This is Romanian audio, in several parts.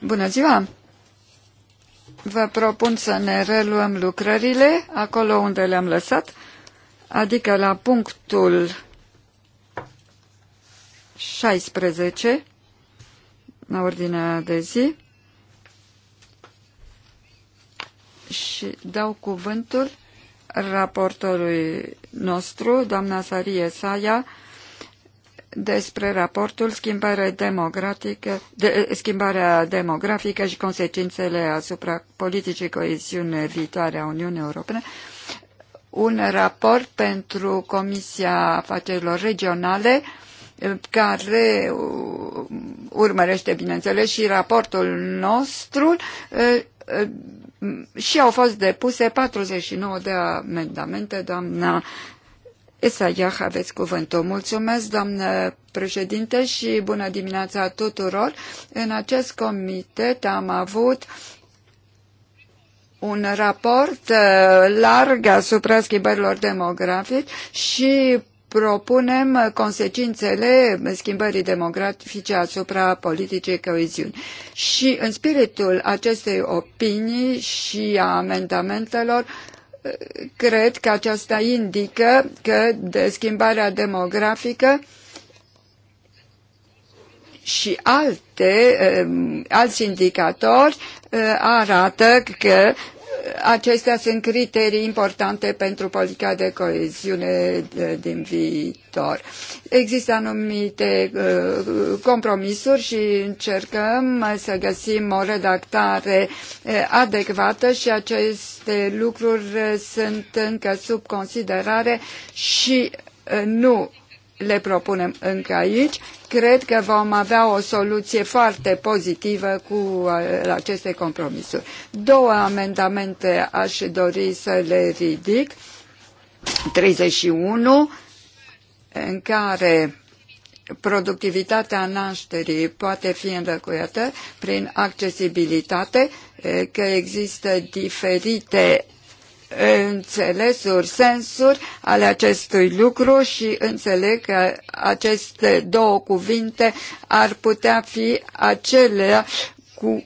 Bună ziua! Vă propun să ne reluăm lucrările acolo unde le-am lăsat, adică la punctul 16 la ordinea de zi și dau cuvântul raportorului nostru, doamna Sarie Saia, despre raportul schimbare demografică, de, schimbarea demografică și consecințele asupra politicii coeziune viitoare a Uniunii Europene, un raport pentru Comisia Afacerilor Regionale eh, care uh, urmărește, bineînțeles, și raportul nostru eh, eh, și au fost depuse 49 de amendamente, doamna Esaiah, aveți cuvântul. Mulțumesc, doamnă președinte, și bună dimineața tuturor. În acest comitet am avut un raport uh, larg asupra schimbărilor demografice și propunem consecințele schimbării demografice asupra politicii coeziuni. Și în spiritul acestei opinii și a amendamentelor cred că aceasta indică că de schimbarea demografică și alte, eh, alți indicatori eh, arată că acestea sunt criterii importante pentru politica de coeziune din viitor. Există anumite uh, compromisuri și încercăm să găsim o redactare uh, adecvată și aceste lucruri sunt încă sub considerare și uh, nu le propunem încă aici. Cred că vom avea o soluție foarte pozitivă cu uh, aceste compromisuri. Două amendamente aș dori să le ridic. 31, în care productivitatea nașterii poate fi înlăcuiată prin accesibilitate, că există diferite înțelesuri, sensuri ale acestui lucru și înțeleg că aceste două cuvinte ar putea fi acelea cu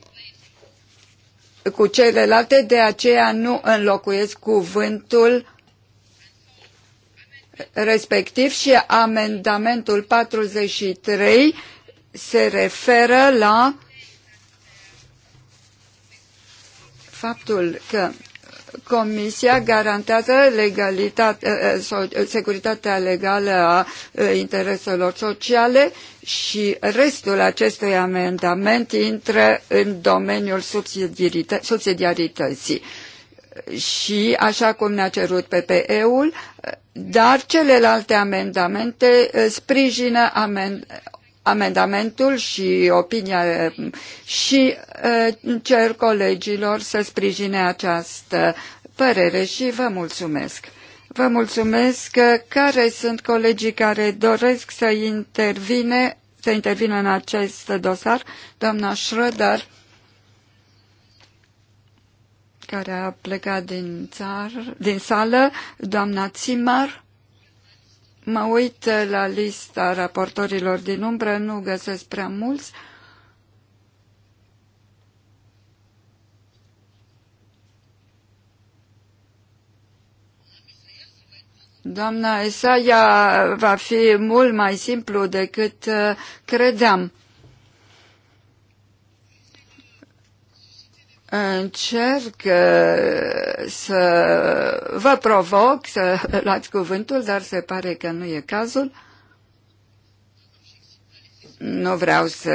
cu celelalte, de aceea nu înlocuiesc cuvântul respectiv și amendamentul 43 se referă la faptul că Comisia garantează legalitate, eh, eh, eh, securitatea legală a intereselor sociale și restul acestui amendament intră în domeniul subsidiarității. Și așa cum ne-a cerut PPE-ul, dar celelalte amendamente sprijină amend amendamentul și opinia și cer colegilor să sprijine această părere și vă mulțumesc. Vă mulțumesc. Care sunt colegii care doresc să intervine, să intervină în acest dosar? Doamna Schröder, care a plecat din, țar, din sală, doamna Zimmer, Mă uit la lista raportorilor din umbră, nu găsesc prea mulți. Doamna Esaia va fi mult mai simplu decât uh, credeam. Încerc uh, să vă provoc să luați cuvântul, dar se pare că nu e cazul. Nu vreau să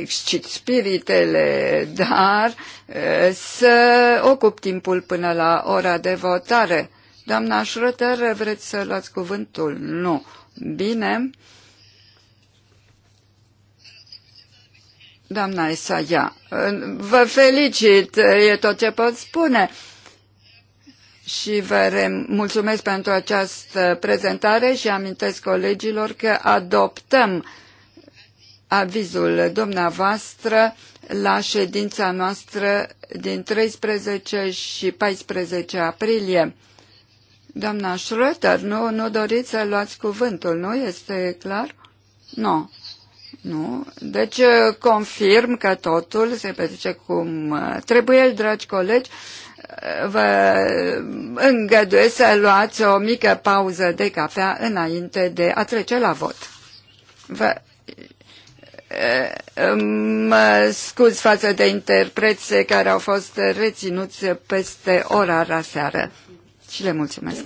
excit spiritele, dar uh, să ocup timpul până la ora de votare. Doamna Schröter, vreți să luați cuvântul? Nu. Bine. Doamna Isaia, vă felicit, e tot ce pot spune. Și vă mulțumesc pentru această prezentare și amintesc colegilor că adoptăm avizul dumneavoastră la ședința noastră din 13 și 14 aprilie. Doamna Schröter, nu, nu doriți să luați cuvântul, nu? Este clar? Nu. Nu? Deci uh, confirm că totul se petrece cum uh, trebuie, dragi colegi. Uh, vă îngăduiesc să luați o mică pauză de cafea înainte de a trece la vot. Vă mă scuz față de interprețe care au fost reținuți peste ora seară și le mulțumesc.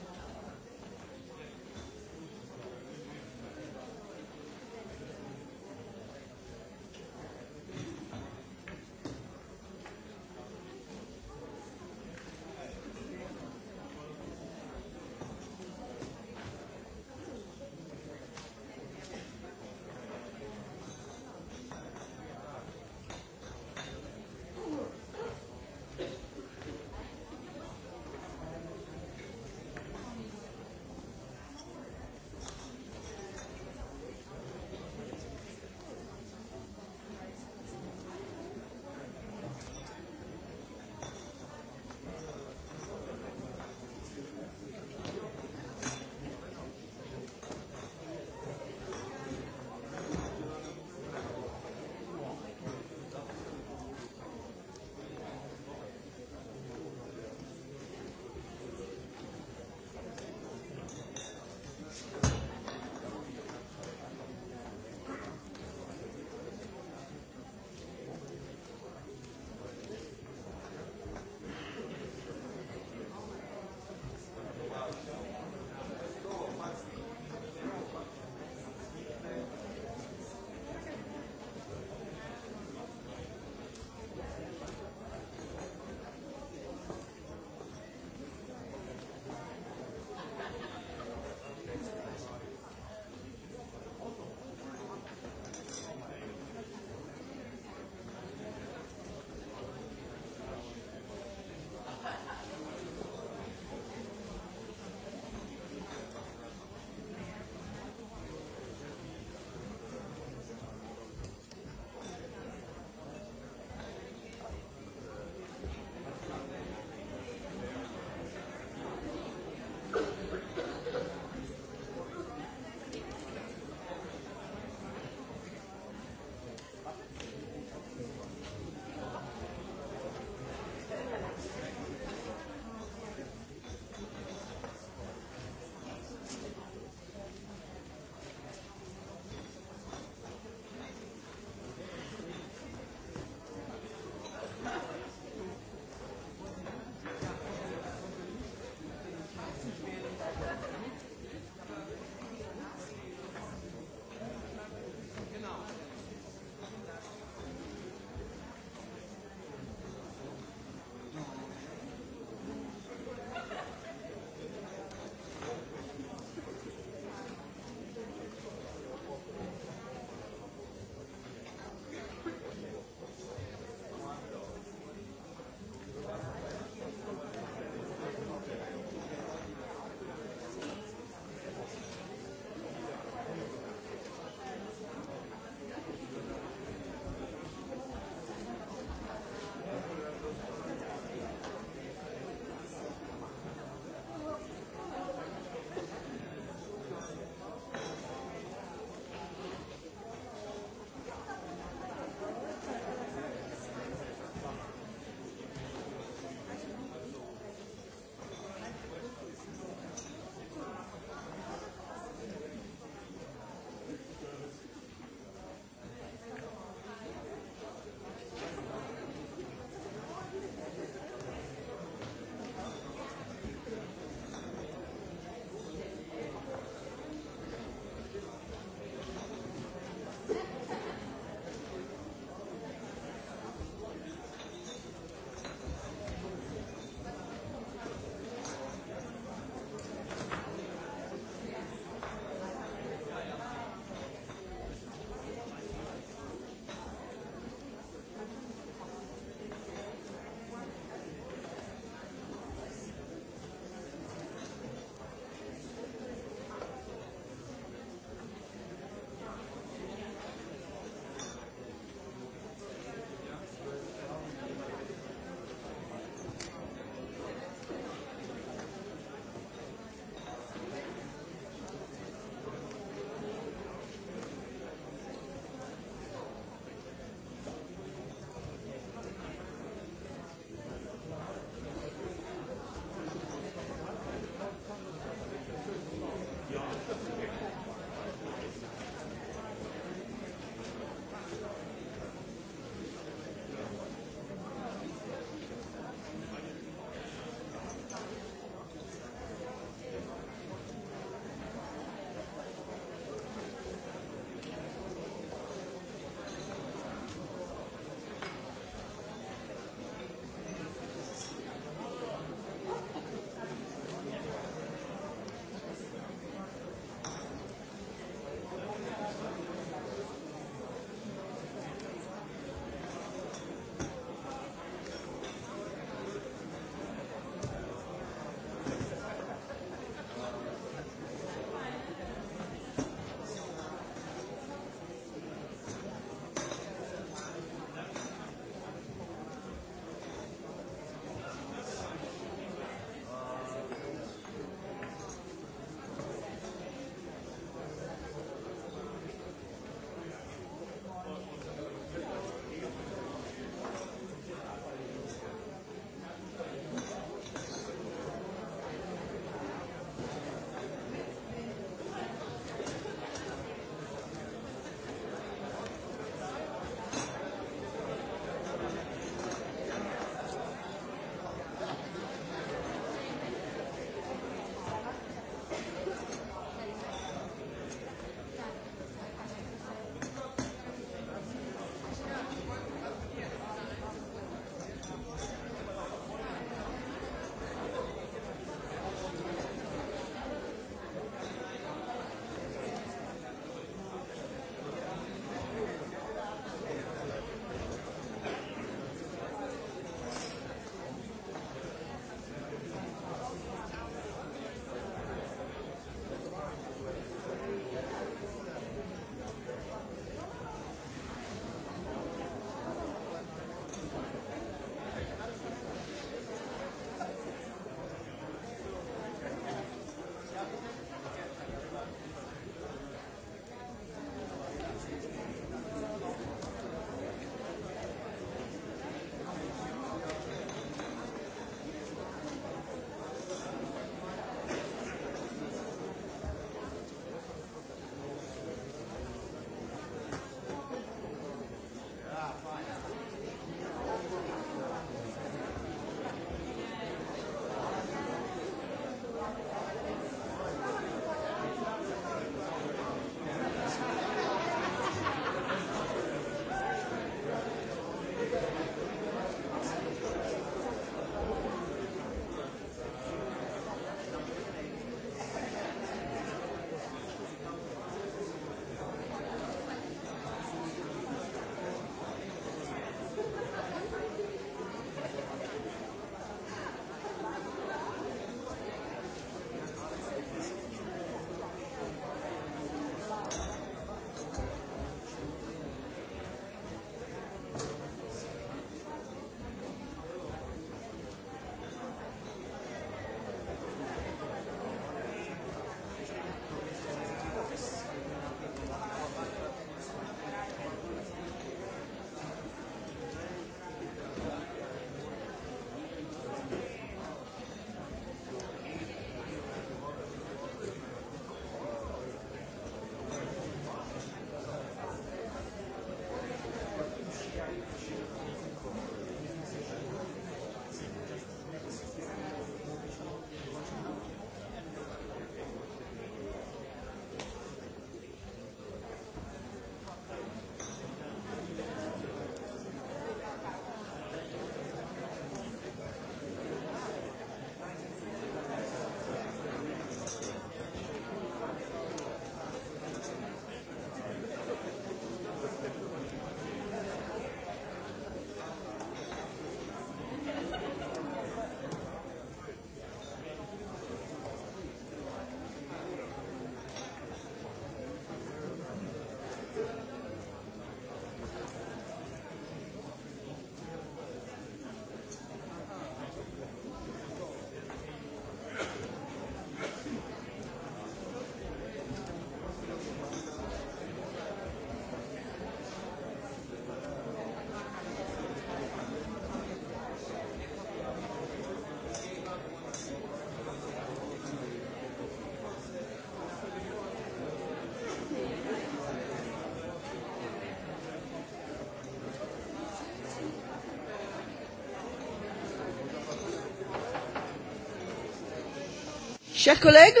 Chers collègues,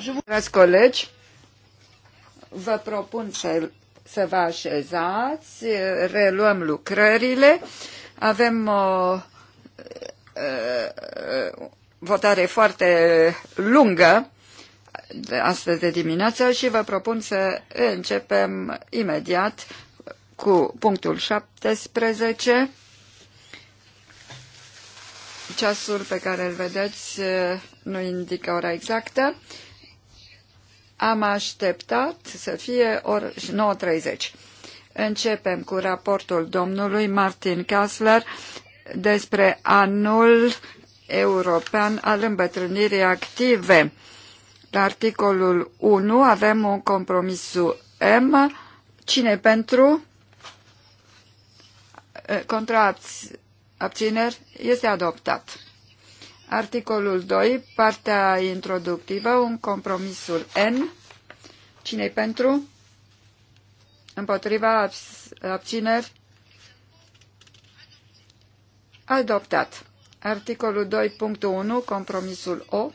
je vous... Dragi colegi, vă propun să, să vă așezați, reluăm lucrările. Avem o uh, uh, votare foarte lungă de astăzi de dimineață și vă propun să începem imediat cu punctul 17 ceasul pe care îl vedeți eh, nu indică ora exactă. Am așteptat să fie ori 9.30. Începem cu raportul domnului Martin Kassler despre anul european al îmbătrânirii active. La articolul 1 avem un compromisul M. Cine pentru? Eh, Contrați abțineri, este adoptat. Articolul 2, partea introductivă, un compromisul N. Cine-i pentru? Împotriva abțineri? Adoptat. Articolul 2.1, compromisul O.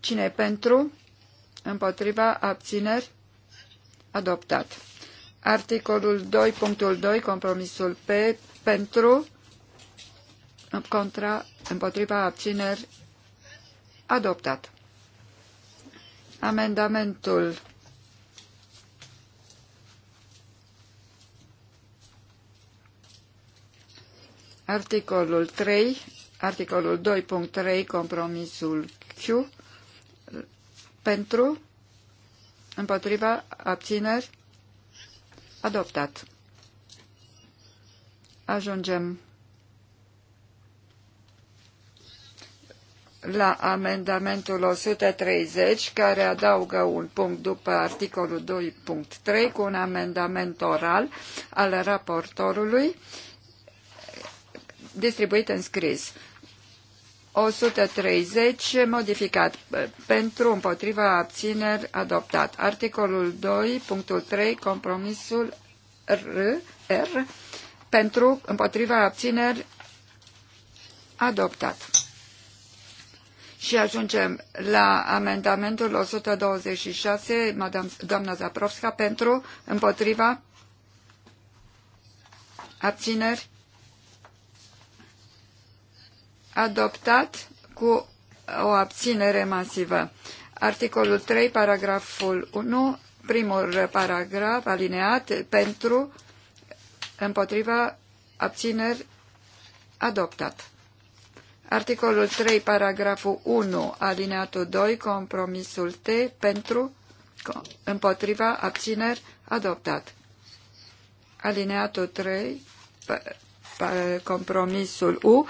Cine pentru? Împotriva abțineri? Adoptat. Articolul 2.2, compromisul P. Pentru? contra, împotriva abțineri, adoptat. Amendamentul articolul 3, articolul 2.3, compromisul Q, pentru, împotriva, abțineri, adoptat. Ajungem la amendamentul 130, care adaugă un punct după articolul 2.3 cu un amendament oral al raportorului distribuit în scris. 130 modificat pentru împotriva abțineri adoptat. Articolul 2.3 compromisul R, R pentru împotriva abțineri adoptat. Și ajungem la amendamentul 126, madame, doamna Zaprovska, pentru, împotriva, abțineri, adoptat cu o abținere masivă. Articolul 3, paragraful 1, primul paragraf alineat pentru, împotriva, abțineri, adoptat. Articolul 3, paragraful 1, alineatul 2, compromisul T, pentru, împotriva, abțineri, adoptat. Alineatul 3, compromisul U,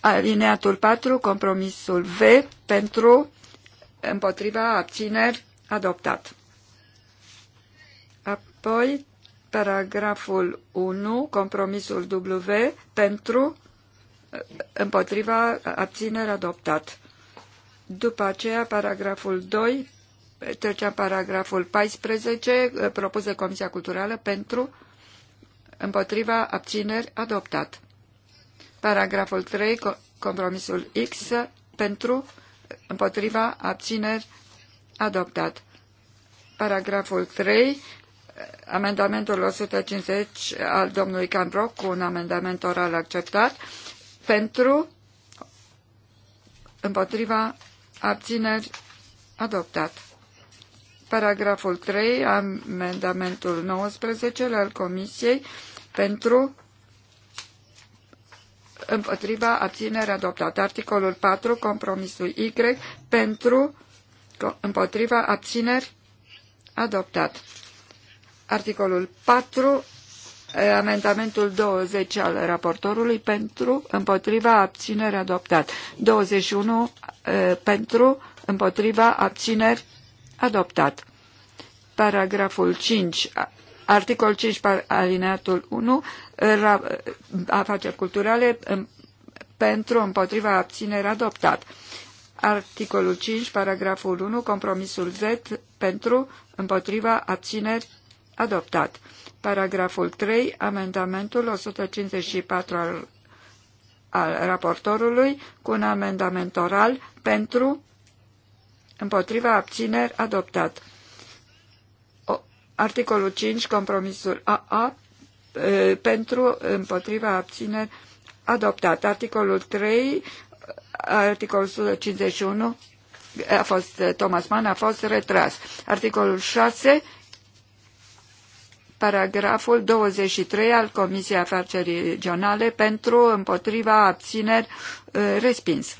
alineatul 4, compromisul V, pentru, împotriva, abțineri, adoptat. Apoi Paragraful 1, compromisul W, pentru, împotriva, abținere, adoptat. După aceea, paragraful 2, trecea paragraful 14, propus de Comisia Culturală, pentru, împotriva, abțineri, adoptat. Paragraful 3, compromisul X, pentru, împotriva, abțineri, adoptat. Paragraful 3, amendamentul 150 al domnului Cambroc cu un amendament oral acceptat pentru împotriva abțineri adoptat. Paragraful 3, amendamentul 19 al Comisiei pentru împotriva abținere adoptat. Articolul 4, compromisul Y pentru împotriva abțineri adoptat. Articolul 4, amendamentul 20 al raportorului pentru, împotriva, abțineri adoptat. 21 pentru, împotriva, abțineri adoptat. Paragraful 5, articol 5, alineatul 1, afaceri culturale pentru, împotriva, abțineri adoptat. Articolul 5, paragraful 1, compromisul Z pentru, împotriva, abțineri Adoptat. Paragraful 3, amendamentul 154 al, al raportorului cu un amendament oral pentru împotriva abțineri adoptat. O, articolul 5, compromisul AA e, pentru împotriva abțineri adoptat. Articolul 3, articolul 151 a fost, Thomas Mann a fost retras. Articolul 6, paragraful 23 al Comisiei Afaceri Regionale pentru împotriva abțineri uh, respins.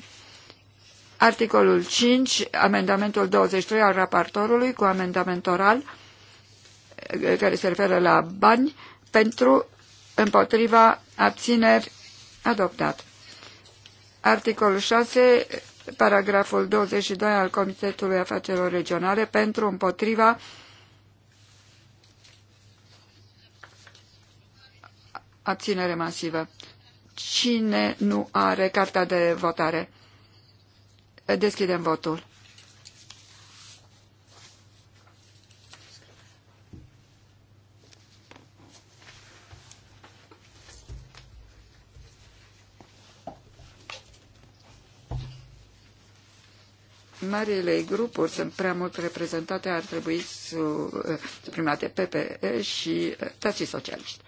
Articolul 5, amendamentul 23 al raportorului cu amendament oral uh, care se referă la bani pentru împotriva abțineri adoptat. Articolul 6, paragraful 22 al Comitetului Afacerilor Regionale pentru împotriva Abținere masivă. Cine nu are cartea de votare? Deschidem votul. marile grupuri sunt prea mult reprezentate, ar trebui eh, suprimate PPE și eh, tații socialiști.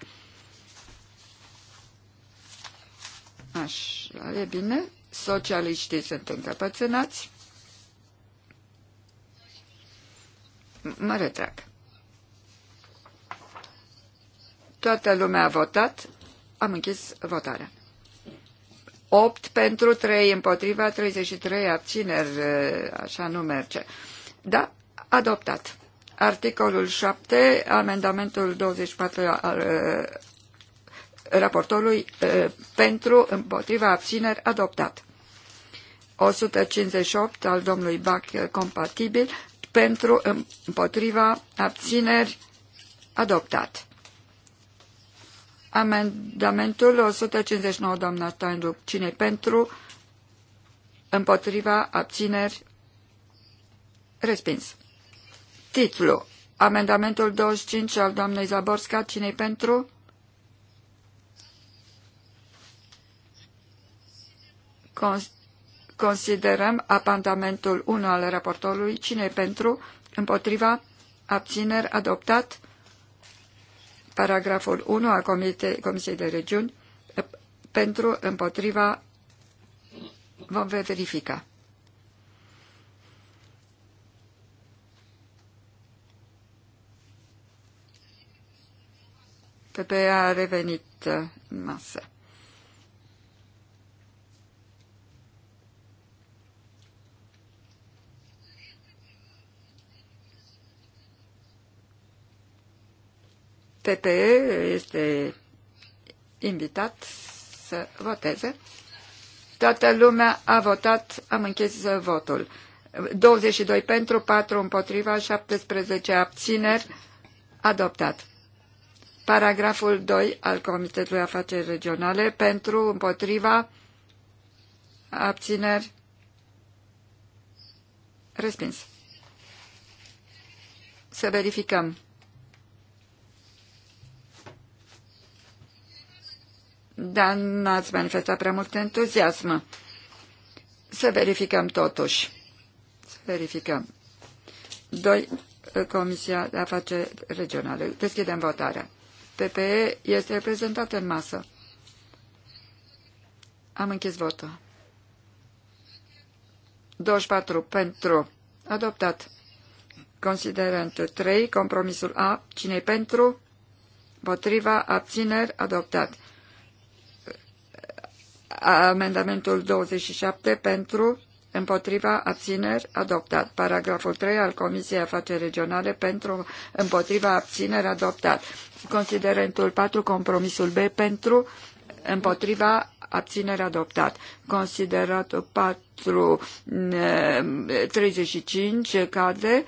Așa, e bine. Socialiștii sunt încăpățânați. Mă retrag. Toată lumea a votat. Am închis votarea. 8 pentru 3 împotriva, 33 abțineri, așa nu merge. Da, adoptat. Articolul 7, amendamentul 24 al, raportorului pentru, împotriva, abțineri, adoptat. 158 al domnului Bach compatibil pentru, împotriva, abțineri, adoptat. Amendamentul 159, doamna Steinruck, cine pentru, împotriva, abțineri, respins. Titlu. Amendamentul 25 al doamnei Zaborska, cine pentru, considerăm apandamentul 1 al raportorului. Cine pentru? Împotriva? Abțineri? Adoptat? Paragraful 1 al Comisiei de Regiuni. Pentru? Împotriva? Vom verifica. PP a revenit uh, masă. PPE este invitat să voteze. Toată lumea a votat, am închis votul. 22 pentru, 4 împotriva, 17 abțineri, adoptat. Paragraful 2 al Comitetului Afaceri Regionale pentru, împotriva, abțineri, respins. Să verificăm. dar n-ați manifestat prea mult entuziasm. Să verificăm totuși. Să verificăm. Doi Comisia de Afaceri Regionale. Deschidem votarea. PPE este reprezentată în masă. Am închis votul. 24 pentru. Adoptat. Considerent 3. Compromisul A. cine pentru? Potriva. Abțineri. Adoptat. Amendamentul 27 pentru, împotriva, abțineri, adoptat. Paragraful 3 al Comisiei Afaceri Regionale pentru, împotriva, abțineri, adoptat. Considerentul 4, compromisul B pentru, împotriva, abținere adoptat. Considerat 4, 35 cade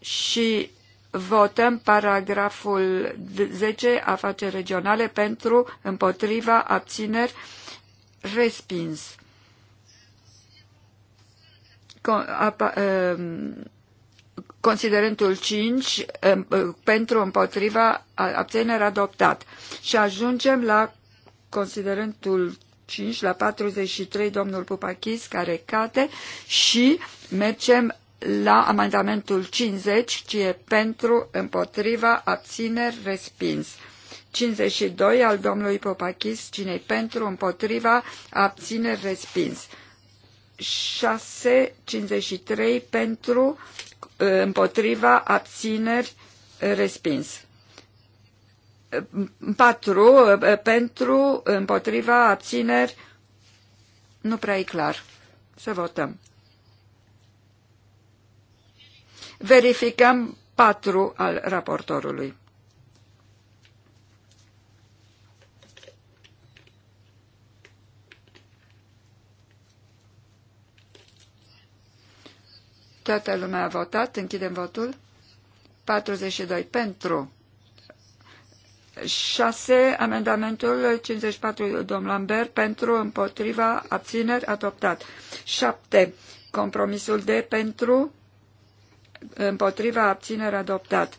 și Votăm paragraful 10, afaceri regionale, pentru, împotriva, abțineri, respins. Con, apa, ehm, considerentul 5 ehm, eh, pentru împotriva abțineri, adoptat. Și ajungem la considerentul 5, la 43, domnul Pupachis, care cate și mergem la amendamentul 50, ci e pentru, împotriva, abțineri, respins. 52 al domnului Popachis, cine pentru, împotriva, abțineri, respins. 6, 53 pentru, împotriva, abțineri, respins. 4 pentru, împotriva, abțineri, nu prea e clar. Să votăm. Verificăm patru al raportorului. Toată lumea a votat. Închidem votul. 42 pentru. 6. Amendamentul 54, domn Lambert, pentru, împotriva, abțineri, adoptat. 7. Compromisul de pentru, împotriva, abținere adoptat.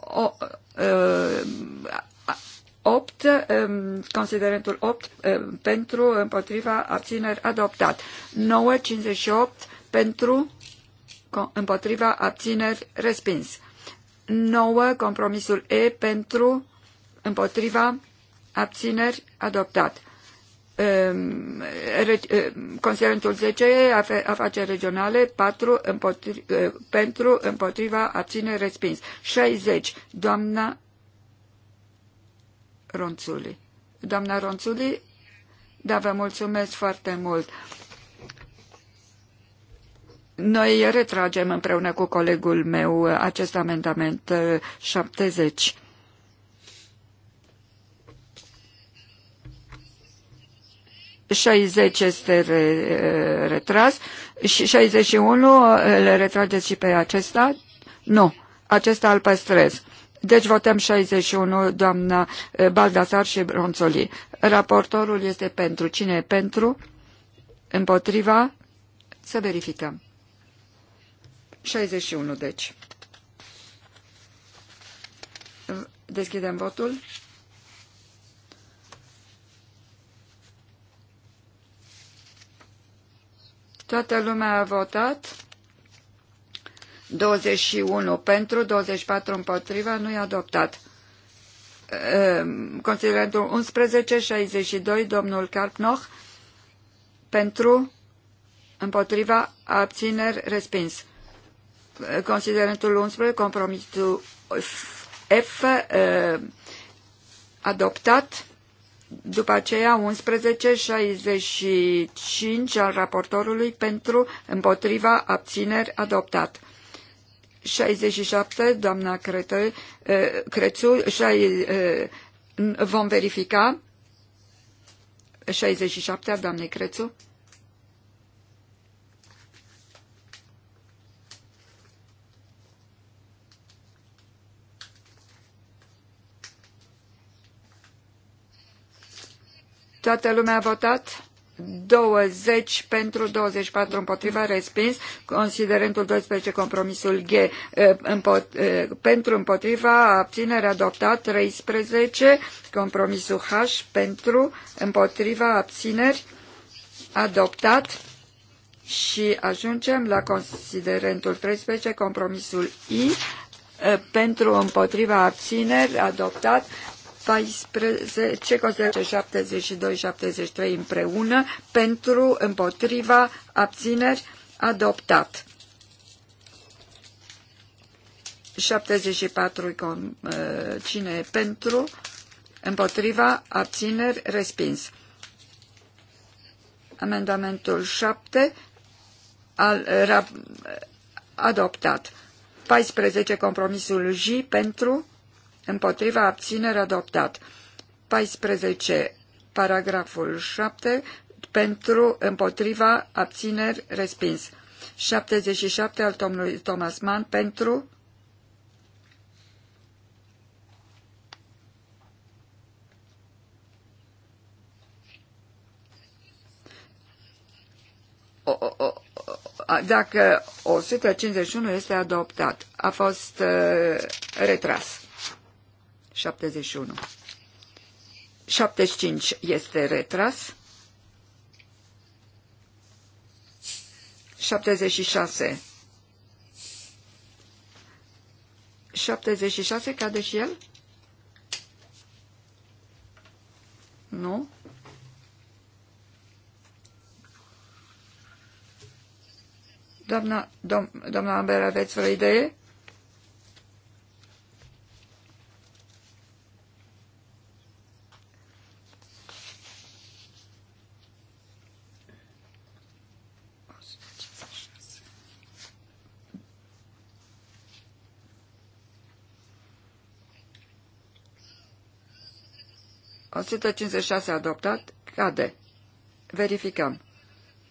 O, uh, 8, um, considerentul 8 uh, um, pentru, împotriva, abțineri, adoptat. 9, 58 pentru, împotriva, abțineri, respins. 9, compromisul E pentru, împotriva, abțineri, adoptat. Ehm, ehm, considerentul 10, afaceri regionale, 4 împotri, eh, pentru, împotriva, abține, respins. 60, doamna Ronțuli. Doamna Ronțuli, da, vă mulțumesc foarte mult. Noi retragem împreună cu colegul meu acest amendament 70. Eh, 60 este re, retras și 61 eh, le retrageți și pe acesta? Nu, acesta îl păstrez. Deci votăm 61, doamna eh, Baldasar și Bronzoli. Raportorul este pentru. Cine e pentru? Împotriva? Să verificăm. 61, deci. Deschidem votul. Toată lumea a votat. 21 pentru, 24 împotriva, nu a adoptat. Ehm, considerentul 11, 62, domnul Karpnoch, pentru, împotriva, abțineri, respins. Considerentul 11, compromisul F, ehm, adoptat. După aceea 1165 al raportorului pentru împotriva abțineri adoptat. 67, doamna Cretă, eh, Crețu, eh, vom verifica 67 doamne Crețu. Toată lumea a votat? 20 pentru 24 împotriva respins, considerentul 12 compromisul G eh, împot, eh, pentru împotriva abținere adoptat 13, compromisul H pentru împotriva abțineri adoptat și ajungem la considerentul 13, compromisul I eh, pentru împotriva abțineri adoptat 14, COSEC 72, 73 împreună, pentru, împotriva, abțineri, adoptat. 74 ă, cine e pentru, împotriva, abțineri, respins. Amendamentul 7 al, adoptat. 14 compromisul J pentru împotriva abținere adoptat. 14. Paragraful 7 pentru împotriva abțineri respins. 77 al domnului Thomas Mann pentru o, o, o, dacă 151 este adoptat, a fost uh, retras. 71. 75 este retras. 76. 76 cade și el? Nu? Doamna, dom, doamna Amber, aveți vreo idee? 156 adoptat, cade. Verificăm.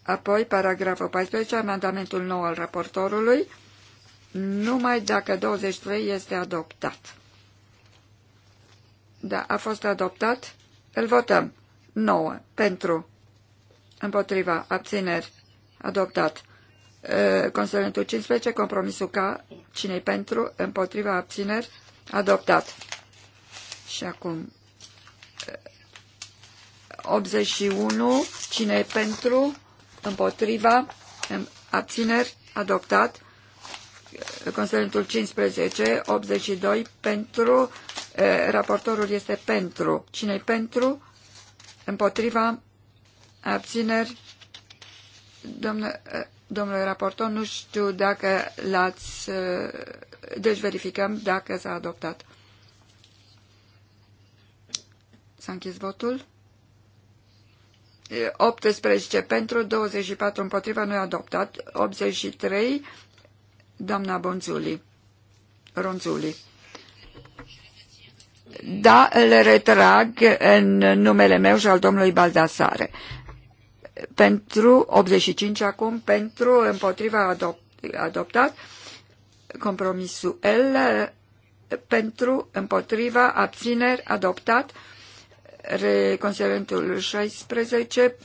Apoi, paragraful 14, amendamentul nou al raportorului, numai dacă 23 este adoptat. Da, a fost adoptat. Îl votăm. 9. Pentru. Împotriva. Abțineri. Adoptat. Consilientul 15, compromisul ca cine pentru, împotriva, abțineri, adoptat. Și acum 81. Cine e pentru? Împotriva? Abțineri? Adoptat. Considerentul 15. 82. Pentru? Raportorul este pentru. cine e pentru? Împotriva? Abțineri? Domnule, domnule raportor, nu știu dacă l-ați... Deci verificăm dacă s-a adoptat. S-a închis votul. 18 pentru, 24 împotriva, nu adoptat. 83, doamna Bonzuli. Ronzuli. Da, îl retrag în numele meu și al domnului Baldasare. Pentru 85 acum, pentru împotriva adopt, adoptat, compromisul L, pentru împotriva abțineri adoptat, Considerentul 16,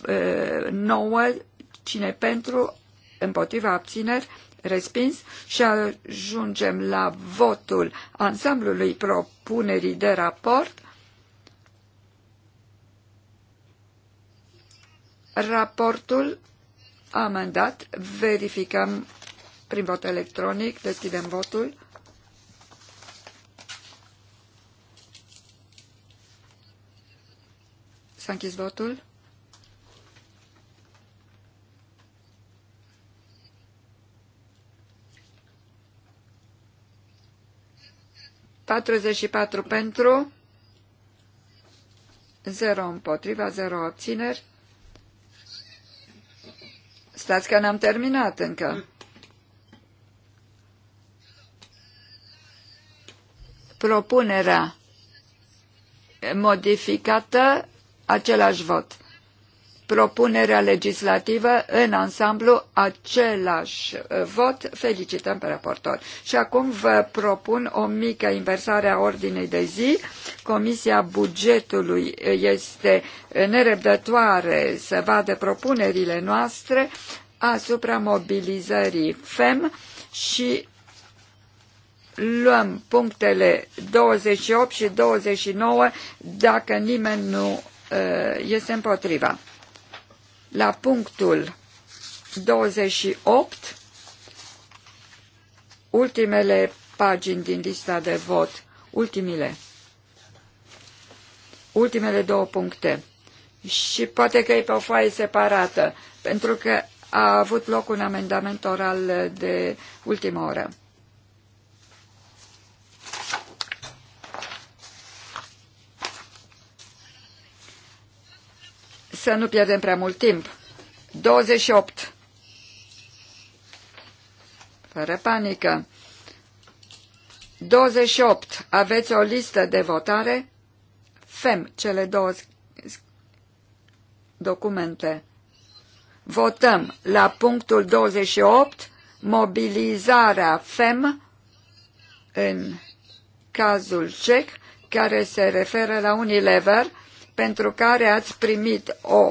9, cine pentru, împotriva abțineri, respins și ajungem la votul ansamblului propunerii de raport. Raportul amendat, verificăm prin vot electronic, deschidem votul. S-a închis votul. Patruzeci și patru pentru, zero împotriva, zero obțineri. Stați că n-am terminat încă. Propunerea modificată același vot. Propunerea legislativă în ansamblu, același uh, vot. Felicităm pe raportor. Și acum vă propun o mică inversare a ordinei de zi. Comisia bugetului uh, este nerăbdătoare să vadă propunerile noastre asupra mobilizării FEM și luăm punctele 28 și 29 dacă nimeni nu Uh, este împotriva. La punctul 28, ultimele pagini din lista de vot, ultimile, ultimele două puncte. Și poate că e pe o foaie separată, pentru că a avut loc un amendament oral de ultimă oră. să nu pierdem prea mult timp. 28. Fără panică. 28. Aveți o listă de votare? FEM, cele două documente. Votăm la punctul 28 mobilizarea FEM în cazul CEC care se referă la Unilever pentru care ați primit o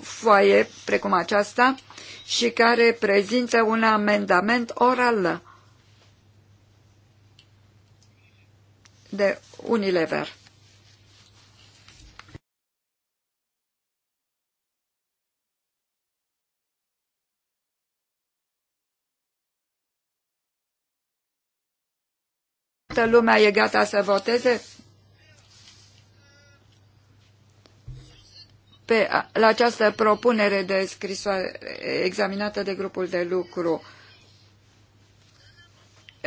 foaie precum aceasta și care prezintă un amendament oral de Unilever. Toată lumea e gata să voteze? pe, la această propunere de scrisoare examinată de grupul de lucru.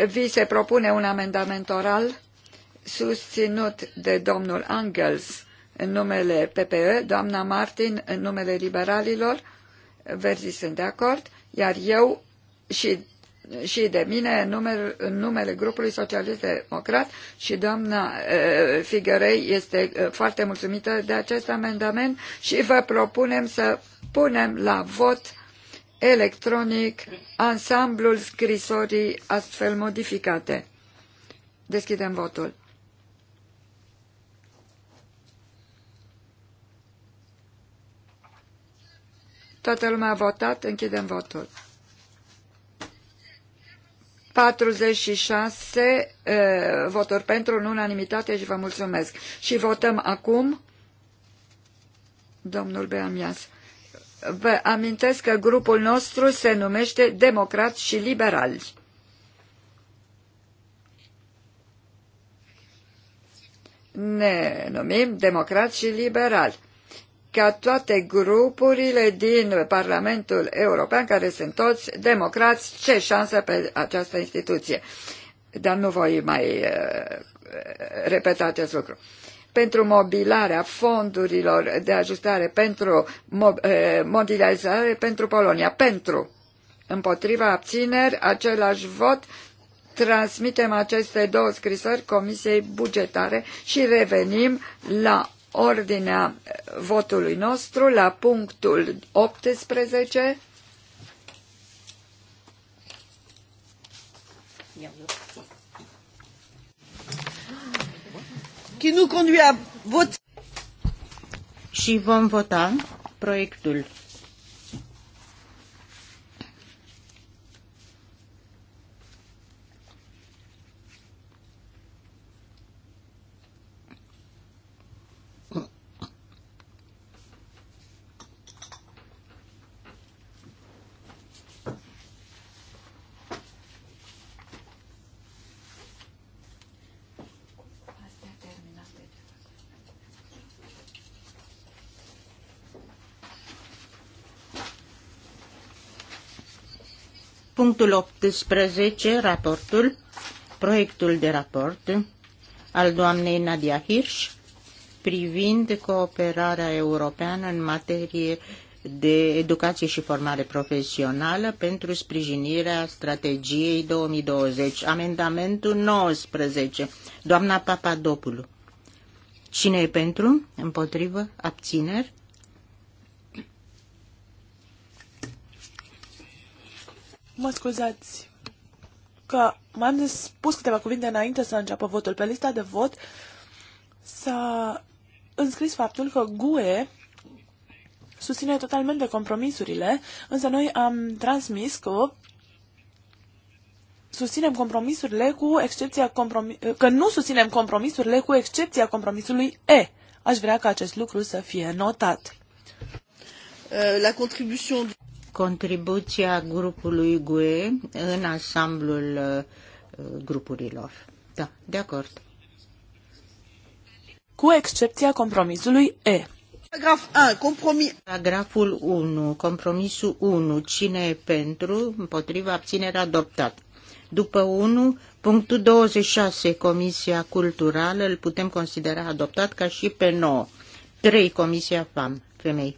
Vi se propune un amendament oral susținut de domnul Angels în numele PPE, doamna Martin în numele liberalilor, verzii sunt de acord, iar eu și și de mine în numele, în numele grupului socialist democrat și doamna Figărei este foarte mulțumită de acest amendament și vă propunem să punem la vot electronic ansamblul scrisorii astfel modificate. Deschidem votul. Toată lumea a votat, închidem votul. 46 uh, voturi pentru în unanimitate și vă mulțumesc. Și votăm acum domnul Beamias. Vă amintesc că grupul nostru se numește Democrat și Liberali. Ne numim Democrat și Liberali ca toate grupurile din Parlamentul European, care sunt toți democrați, ce șansă pe această instituție. Dar nu voi mai uh, repeta acest lucru pentru mobilarea fondurilor de ajustare pentru mobilizare, uh, pentru Polonia. Pentru. Împotriva abțineri, același vot, transmitem aceste două scrisori Comisiei Bugetare și revenim la ordinea votului nostru la punctul 18. Qui nous conduit à vote. Și vom vota proiectul punctul 18, raportul, proiectul de raport al doamnei Nadia Hirsch privind cooperarea europeană în materie de educație și formare profesională pentru sprijinirea strategiei 2020. Amendamentul 19. Doamna Papadopoulou. Cine e pentru? Împotrivă? Abțineri? Mă scuzați că m-am spus câteva cuvinte înainte să înceapă votul. Pe lista de vot s-a înscris faptul că GUE susține totalmente compromisurile, însă noi am transmis că susținem compromisurile cu excepția compromis- că nu susținem compromisurile cu excepția compromisului E. Aș vrea ca acest lucru să fie notat. Uh, la contribution contribuția grupului GUE în ansamblul uh, grupurilor. Da, de acord. Cu excepția compromisului E. Paragraf 1, compromis. Paragraful 1, compromisul 1, cine e pentru, împotriva, abținere, adoptat. După 1, punctul 26, Comisia Culturală, îl putem considera adoptat ca și pe 9. 3, Comisia FAM, femei.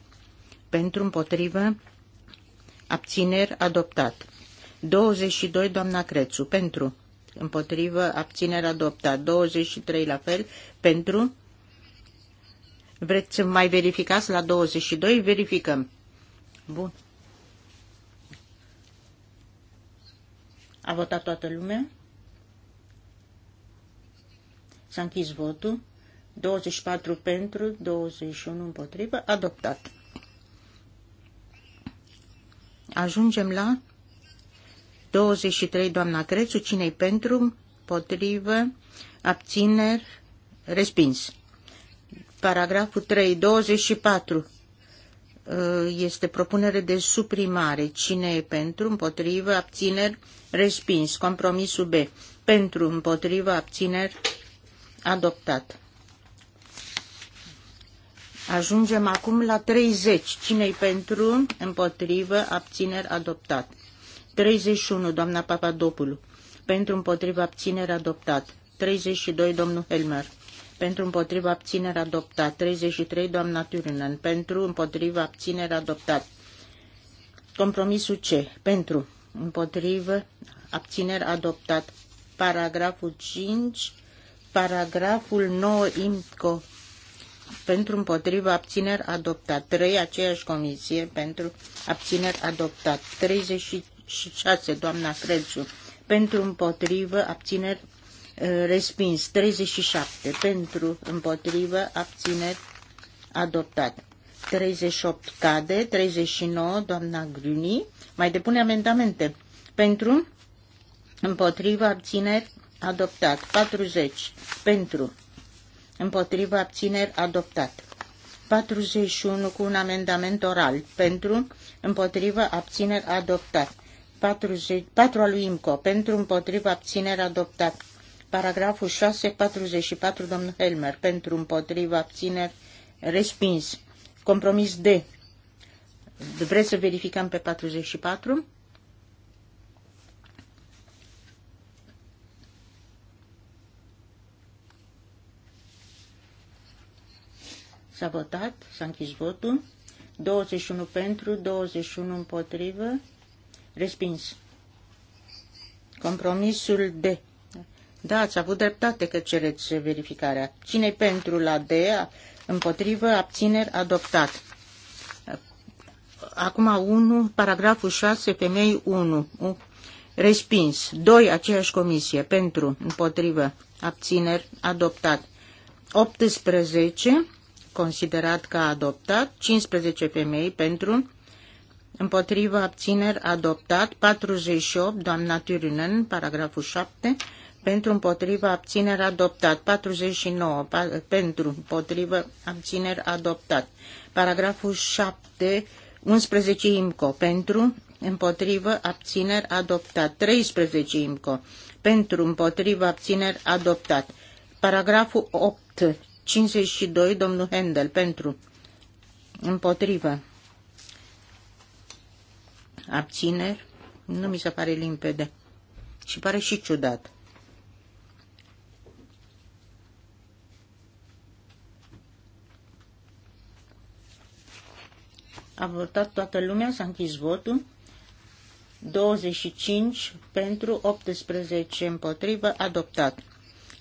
Pentru, împotrivă, Abțineri adoptat. 22, doamna Crețu, pentru. Împotrivă, abțineri adoptat. 23, la fel, pentru. Vreți să mai verificați la 22? Verificăm. Bun. A votat toată lumea? S-a închis votul. 24 pentru, 21 împotrivă, adoptat. Ajungem la 23, doamna Crețu, cine pentru, potrivă, abțineri, respins. Paragraful 3, 24, uh, este propunere de suprimare. Cine e pentru, împotrivă, abțineri, respins. Compromisul B. Pentru, împotrivă, abțineri, adoptat. Ajungem acum la 30. Cine-i pentru? Împotrivă. Abțineri adoptat. 31. Doamna Papadopoulou. Pentru împotrivă abțineri adoptat. 32. Domnul Helmer. Pentru împotrivă abțineri adoptat. 33. Doamna Turunen. Pentru împotrivă abțineri adoptat. Compromisul C. Pentru împotrivă abțineri adoptat. Paragraful 5. Paragraful 9 IMCO pentru împotriva abțineri adoptat. 3, aceeași comisie pentru abțineri adoptat. 36, doamna crețu pentru împotrivă abțineri eh, respins. 37, pentru împotrivă abțineri adoptat. 38 cade, 39, doamna Gruni, mai depune amendamente. Pentru, împotriva, abțineri, adoptat. 40, pentru, împotriva abțineri, adoptat. 41 cu un amendament oral, pentru, împotriva abțineri, adoptat. 4 al lui IMCO, pentru, împotriva abțineri, adoptat. Paragraful 6, 44, domnul Helmer, pentru, împotriva abțineri, respins. Compromis D. Vreți să verificăm pe 44? S-a votat, s-a închis votul. 21 pentru, 21 împotrivă. Respins. Compromisul D. Da, ați avut dreptate că cereți verificarea. cine pentru la D? Împotrivă, abțineri, adoptat. Acum 1, paragraful 6, femei 1. Respins. 2, aceeași comisie. Pentru, împotrivă, abțineri, adoptat. 18, considerat ca adoptat, 15 femei pentru, împotrivă abțineri adoptat, 48, doamna Turunen, paragraful 7, pentru împotrivă abțineri adoptat, 49 pa, pentru împotrivă abțineri adoptat, paragraful 7, 11 IMCO pentru împotrivă abțineri adoptat, 13 IMCO pentru împotrivă abțineri adoptat, paragraful 8 52, domnul Hendel, pentru. Împotrivă. Abțineri? Nu mi se pare limpede. Și pare și ciudat. A votat toată lumea, s-a închis votul. 25 pentru, 18 împotrivă, adoptat.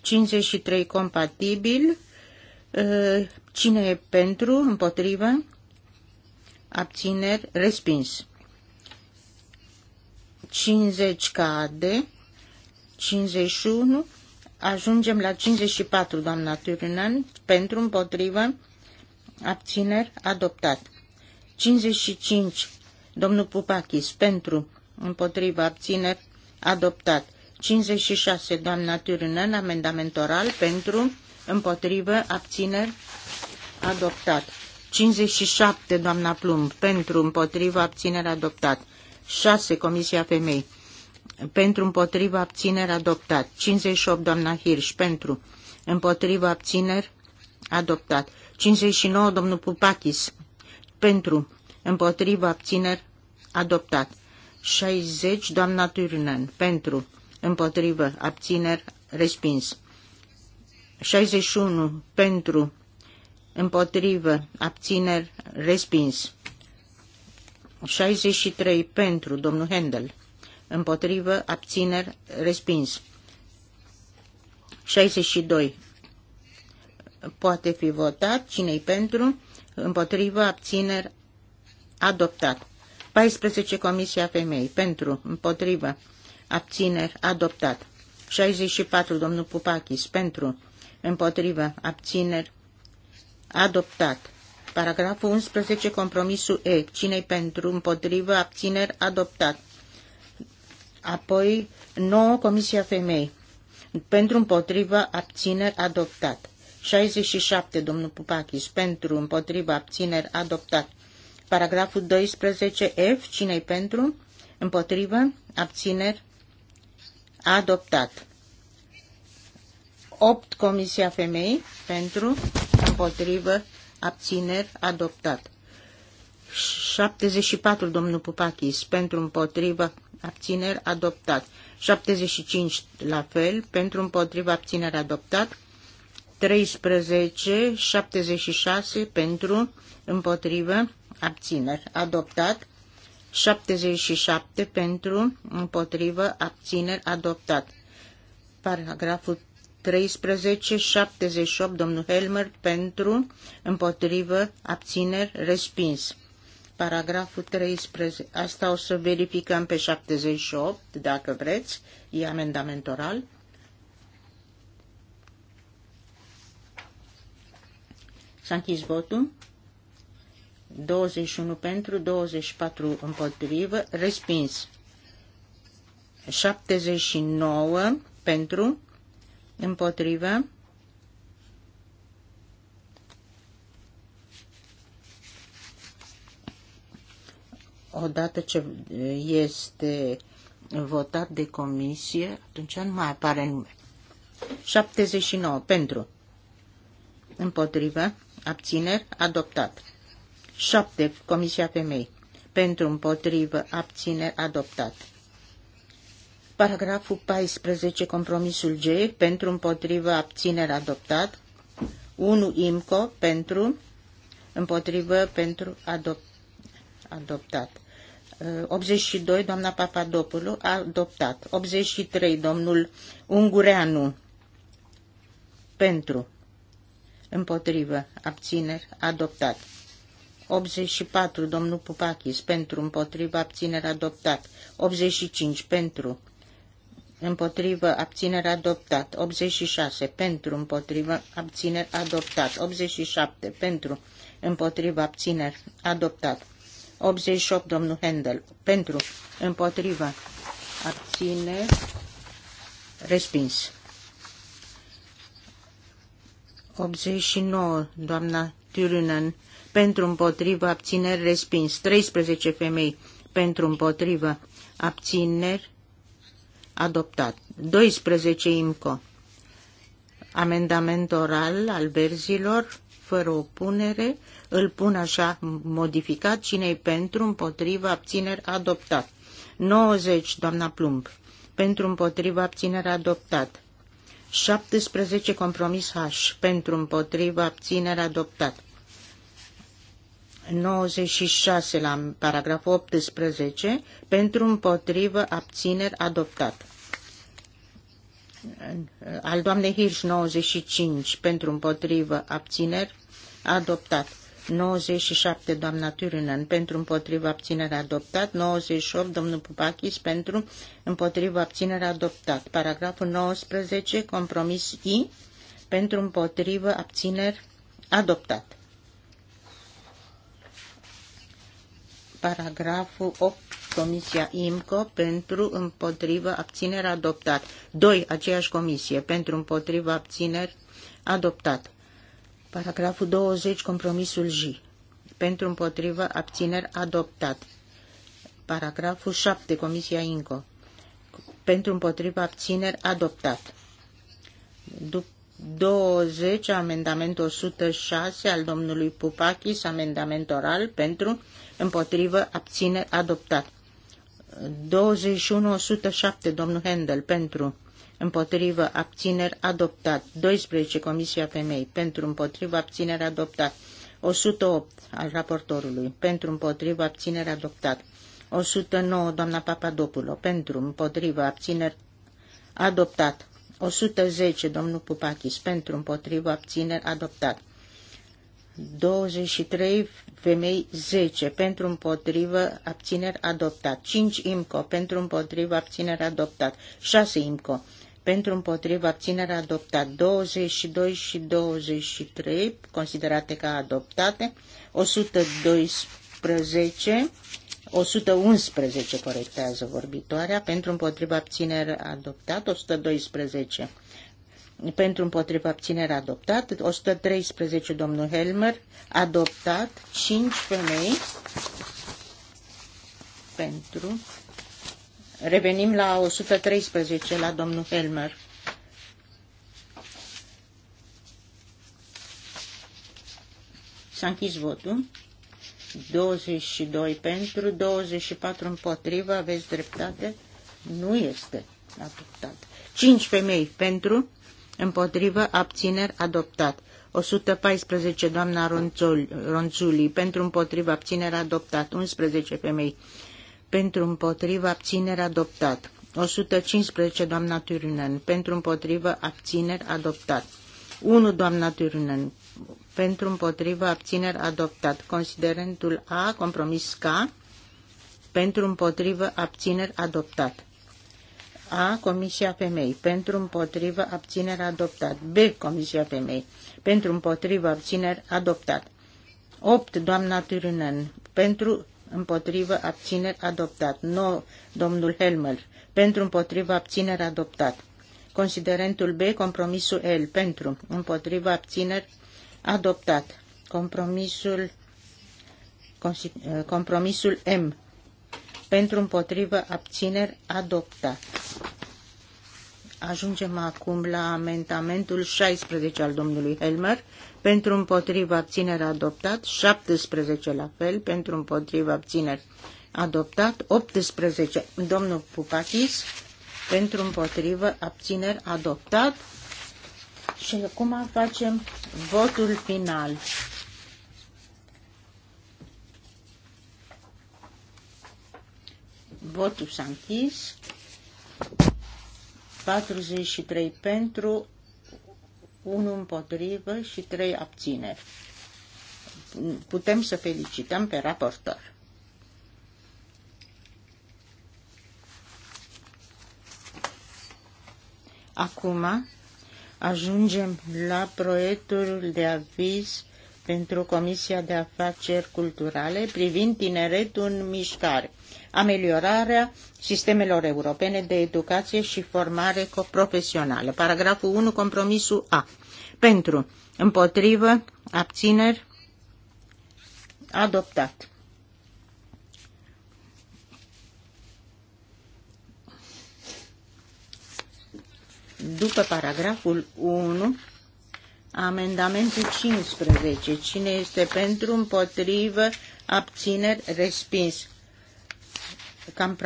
53 compatibil, Ă, cine e pentru, împotrivă, abțineri, respins. 50 cade, 51, ajungem la 54, doamna Turunen, pentru, împotrivă, abțineri, adoptat. 55, domnul Pupachis, pentru, împotrivă, abțineri, adoptat. 56, doamna Turunen, amendament oral, pentru, împotrivă, abțineri, adoptat. 57, doamna Plumb, pentru, împotrivă, abțineri, adoptat. 6, Comisia Femei, pentru, împotrivă, abțineri, adoptat. 58, doamna Hirș, pentru, împotrivă, abțineri, adoptat. 59, domnul Pupakis, pentru, împotrivă, abțineri, adoptat. 60, doamna Turnen, pentru, împotrivă, abțineri, respins. 61 pentru, împotrivă, abțineri, respins. 63 pentru, domnul Handel, împotrivă, abțineri, respins. 62 poate fi votat, cine-i pentru, împotrivă, abțineri, adoptat. 14 Comisia Femei, pentru, împotrivă, abțineri, adoptat. 64 domnul Pupachis, pentru, împotrivă, abțineri, adoptat. Paragraful 11, compromisul E. cine pentru, împotrivă, abțineri, adoptat. Apoi 9, Comisia Femei. Pentru, împotrivă, abțineri, adoptat. 67, domnul Pupachis. Pentru, împotrivă, abțineri, adoptat. Paragraful 12, F. cine pentru, împotrivă, abțineri, adoptat. 8 Comisia Femei pentru, împotrivă, abțineri, adoptat. 74 domnul Pupachis pentru, împotrivă, abțineri, adoptat. 75 la fel, pentru, împotrivă, abțineri, adoptat. 13, 76 pentru, împotrivă, abțineri, adoptat. 77 pentru, împotrivă, abțineri, adoptat. Paragraful 1378, domnul Helmer, pentru, împotrivă, abțineri, respins. Paragraful 13, asta o să verificăm pe 78, dacă vreți, e amendament oral. S-a închis votul. 21 pentru, 24 împotrivă, respins. 79 pentru, Împotrivă. Odată ce este votat de comisie, atunci nu mai apare nimeni. 79. Pentru. Împotrivă. Abțineri. Adoptat. 7. Comisia Femei. Pentru. Împotrivă. Abțineri. Adoptat. Paragraful 14, compromisul G, pentru împotrivă abținere adoptat. 1 IMCO pentru împotrivă pentru adop, adoptat. 82, uh, doamna Papadopoulou, adoptat. 83, domnul Ungureanu, pentru, împotrivă, abțineri, adoptat. 84, domnul Pupachis, pentru, împotrivă, abțineri, adoptat. 85, pentru, împotrivă, abțineri, adoptat. 86 pentru, împotrivă, abțineri, adoptat. 87 pentru, împotrivă, abțineri, adoptat. 88, domnul Handel, pentru, împotrivă, abțineri, respins. 89, doamna Turunen, pentru împotrivă, abțineri, respins. 13 femei, pentru împotrivă, abțineri, adoptat. 12 IMCO. Amendament oral al verzilor, fără opunere, îl pun așa modificat, cine pentru, împotriva, abțineri, adoptat. 90, doamna Plumb, pentru, împotriva, abțineri, adoptat. 17, compromis H, pentru, împotriva, abțineri, adoptat. 96 la paragraful 18, pentru, împotrivă, abțineri, adoptat al doamnei Hirsch 95 pentru împotrivă abțineri adoptat. 97 doamna Turinen pentru împotriva abținere adoptat, 98 domnul Pupachis pentru împotriva abținere adoptat, paragraful 19 compromis I pentru împotriva abțineri adoptat. Paragraful 8 Comisia IMCO pentru împotrivă abțineri adoptat. 2. Aceeași comisie pentru împotrivă abțineri adoptat. Paragraful 20. Compromisul J. Pentru împotrivă abțineri adoptat. Paragraful 7. Comisia INCO. Pentru împotrivă abțineri adoptat. După 20, amendament 106 al domnului Pupachis, amendament oral pentru, împotrivă, abține, adoptat. 21107 domnul Handel, pentru, împotrivă, abțineri, adoptat. 12, Comisia Femei, pentru, împotrivă, abțineri, adoptat. 108 al raportorului, pentru, împotrivă, abțineri, adoptat. 109, doamna Papadopulo, pentru, împotrivă, abțineri, adoptat. 110, domnul Pupachis, pentru, împotrivă, abțineri, adoptat. 23 femei 10 pentru împotrivă abțineri adoptat, 5 IMCO pentru împotrivă abțineri adoptat, 6 IMCO pentru împotrivă abținere adoptat 22 și 23 considerate ca adoptate, 112 111 corectează vorbitoarea, pentru împotrivă abținere adoptat 112 pentru împotriva abținere adoptat, 113 domnul Helmer adoptat, 5 femei pentru. Revenim la 113 la domnul Helmer. S-a închis votul. 22 pentru, 24 împotriva, aveți dreptate, nu este adoptat. 5 femei pentru, împotrivă, abțineri, adoptat. 114, doamna Ronțoli, Ronțuli, pentru împotrivă, abținere, adoptat. 11, femei, pentru împotrivă, abținere, adoptat. 115, doamna Turunen, pentru împotrivă, abțineri, adoptat. 1, doamna Turunen, pentru împotrivă, abțineri, adoptat. Considerentul A, compromis K, pentru împotrivă, abțineri, adoptat. A. Comisia Femei. Pentru împotrivă abțineri adoptat. B. Comisia Femei. Pentru împotrivă abțineri adoptat. 8. Doamna Târânen. Pentru împotrivă abțineri adoptat. 9. Domnul Helmer. Pentru împotrivă abțineri adoptat. Considerentul B. Compromisul L. Pentru împotrivă abțineri adoptat. Compromisul eh, compromisul M pentru împotrivă abțineri adoptat. Ajungem acum la amendamentul 16 al domnului Helmer, pentru împotrivă abțineri adoptat, 17 la fel, pentru împotrivă abțineri adoptat, 18 domnul Pupatis, pentru împotrivă abțineri adoptat. Și acum facem votul final. Votul s-a închis. 43 pentru, 1 împotrivă și 3 abțineri. Putem să felicităm pe raportor. Acum ajungem la proiectul de aviz pentru Comisia de Afaceri Culturale privind tineretul în mișcare, ameliorarea sistemelor europene de educație și formare profesională. Paragraful 1, compromisul A. Pentru, împotrivă, abțineri, adoptat. După paragraful 1, Amendamentul 15. Cine este pentru, împotrivă, abțineri, respins. Cam,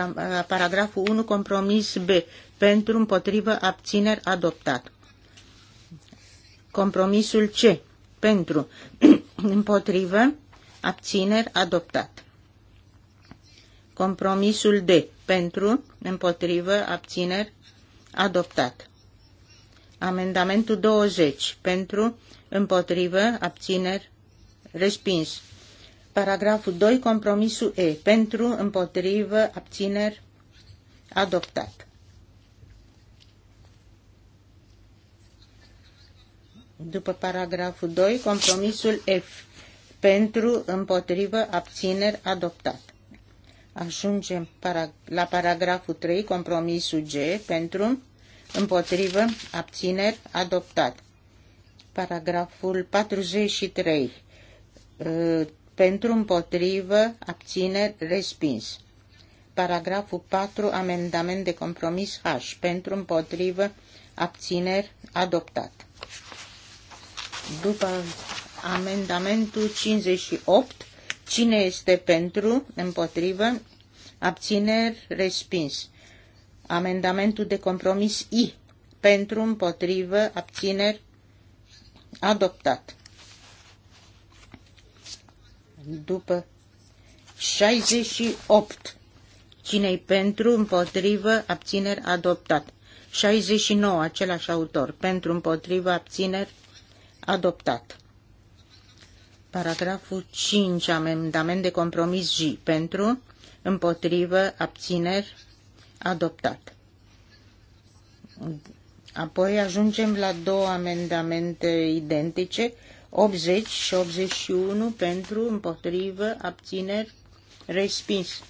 paragraful 1, compromis B. Pentru, împotrivă, abțineri, adoptat. Compromisul C. Pentru, împotrivă, abțineri, adoptat. Compromisul D. Pentru, împotrivă, abțineri, adoptat. Amendamentul 20 pentru, împotrivă, abțineri, respins. Paragraful 2, compromisul E, pentru, împotrivă, abțineri, adoptat. După paragraful 2, compromisul F, pentru, împotrivă, abțineri, adoptat. Ajungem la paragraful 3, compromisul G, pentru, împotrivă, abțineri, adoptat. Paragraful 43. Uh, pentru, împotrivă, abțineri, respins. Paragraful 4. Amendament de compromis H. Pentru, împotrivă, abțineri, adoptat. După amendamentul 58, cine este pentru, împotrivă, abțineri, respins. Amendamentul de compromis I. Pentru, împotrivă, abțineri, adoptat. După 68. Cinei pentru, împotrivă, abțineri, adoptat. 69. Același autor. Pentru, împotrivă, abțineri, adoptat. Paragraful 5. Amendament de compromis J. Pentru, împotrivă, abțineri, adoptat. Apoi ajungem la două amendamente identice, 80 și 81 pentru, împotrivă, abțineri, respins.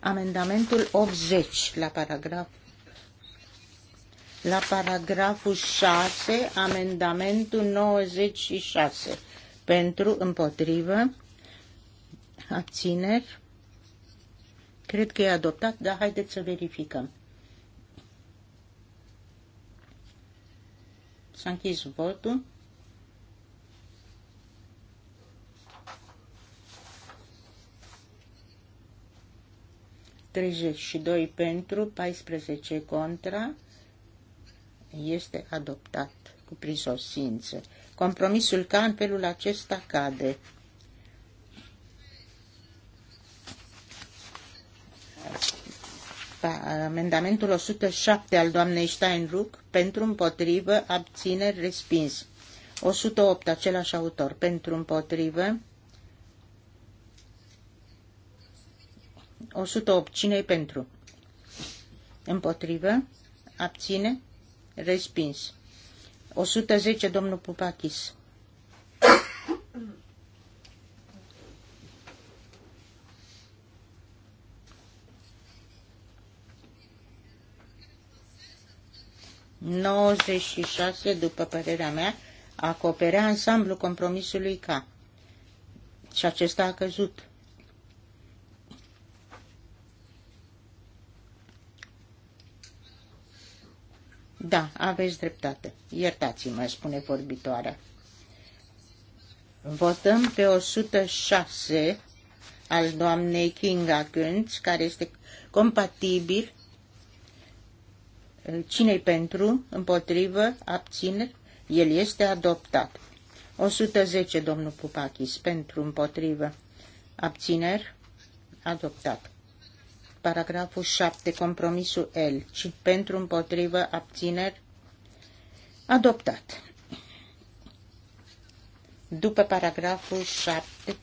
Amendamentul 80 la paragraf. La paragraful 6, amendamentul 96 pentru, împotrivă, abțineri, Cred că e adoptat, dar haideți să verificăm. S-a închis votul. Treizeci și doi pentru, 14 contra, este adoptat cu prisosință. Compromisul ca în felul acesta cade. amendamentul 107 al doamnei Steinruck pentru împotrivă, abțineri, respins. 108, același autor, pentru împotrivă. 108, cine pentru? Împotrivă, abține, respins. 110, domnul Pupachis. 96, după părerea mea, acoperea ansamblul compromisului K. Și acesta a căzut. Da, aveți dreptate. Iertați-mă, spune vorbitoarea. Votăm pe 106 al doamnei Kinga Gânț, care este compatibil cine pentru? Împotrivă? Abțineri? El este adoptat. 110, domnul Pupachis, pentru, împotrivă, abțineri, adoptat. Paragraful 7, compromisul L, ci pentru, împotrivă, abțineri, adoptat. După paragraful 7,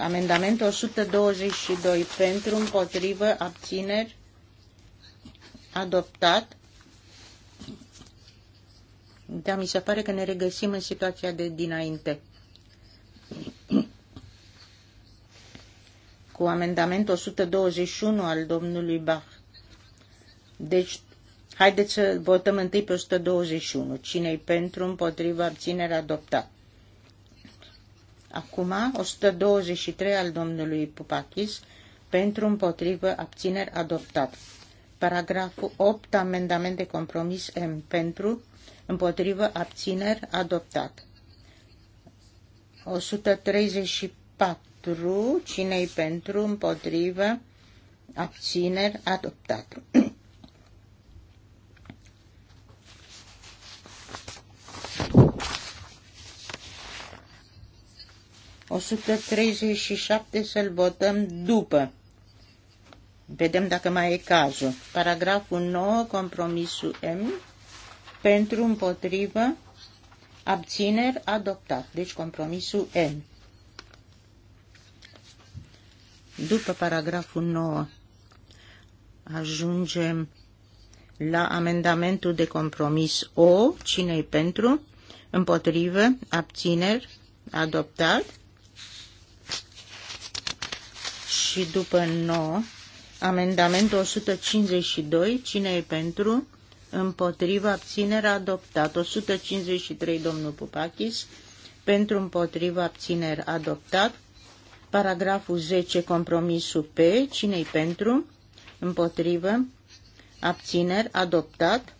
amendamentul 122, pentru, împotrivă, abțineri, adoptat, da, mi se pare că ne regăsim în situația de dinainte. Cu amendamentul 121 al domnului Bach. Deci, haideți să votăm întâi pe 121. Cine-i pentru, împotriva, abținere, adoptat. Acum, 123 al domnului Pupachis, pentru, împotrivă, abțineri, adoptat. Paragraful 8, amendament de compromis M pentru, împotrivă, abțineri, adoptat. 134, cinei pentru, împotrivă, abțineri, adoptat. O 137 să-l votăm după Vedem dacă mai e cazul. Paragraful 9, compromisul M, pentru împotrivă, abțineri, adoptat. Deci compromisul M. După paragraful 9, ajungem la amendamentul de compromis O, cine-i pentru, împotrivă, abțineri, adoptat. Și după 9, Amendamentul 152. Cine e pentru? Împotriva abținerea adoptat. 153. Domnul Pupachis. Pentru împotriva Abținere adoptat. Paragraful 10. Compromisul P. cine e pentru? Împotrivă. Abțineri. Adoptat.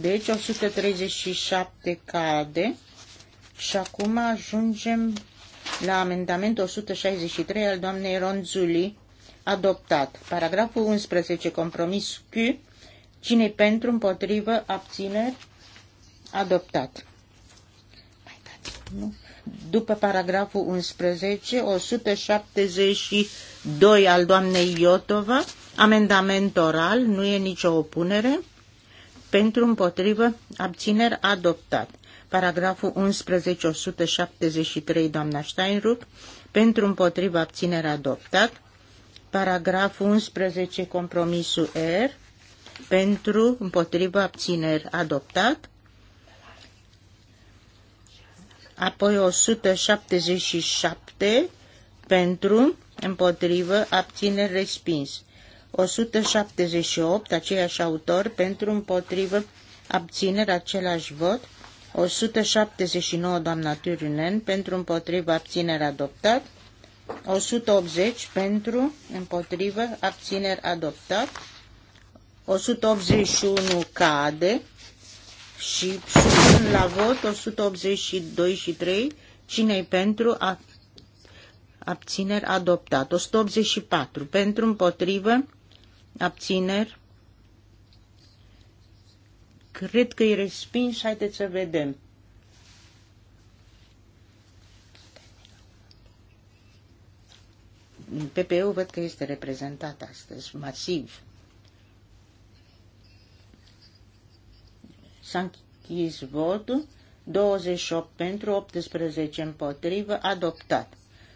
Deci 137 cade. Și acum ajungem la amendamentul 163 al doamnei Ronzuli, adoptat. Paragraful 11, compromis Q, cine pentru, împotrivă, abțineri, adoptat. După paragraful 11, 172 al doamnei Iotova, amendament oral, nu e nicio opunere, pentru, împotrivă, abțineri, adoptat paragraful 11, 173, doamna Steinrup, pentru împotriva abținerea adoptat, paragraful 11, compromisul R, pentru împotriva abțineri adoptat, apoi 177 pentru împotrivă abțineri respins, 178 aceiași autor pentru împotrivă abțineri același vot, 179, doamna Turunen, pentru împotrivă abținere adoptat. 180 pentru împotrivă abțineri adoptat. 181 cade și supun la vot 182 și 3. cine pentru? A, abțineri adoptat. 184 pentru împotrivă abțineri Cred că e respins, haideți să vedem. PPU văd că este reprezentat astăzi, masiv. S-a închis votul, 28 pentru, 18 împotrivă, adoptat.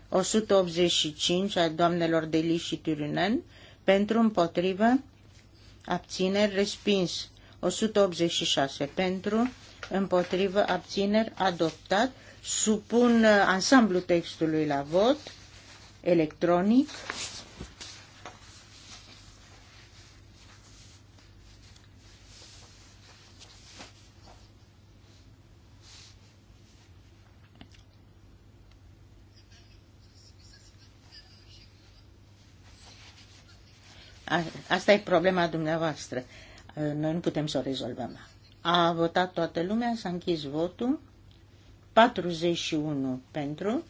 185 a doamnelor Deli și Turunen, pentru împotrivă, abțineri, respins. 186 pentru, împotrivă, abțineri, adoptat. Supun uh, ansamblu textului la vot electronic. Asta e problema dumneavoastră. Noi nu putem să o rezolvăm. A votat toată lumea, s-a închis votul. 41 pentru.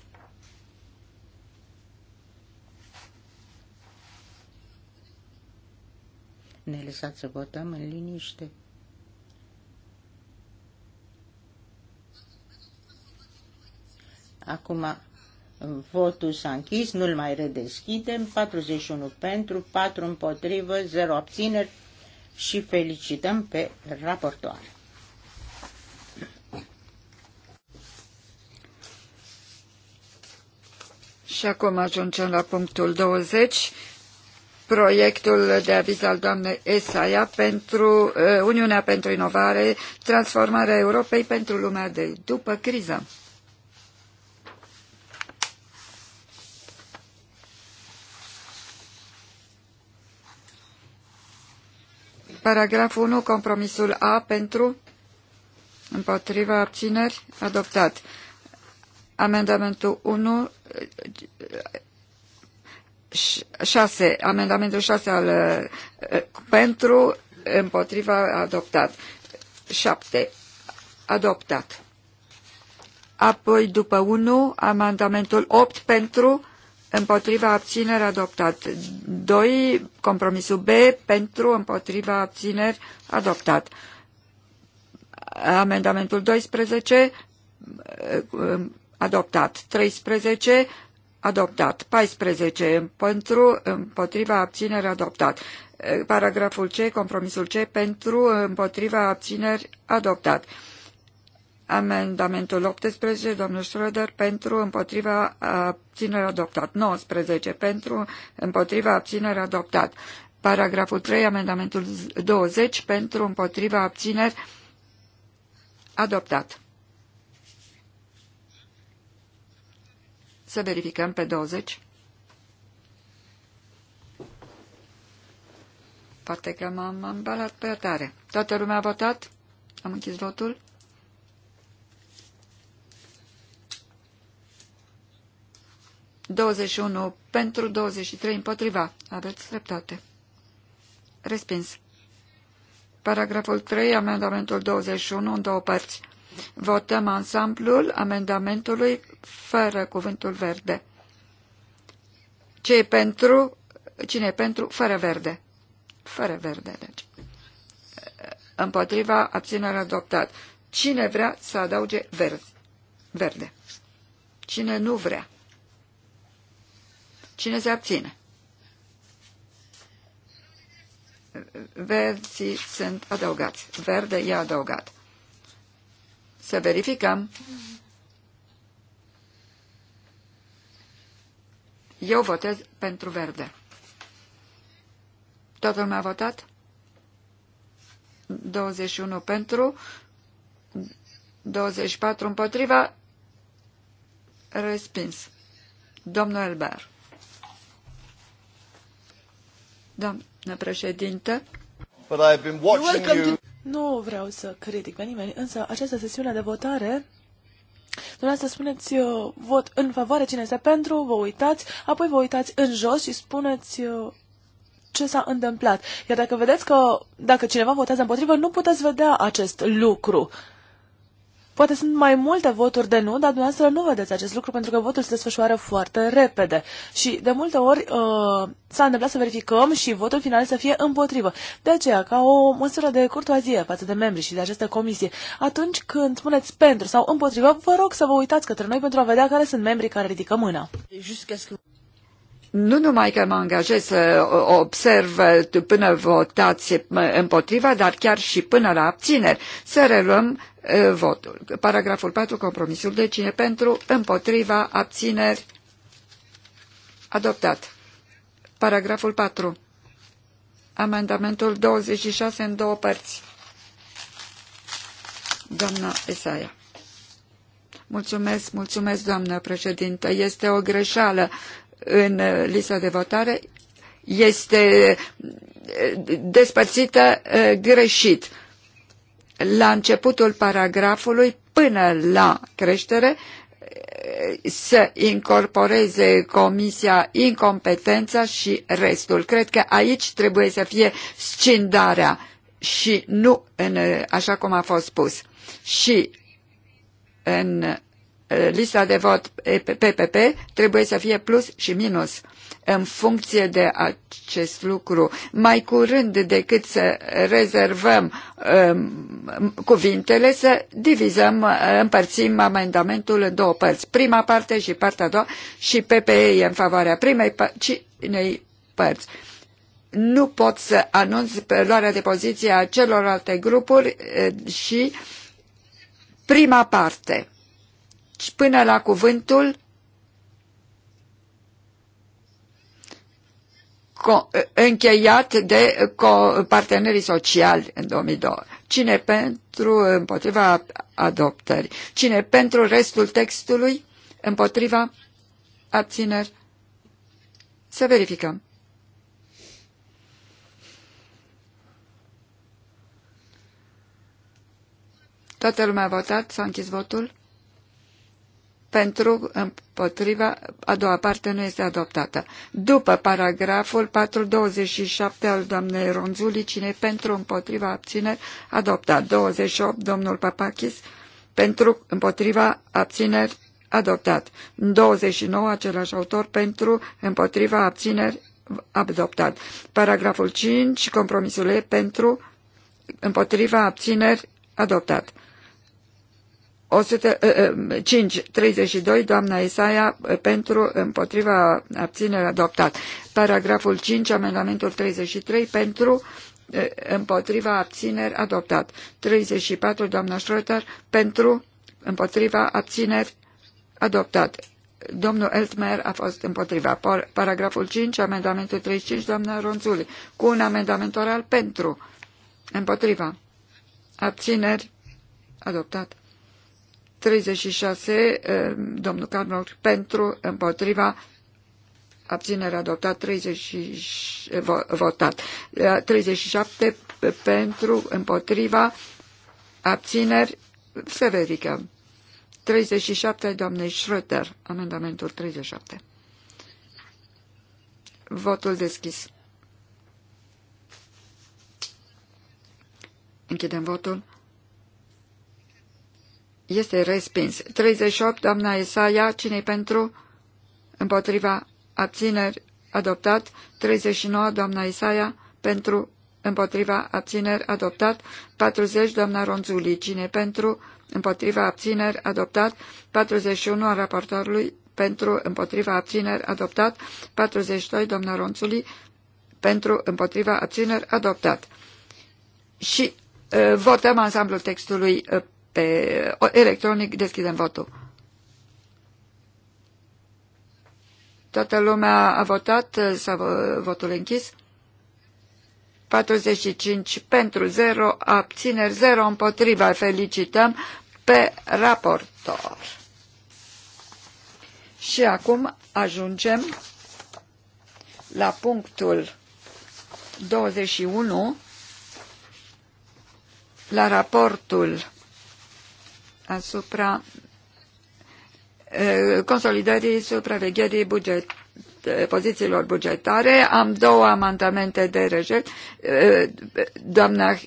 Ne lăsați să votăm în liniște. Acum votul s-a închis, nu-l mai redeschidem. 41 pentru, 4 împotrivă, 0 abțineri și felicităm pe raportoare. Și acum ajungem la punctul 20, proiectul de aviz al doamnei Esaia pentru uh, Uniunea pentru Inovare, transformarea Europei pentru lumea de după criză. Paragraful 1, compromisul A pentru, împotriva, abțineri, adoptat. Amendamentul 1, 6, amendamentul 6 al, pentru, împotriva, adoptat. 7, adoptat. Apoi, după 1, amendamentul 8 pentru, împotriva abțineri adoptat. 2. Compromisul B pentru împotriva abțineri adoptat. Amendamentul 12 adoptat. 13 adoptat. 14 pentru împotriva abțineri adoptat. Paragraful C, compromisul C pentru împotriva abțineri adoptat. Amendamentul 18, domnul Schröder, pentru, împotriva, abținere adoptat. 19, pentru, împotriva, abținere adoptat. Paragraful 3, amendamentul 20, pentru, împotriva, abțineri adoptat. Să verificăm pe 20. Poate că m-am balat pe atare. Toată lumea a votat? Am închis votul? 21 pentru 23 împotriva. Aveți dreptate. Respins. Paragraful 3, amendamentul 21 în două părți. Votăm ansamblul amendamentului fără cuvântul verde. Ce e pentru? Cine e pentru? Fără verde. Fără verde, deci. Împotriva, abținerea adoptat. Cine vrea să adauge verde? Verde. Cine nu vrea? Cine se abține? Verzii sunt adăugați. Verde e adăugat. Să verificăm. Eu votez pentru verde. Toată lumea a votat? 21 pentru, 24 împotriva, respins. Domnul Elber doamnă președinte. But I've been watching you... Nu vreau să critic pe nimeni, însă această sesiune de votare Dumneavoastră spuneți uh, vot în favoare, cine este pentru, vă uitați, apoi vă uitați în jos și spuneți uh, ce s-a întâmplat. Iar dacă vedeți că dacă cineva votează împotrivă, nu puteți vedea acest lucru. Poate sunt mai multe voturi de nu, dar dumneavoastră nu vedeți acest lucru pentru că votul se desfășoară foarte repede. Și de multe ori uh, s-a întâmplat să verificăm și votul final să fie împotrivă. De aceea, ca o măsură de curtoazie față de membri și de această comisie, atunci când spuneți pentru sau împotrivă, vă rog să vă uitați către noi pentru a vedea care sunt membrii care ridică mâna nu numai că mă angajez să observ uh, până votați împotriva, dar chiar și până la abțineri, să reluăm uh, votul. Paragraful 4, compromisul de cine pentru, împotriva, abțineri, adoptat. Paragraful 4. Amendamentul 26 în două părți. Doamna Esaia. Mulțumesc, mulțumesc, doamnă președintă. Este o greșeală în uh, lista de votare este uh, despărțită uh, greșit. La începutul paragrafului până la creștere să incorporeze comisia incompetența și restul. Cred că aici trebuie să fie scindarea și nu în, așa cum a fost spus. Și în Eh, lista de vot PPP trebuie să fie plus și minus în funcție de acest lucru. Mai curând decât să rezervăm um, cuvintele, să divizăm, eh, împărțim amendamentul în două părți. Prima parte și partea a doua și PPE e în favoarea primei cinei părți. Nu pot să anunț luarea de poziție a celorlalte grupuri eh, și prima parte până la cuvântul încheiat de partenerii sociali în 2002. Cine pentru împotriva adoptării? Cine pentru restul textului împotriva abțineri? Să verificăm. Toată lumea a votat? S-a închis votul? pentru împotriva a doua parte nu este adoptată. După paragraful 427 al doamnei Ronzuli, cine pentru împotriva abțineri adoptat. 28, domnul Papachis, pentru împotriva abțineri adoptat. 29, același autor, pentru împotriva abțineri adoptat. Paragraful 5, compromisul E pentru împotriva abțineri adoptat. 5.32, eh, eh, doamna Isaia, eh, pentru, împotriva, abținere, adoptat. Paragraful 5, amendamentul 33, pentru, împotriva, abțineri, adoptat. 34, doamna Schroeter, pentru, împotriva, abțineri, adoptat. Domnul Eltmer a fost împotriva. Paragraful 5, amendamentul 35, doamna Ronțuli, cu un amendament oral pentru, împotriva, abțineri, adoptat. 36, eh, domnul Carnot, pentru, împotriva, abținere adoptat, 30, eh, votat. 37 eh, pentru, împotriva, abțineri, se verifică. 37, doamnei Schröter, amendamentul 37. Votul deschis. Închidem votul. Este respins. 38, doamna Isaia, cine pentru? Împotriva abțineri, adoptat. 39, doamna Isaia, pentru? Împotriva abțineri, adoptat. 40, doamna Ronzuli, cine pentru? Împotriva abțineri, adoptat. 41, a raportorului, pentru? Împotriva abțineri, adoptat. 42, doamna Ronzuli, pentru? Împotriva abțineri, adoptat. Și uh, votăm ansamblul textului uh, pe electronic, deschidem votul. Toată lumea a votat, s-a votul închis. 45 pentru 0, abțineri 0 împotriva. Felicităm pe raportor. Și acum ajungem la punctul 21, la raportul asupra eh, consolidării supravegherii buget, eh, pozițiilor bugetare. Am două amendamente de rejet. Eh, doamna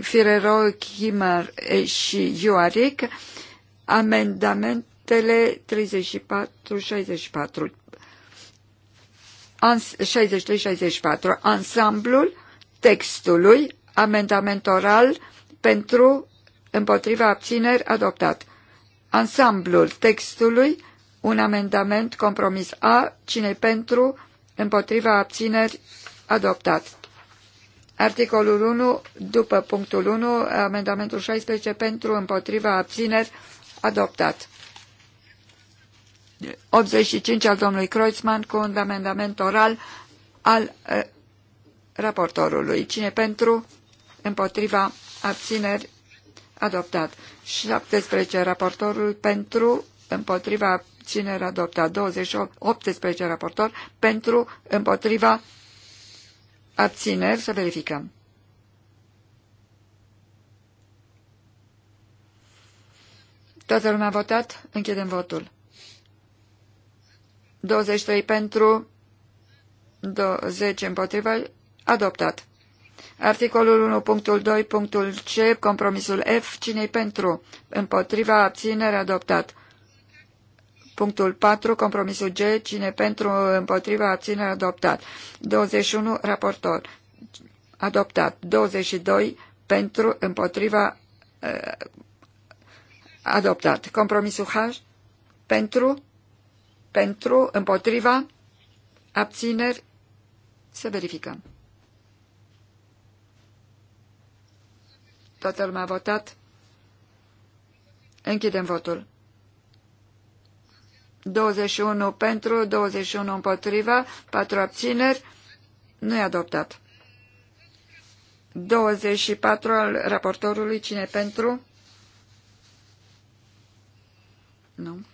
Firero, Chimer și Ioaric, amendamentele 34-64. 63-64. Ansamblul textului amendament oral pentru împotriva abțineri adoptat. Ansamblul textului, un amendament compromis A, cine pentru, împotriva abțineri adoptat. Articolul 1, după punctul 1, amendamentul 16 pentru, împotriva abțineri adoptat. 85 al domnului Kreutzmann cu un amendament oral al eh, raportorului. Cine pentru, împotriva, abțineri, adoptat. 17 raportorul pentru, împotriva, abținere adoptat. 28, 18 raportor pentru, împotriva, abțineri. Să verificăm. Toată lumea a votat? Închidem votul. 23 pentru, 20 împotriva, adoptat. Articolul 1, punctul 2, punctul C, compromisul F, cine pentru? Împotriva, abținere, adoptat. Punctul 4, compromisul G, cine pentru, împotriva, abținere, adoptat. 21, raportor, adoptat. 22, pentru, împotriva, eh, adoptat. Compromisul H, pentru, pentru, împotriva, abțineri, să verificăm. Toată lumea a votat. Închidem votul. 21 pentru, 21 împotriva, 4 abțineri. Nu e adoptat. 24 al raportorului, cine pentru? Nu.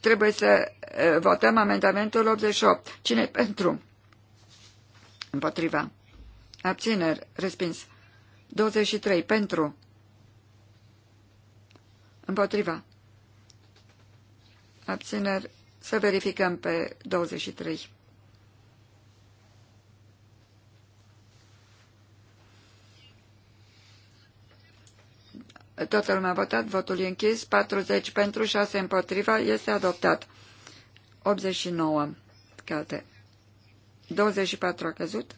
Trebuie să votăm amendamentul 88. Cine pentru? Împotriva. Abțineri. Respins. 23. Pentru. Împotriva. Abțineri. Să verificăm pe 23. Toată lumea a votat, votul e închis, 40 pentru, 6 împotriva, este adoptat. 89 cate. 24 a căzut.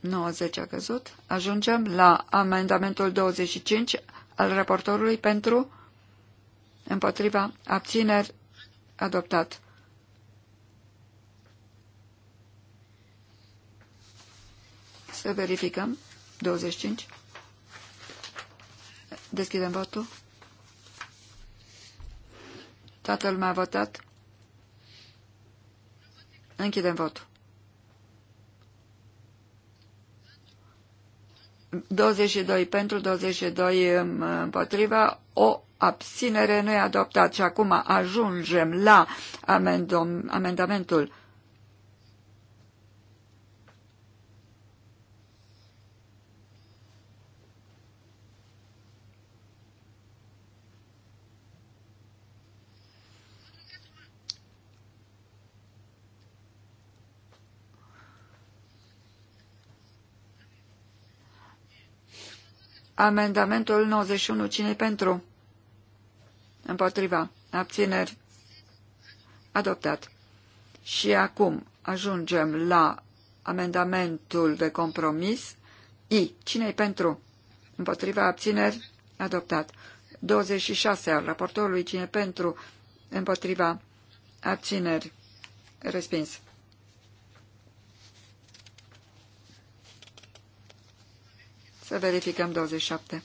Nouăzeci a căzut. Ajungem la amendamentul 25 al raportorului pentru împotriva abțineri adoptat. Să verificăm. 25. Deschidem votul. Toată lumea a votat. Închidem votul. 22 pentru, 22 împotriva, o abținere nu e adoptat. Și acum ajungem la amendamentul Amendamentul 91. cine pentru? Împotriva. Abțineri. Adoptat. Și acum ajungem la amendamentul de compromis. I. cine pentru? Împotriva. Abțineri. Adoptat. 26 al raportorului. Cine pentru? Împotriva. Abțineri. Respins. Să verificăm 27.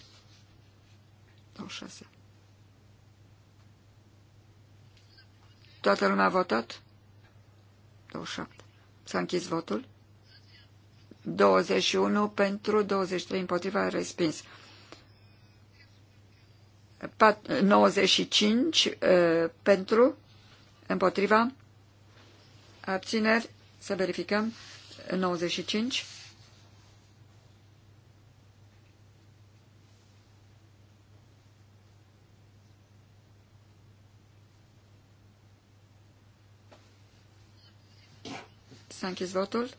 26. Toată lumea a votat? 27. S-a închis votul? 21 pentru, 23 împotriva, respins. 95 pentru, împotriva, abțineri, să verificăm, 95. S-a închis votul.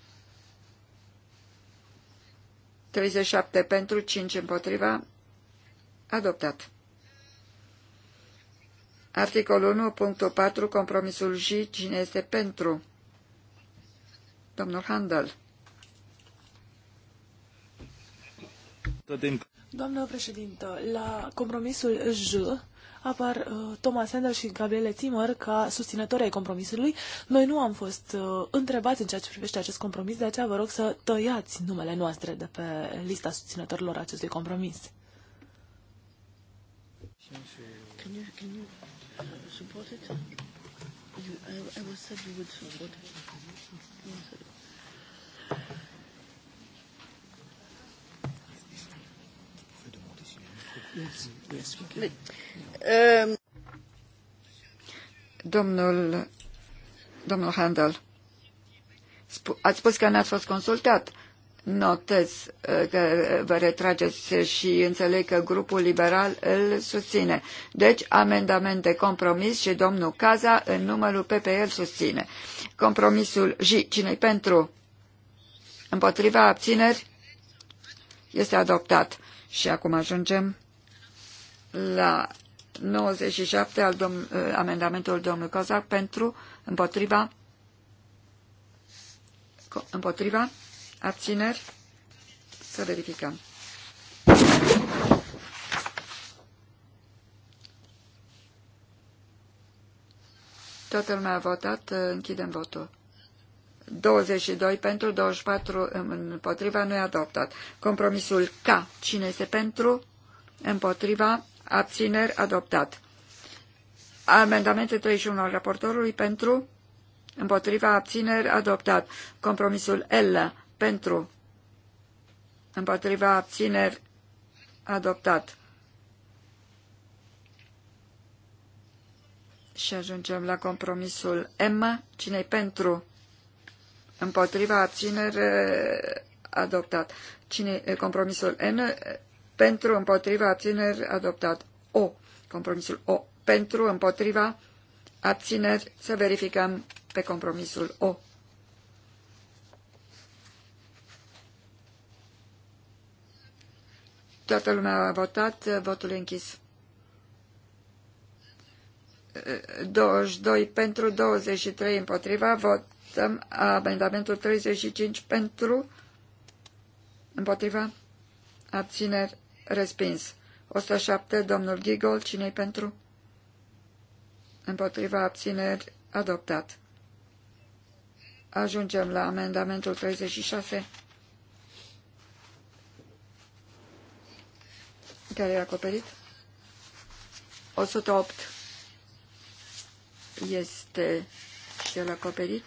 37 pentru, 5 împotriva. Adoptat. Articolul 1.4, compromisul J, cine este pentru? Domnul Handel. Domnul președinte, la compromisul J apar uh, Thomas Sanders și Gabriele Timmer ca susținători ai compromisului. Noi nu am fost uh, întrebați în ceea ce privește acest compromis, de aceea vă rog să tăiați numele noastre de pe lista susținătorilor acestui compromis. Can you, can you support it? You, I, I was said you would support it. Domnul, domnul Handel, ați spus că n-ați fost consultat. Notez uh, că vă retrageți și înțeleg că grupul liberal îl susține. Deci, amendament de compromis și domnul Caza în numărul PPL susține. Compromisul J. cine pentru? Împotriva abțineri? Este adoptat. Și acum ajungem la 97 al dom- uh, amendamentul domnului Cozac pentru împotriva împotriva abțineri să verificăm. Toată lumea a votat, uh, închidem votul. 22 pentru, 24 um, împotriva, nu e adoptat. Compromisul K. Cine este pentru? Împotriva, abțineri, adoptat. Amendamente 31 al raportorului pentru, împotriva, abțineri, adoptat. Compromisul L pentru, împotriva, abțineri, adoptat. Și ajungem la compromisul M. Cine-i pentru? Împotriva abținere adoptat. Cine compromisul N? pentru, împotriva, abțineri, adoptat. O, compromisul O, pentru, împotriva, abțineri, să verificăm pe compromisul O. Toată lumea a votat, votul e închis. 22 pentru, 23 împotriva, votăm amendamentul 35 pentru, împotriva, abțineri, respins. 107, domnul Gigol, cine pentru? Împotriva abțineri, adoptat. Ajungem la amendamentul 36, care e acoperit. 108 este și el acoperit.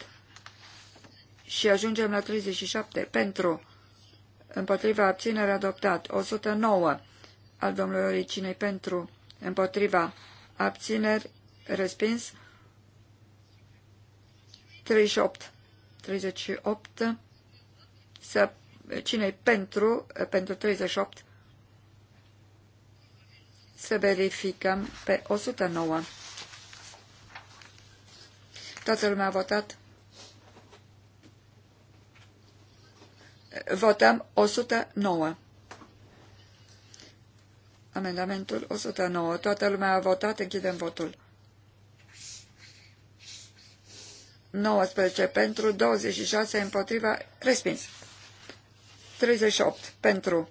Și ajungem la 37, pentru împotriva abținere adoptat. 109 al domnului Oricinei pentru împotriva abțineri respins. 38. 38. Să, cine pentru, pentru 38? Să verificăm pe 109. Toată lumea a votat. Votăm 109. Amendamentul 109. Toată lumea a votat. Închidem votul. 19 pentru, 26 împotriva, respins. 38 pentru,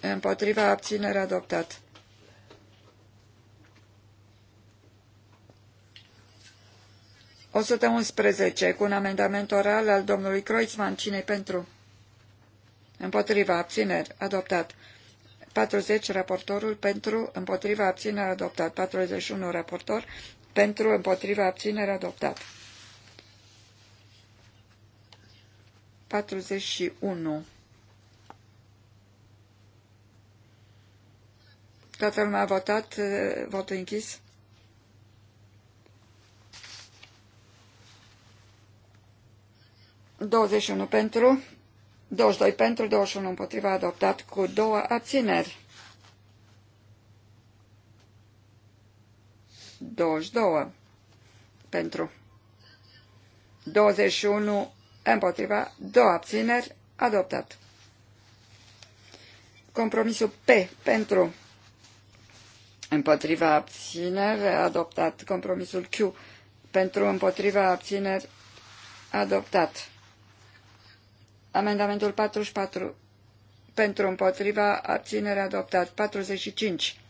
împotriva, abținere adoptat. 111, cu un amendament oral al domnului Kreuzmann. cine pentru? Împotriva, abțineri, adoptat. 40, raportorul, pentru, împotriva, abțineri, adoptat. 41, raportor, pentru, împotriva, abțineri, adoptat. 41. Toată lumea a votat, votul închis. 21 pentru, 22 pentru, 21 împotriva adoptat cu două abțineri. 22 pentru, 21 împotriva, două abțineri, adoptat. Compromisul P pentru, împotriva abțineri, adoptat. Compromisul Q pentru, împotriva abțineri, adoptat. Amendamentul 44 pentru împotriva abținere adoptat. 45.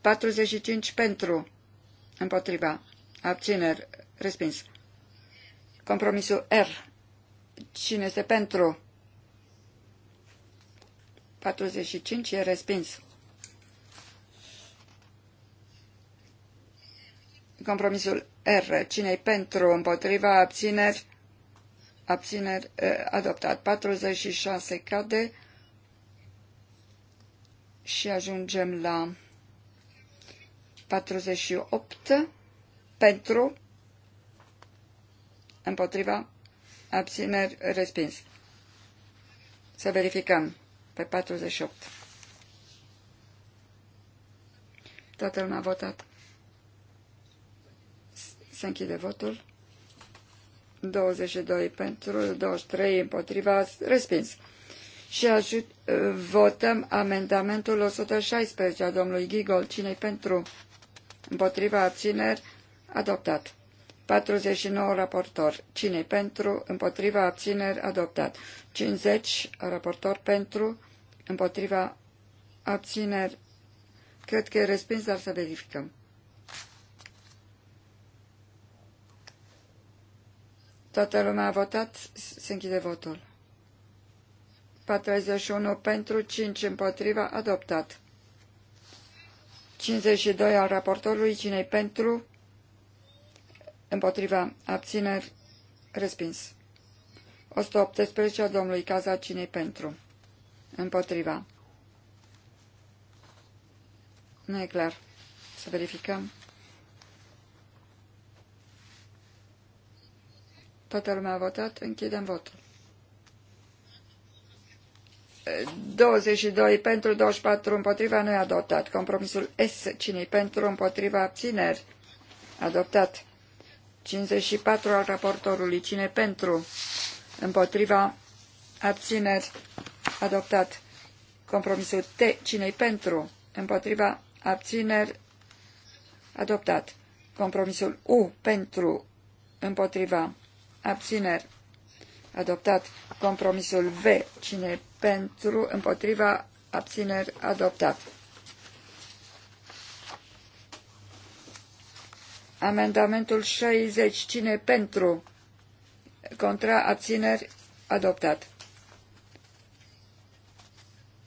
45 pentru împotriva abțineri respins. Compromisul R. Cine este pentru? 45 e respins. Compromisul R. cine e pentru? Împotriva abțineri abțineri adoptat. 46 cade și ajungem la 48 pentru împotriva abțineri respins. Să verificăm pe 48. Toată lumea a votat. Să închide votul. 22 pentru, 23 împotriva, respins. Și ajut, uh, votăm amendamentul 116 a domnului Gigol. cine pentru? Împotriva abțineri? Adoptat. 49 raportor. Cine pentru? Împotriva abțineri? Adoptat. 50 raportor pentru? Împotriva abțineri? Cred că e respins, dar să verificăm. Toată lumea a votat, se închide votul. 41 pentru, 5 împotriva, adoptat. 52 al raportorului, cine pentru, împotriva, abțineri, respins. 118 al domnului Caza, cine pentru, împotriva. Nu e clar. Să verificăm. Toată lumea a votat, închidem votul. 22 pentru, 24 împotriva, nu e adoptat. Compromisul S, cine pentru, împotriva, abțineri, adoptat. 54 al raportorului, cine pentru, împotriva, abțineri, adoptat. Compromisul T, cine pentru, împotriva, abțineri, adoptat. Compromisul U, pentru, împotriva, abțineri, adoptat. Compromisul V, cine pentru, împotriva, abțineri, adoptat. Amendamentul 60, cine pentru, contra, abțineri, adoptat.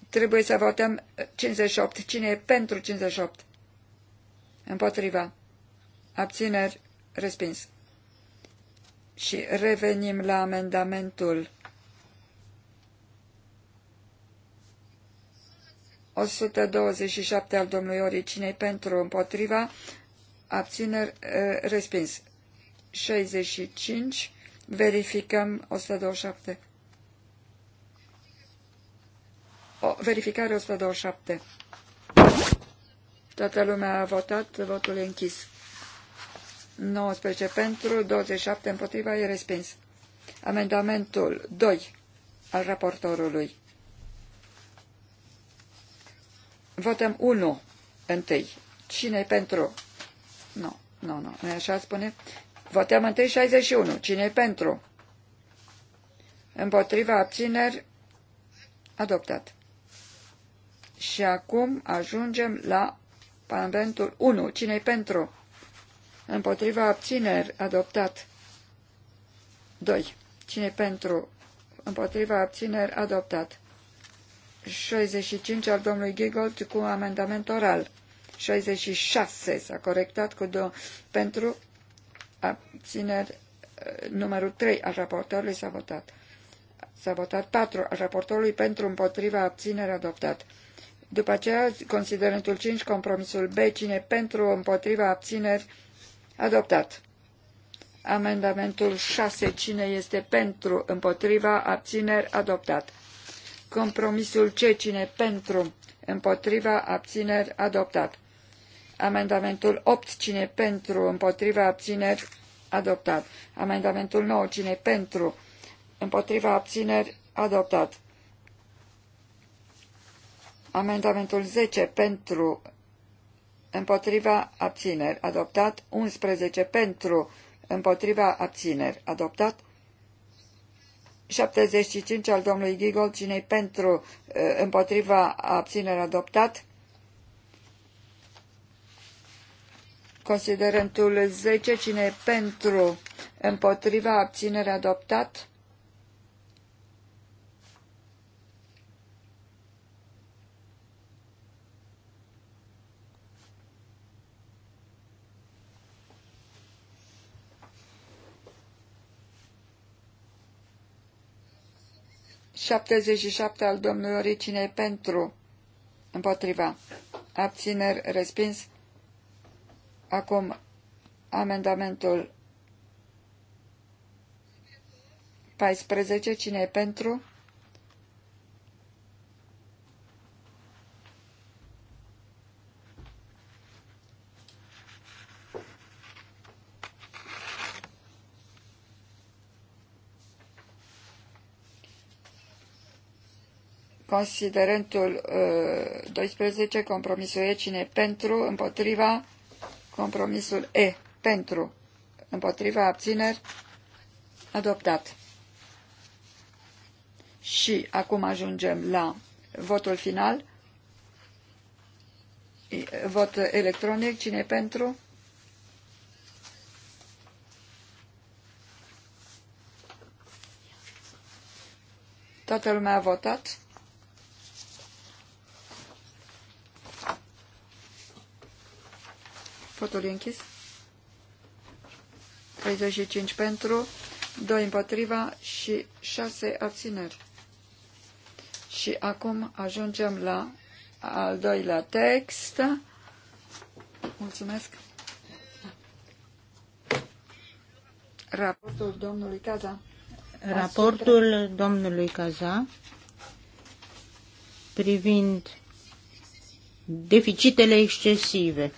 Trebuie să votăm 58. Cine e pentru 58? Împotriva. Abțineri. Respins. Și revenim la amendamentul 127 al domnului Oricinei pentru împotriva, abțineri respins. 65, verificăm 127. O, verificare 127. Toată lumea a votat, votul e închis. 19 pentru, 27 împotriva, e respins. Amendamentul 2 al raportorului. Votăm 1 întâi. cine e pentru? Nu, nu, nu, nu așa spune. Votăm întâi 61. cine e pentru? Împotriva abțineri, adoptat. Și acum ajungem la amendamentul 1. cine e pentru? Împotriva abțineri adoptat. 2. Cine pentru? Împotriva abțineri adoptat. 65 al domnului Giggold cu amendament oral. 66 s-a corectat cu do pentru abțineri numărul 3 al raportorului s-a votat. S-a votat 4 al raportorului pentru împotriva abțineri, adoptat. După aceea, considerentul 5, compromisul B, cine pentru împotriva abțineri Adoptat. Amendamentul 6. Cine este pentru? Împotriva? Abțineri? Adoptat. Compromisul C. Cine pentru? Împotriva? Abțineri? Adoptat. Amendamentul 8. Cine pentru? Împotriva? Abțineri? Adoptat. Amendamentul 9. Cine pentru? Împotriva? Abțineri? Adoptat. Amendamentul 10. Pentru? împotriva abțineri, adoptat 11 pentru, împotriva abțineri, adoptat 75 al domnului Gigol, cinei pentru, uh, împotriva abțineri, adoptat Considerentul 10, cine pentru, împotriva abținere adoptat? 77 al domnului Oricinei pentru, împotriva, abțineri, respins. Acum amendamentul 14, cine e pentru, Considerentul 12, uh, compromisul E, cine pentru, împotriva, compromisul E, pentru, împotriva, abțineri, adoptat. Și acum ajungem la votul final. Vot electronic. Cine pentru? Toată lumea a votat. Votul e închis. 35 pentru, 2 împotriva și 6 abțineri. Și acum ajungem la al doilea text. Mulțumesc. Raportul domnului Caza. Raportul asupra... domnului Caza privind deficitele excesive.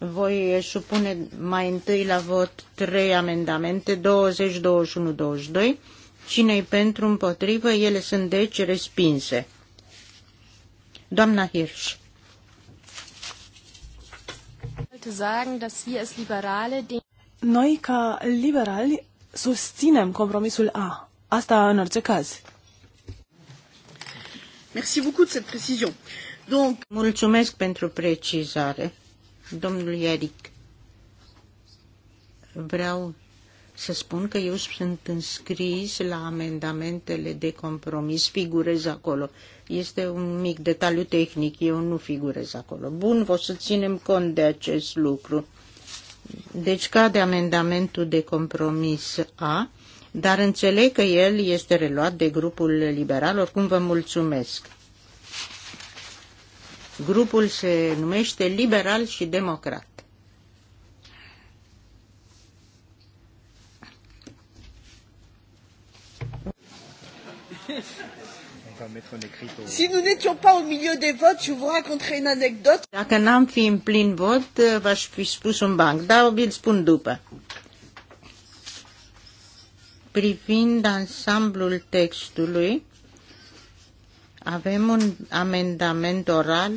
Voi supune mai întâi la vot trei amendamente, 20, 21, 22. Cine-i pentru, împotrivă, ele sunt deci respinse. Doamna Hirsch. Noi, ca liberali, susținem compromisul A. Asta în orice caz. Merci beaucoup de cette précision. Donc... Mulțumesc pentru precizare. Domnul Eric. vreau să spun că eu sunt înscris la amendamentele de compromis, figurez acolo. Este un mic detaliu tehnic, eu nu figurez acolo. Bun, vă să ținem cont de acest lucru. Deci cade amendamentul de compromis A, dar înțeleg că el este reluat de grupul liberal, oricum vă mulțumesc. Grupul se numește Liberal și Democrat. Si nous n'étions pas au milieu des votes, je vous raconterai une anecdote. Dacă n-am fi în plin vot, v-aș fi spus un banc, Da, vi-l spun după. Privind ansamblul textului, avem un amendament oral,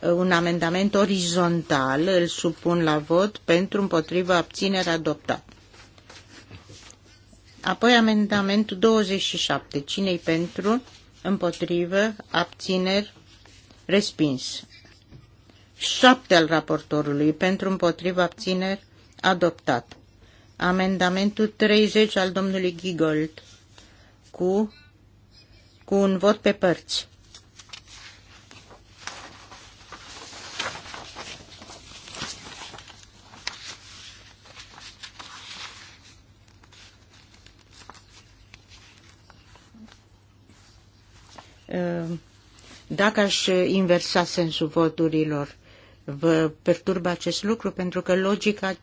un amendament orizontal, îl supun la vot, pentru împotriva abținere adoptat. Apoi amendamentul 27. cine pentru? Împotrivă? Abțineri? Respins. 7 al raportorului. Pentru împotrivă? Abțineri? Adoptat. Amendamentul 30 al domnului Gigold cu cu un vot pe părți. Ă, dacă aș inversa sensul voturilor, vă perturbă acest lucru? Pentru că logica,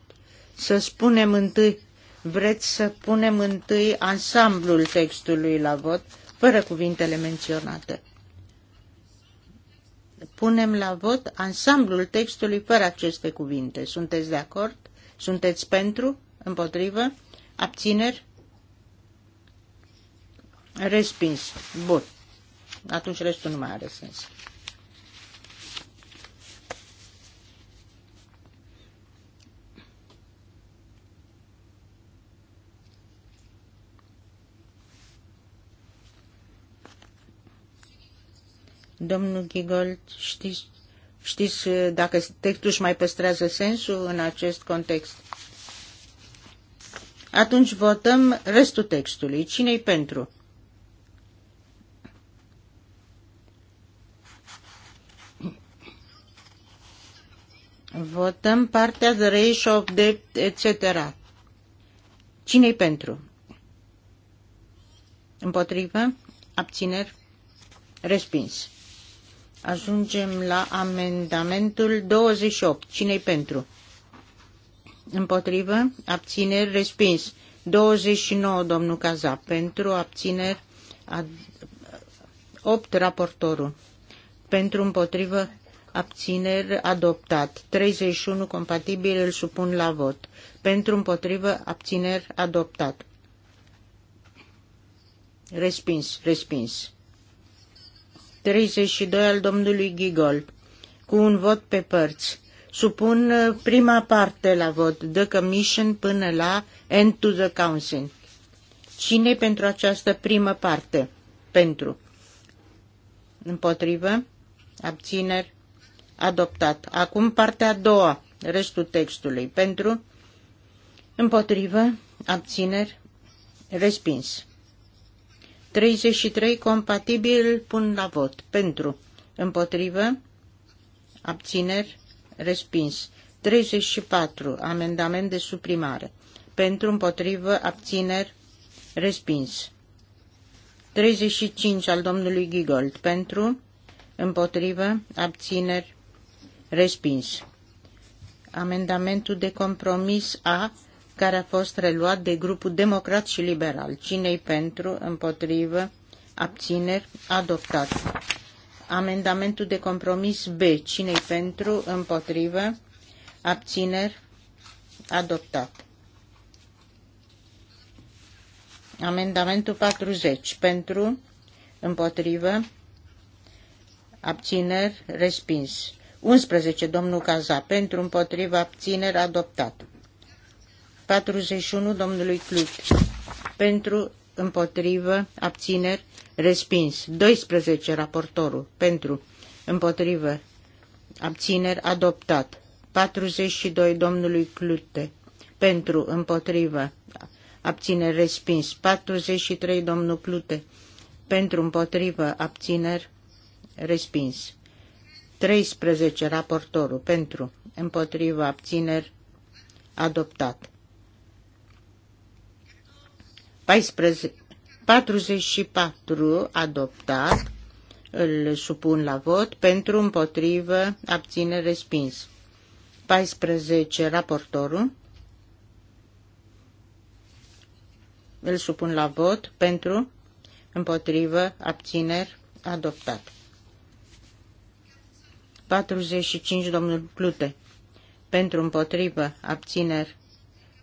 să spunem întâi, vreți să punem întâi ansamblul textului la vot fără cuvintele menționate. Punem la vot ansamblul textului fără aceste cuvinte. Sunteți de acord? Sunteți pentru? Împotrivă? Abțineri? Respins. Bun. Atunci restul nu mai are sens. Domnul Gigol, știți, știți uh, dacă textul își mai păstrează sensul în acest context? Atunci votăm restul textului. Cine-i pentru? Votăm partea de Reishop, de etc. Cine-i pentru? Împotrivă? Abțineri? Respins. Ajungem la amendamentul 28. Cine-i pentru? Împotrivă? Abțineri? Respins. 29, domnul Caza. Pentru abțineri? 8, raportorul. Pentru împotrivă? Abțineri? Adoptat. 31, compatibil, îl supun la vot. Pentru împotrivă? Abțineri? Adoptat. Respins, respins. 32 al domnului Gigol, cu un vot pe părți. Supun uh, prima parte la vot, The Commission până la End to the Council. Cine pentru această primă parte? Pentru. Împotrivă? Abțineri? Adoptat. Acum partea a doua, restul textului. Pentru? Împotrivă? Abțineri? Respins. 33 compatibil pun la vot. Pentru. Împotrivă. Abțineri. Respins. 34. Amendament de suprimare. Pentru. Împotrivă. Abțineri. Respins. 35 al domnului Gigold. Pentru. Împotrivă. Abțineri. Respins. Amendamentul de compromis A care a fost reluat de grupul democrat și liberal. Cinei pentru, împotrivă, abțineri, adoptat. Amendamentul de compromis B. Cinei pentru, împotrivă, abțineri, adoptat. Amendamentul 40. Pentru, împotrivă, abțineri, respins. 11. Domnul Caza. Pentru, împotrivă, abțineri, adoptat. 41 domnului Clut. Pentru, împotrivă, abțineri, respins. 12 raportorul. Pentru, împotrivă, abțineri, adoptat. 42 domnului Clute. Pentru, împotrivă, abțineri, respins. 43 domnul Clute. Pentru, împotrivă, abțineri, respins. 13 raportorul. Pentru, împotrivă, abțineri, adoptat. 44 adoptat, îl supun la vot, pentru, împotrivă, abține, respins. 14, raportorul, îl supun la vot, pentru, împotrivă, abțineri, adoptat. 45, domnul Plute, pentru, împotrivă, abțineri,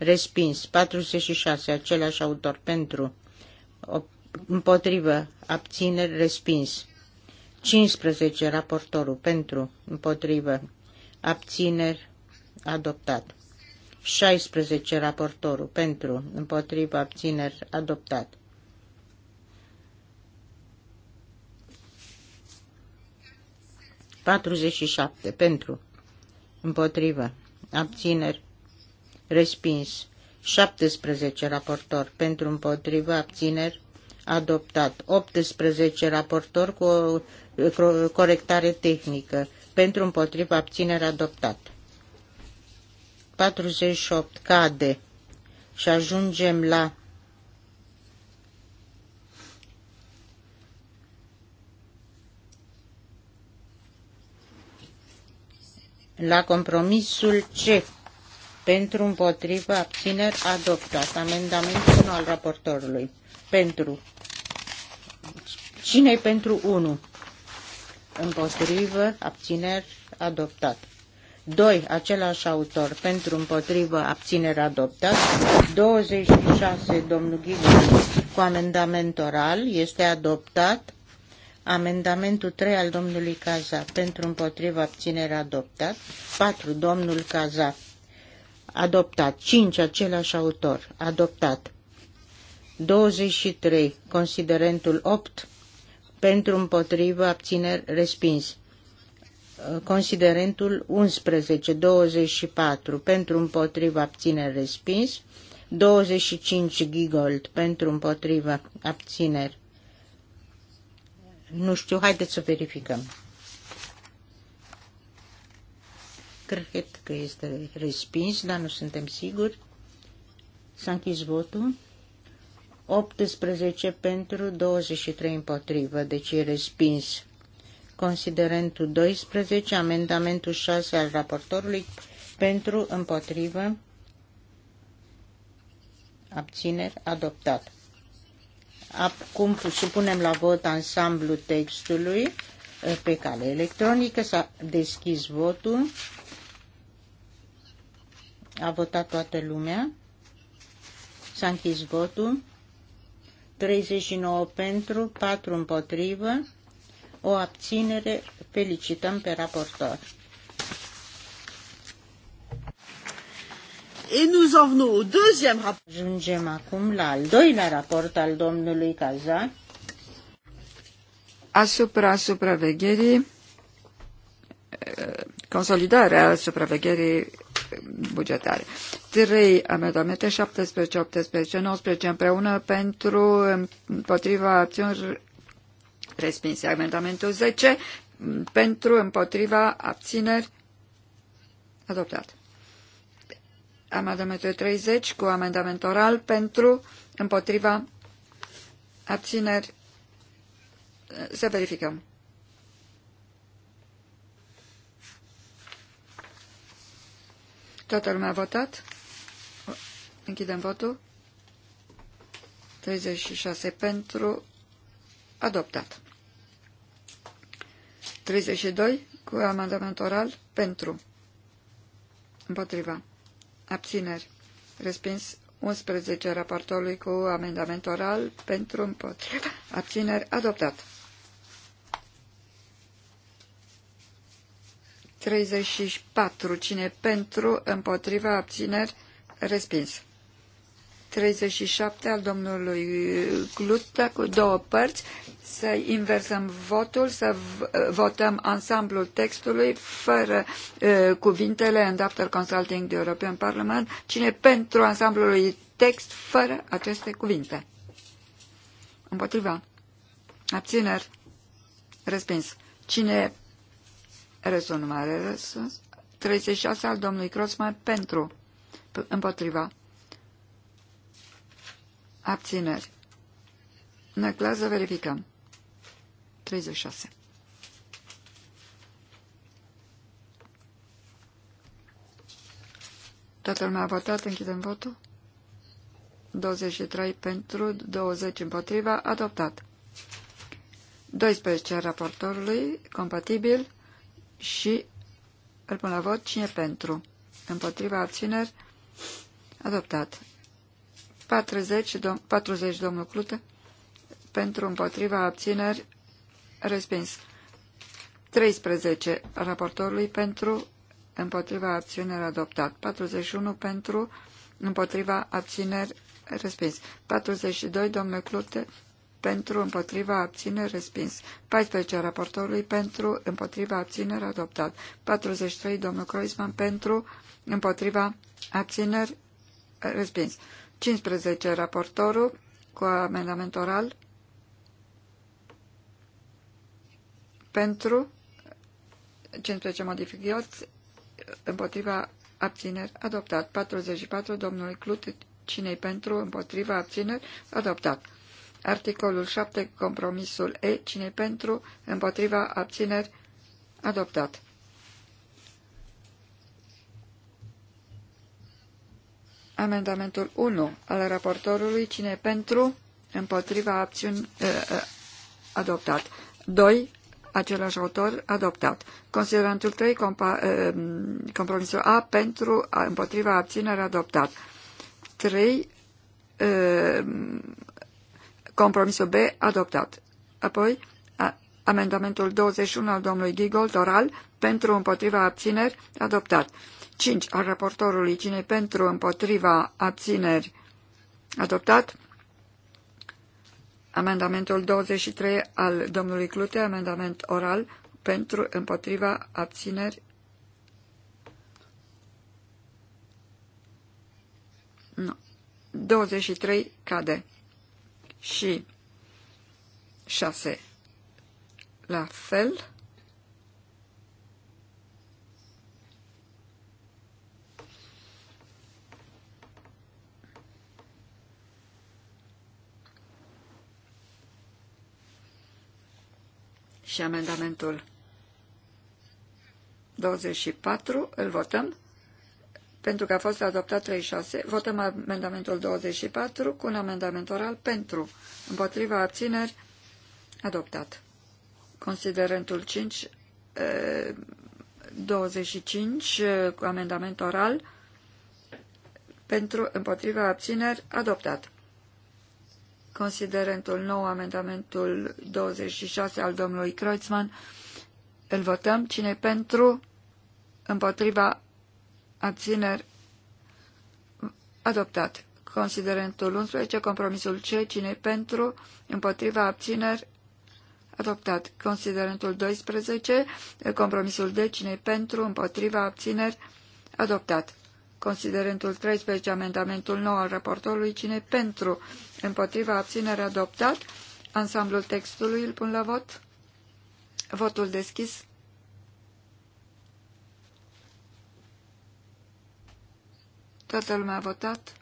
respins. 46, același autor, pentru, împotrivă, abțineri, respins. 15, raportorul, pentru, împotrivă, abțineri, adoptat. 16, raportorul, pentru, împotrivă, abțineri, adoptat. 47, pentru, împotrivă, abțineri, Respins. 17 raportor pentru împotriva abțineri adoptat. 18 raportor cu o corectare tehnică pentru împotriva abțineri adoptat. 48 cade și ajungem la la compromisul CEF pentru, împotrivă, abțineri, adoptat. Amendamentul 1 al raportorului. Pentru. Cine-i pentru 1? Împotrivă, abțineri, adoptat. 2. Același autor. Pentru, împotrivă, abțineri, adoptat. 26. Domnul Ghigul cu amendament oral este adoptat. Amendamentul 3 al domnului Caza pentru împotrivă, abținere adoptat. 4. Domnul Caza adoptat. 5, același autor, adoptat. 23, considerentul 8, pentru împotrivă, abțineri, respins. Considerentul 11, 24, pentru împotrivă, abțineri, respins. 25 gigold pentru împotrivă, abțineri. Nu știu, haideți să verificăm. Cred că este respins, dar nu suntem siguri. S-a închis votul. 18 pentru, 23 împotrivă, deci e respins. Considerentul 12, amendamentul 6 al raportorului pentru, împotrivă, abțineri, adoptat. Acum supunem la vot ansamblu textului pe cale electronică. S-a deschis votul. A votat toată lumea. S-a închis votul. 39 pentru, 4 împotrivă, o abținere. Felicităm pe raportor. Et nous en venons au deuxième rapport. Ajungem acum la al doilea raport al domnului Caza. Asupra supravegherii, eh, consolidarea supravegherii bugetare. 3 amendamente, 17, 18, 19 împreună pentru împotriva acțiuni respinse. Amendamentul 10 pentru împotriva abțineri adoptat. Amendamentul 30 cu amendament oral pentru împotriva abțineri. Să verificăm. Toată lumea a votat? Închidem votul. 36 pentru. Adoptat. 32 cu amendament oral pentru. Împotriva. Abțineri. Respins 11 raportorului cu amendament oral pentru împotriva. Abțineri adoptat. 34. Cine pentru, împotriva, abțineri, respins. 37 al domnului Glută cu două părți. Să inversăm votul, să votăm ansamblul textului fără uh, cuvintele în Daftar Consulting de European Parliament. Cine pentru ansamblului text fără aceste cuvinte? Împotriva. Abțineri. Respins. Cine Resul numare răspuns. 36 al domnului Croțman pentru. Împotriva. Abțineri. Năclează, verificăm. 36. Toată lumea a votat, închidem votul. 23 pentru, 20 împotriva, adoptat. 12 raportorului, compatibil, și îl pun la vot cine pentru. Împotriva abțineri adoptat. 40, dom 40 domnul Clute pentru împotriva abțineri respins. 13 raportorului pentru împotriva abțineri adoptat. 41 pentru împotriva abțineri respins. 42 domnul Clute pentru, împotriva, abțineri, respins. 14 raportorului pentru, împotriva, abțineri, adoptat. 43 domnul Croisman pentru, împotriva, abțineri, respins. 15 raportorul cu amendament oral pentru 15 modificați împotriva abțineri adoptat 44 domnului Clut cinei pentru împotriva abțineri adoptat Articolul 7, compromisul E, cine pentru, împotriva, abțineri, adoptat. Amendamentul 1 al raportorului, cine pentru, împotriva, abțiuni, adoptat. 2, același autor, adoptat. Considerantul 3, compa, compromisul A, pentru, împotriva, abținere, adoptat. 3, Compromisul B adoptat. Apoi, a, amendamentul 21 al domnului Gigol oral, pentru împotriva abțineri, adoptat. 5 al raportorului, cine pentru împotriva abțineri, adoptat. Amendamentul 23 al domnului Clute, amendament oral, pentru împotriva abțineri, nu. 23 cade și 6 la fel. Și amendamentul 24 îl votăm pentru că a fost adoptat 36. Votăm amendamentul 24 cu un amendament oral pentru. Împotriva abțineri, adoptat. Considerentul 5, 25 cu amendament oral pentru împotriva abțineri, adoptat. Considerentul 9, amendamentul 26 al domnului Kreutzmann, îl votăm. Cine pentru? Împotriva abțineri, adoptat. Considerentul 11, compromisul C, cine pentru, împotriva, abțineri, adoptat. Considerentul 12, compromisul D, cine pentru, împotriva, abțineri, adoptat. Considerentul 13, amendamentul 9 al raportorului, cine pentru, împotriva, abțineri adoptat. Ansamblul textului îl pun la vot. Votul deschis. Toată lumea a votat.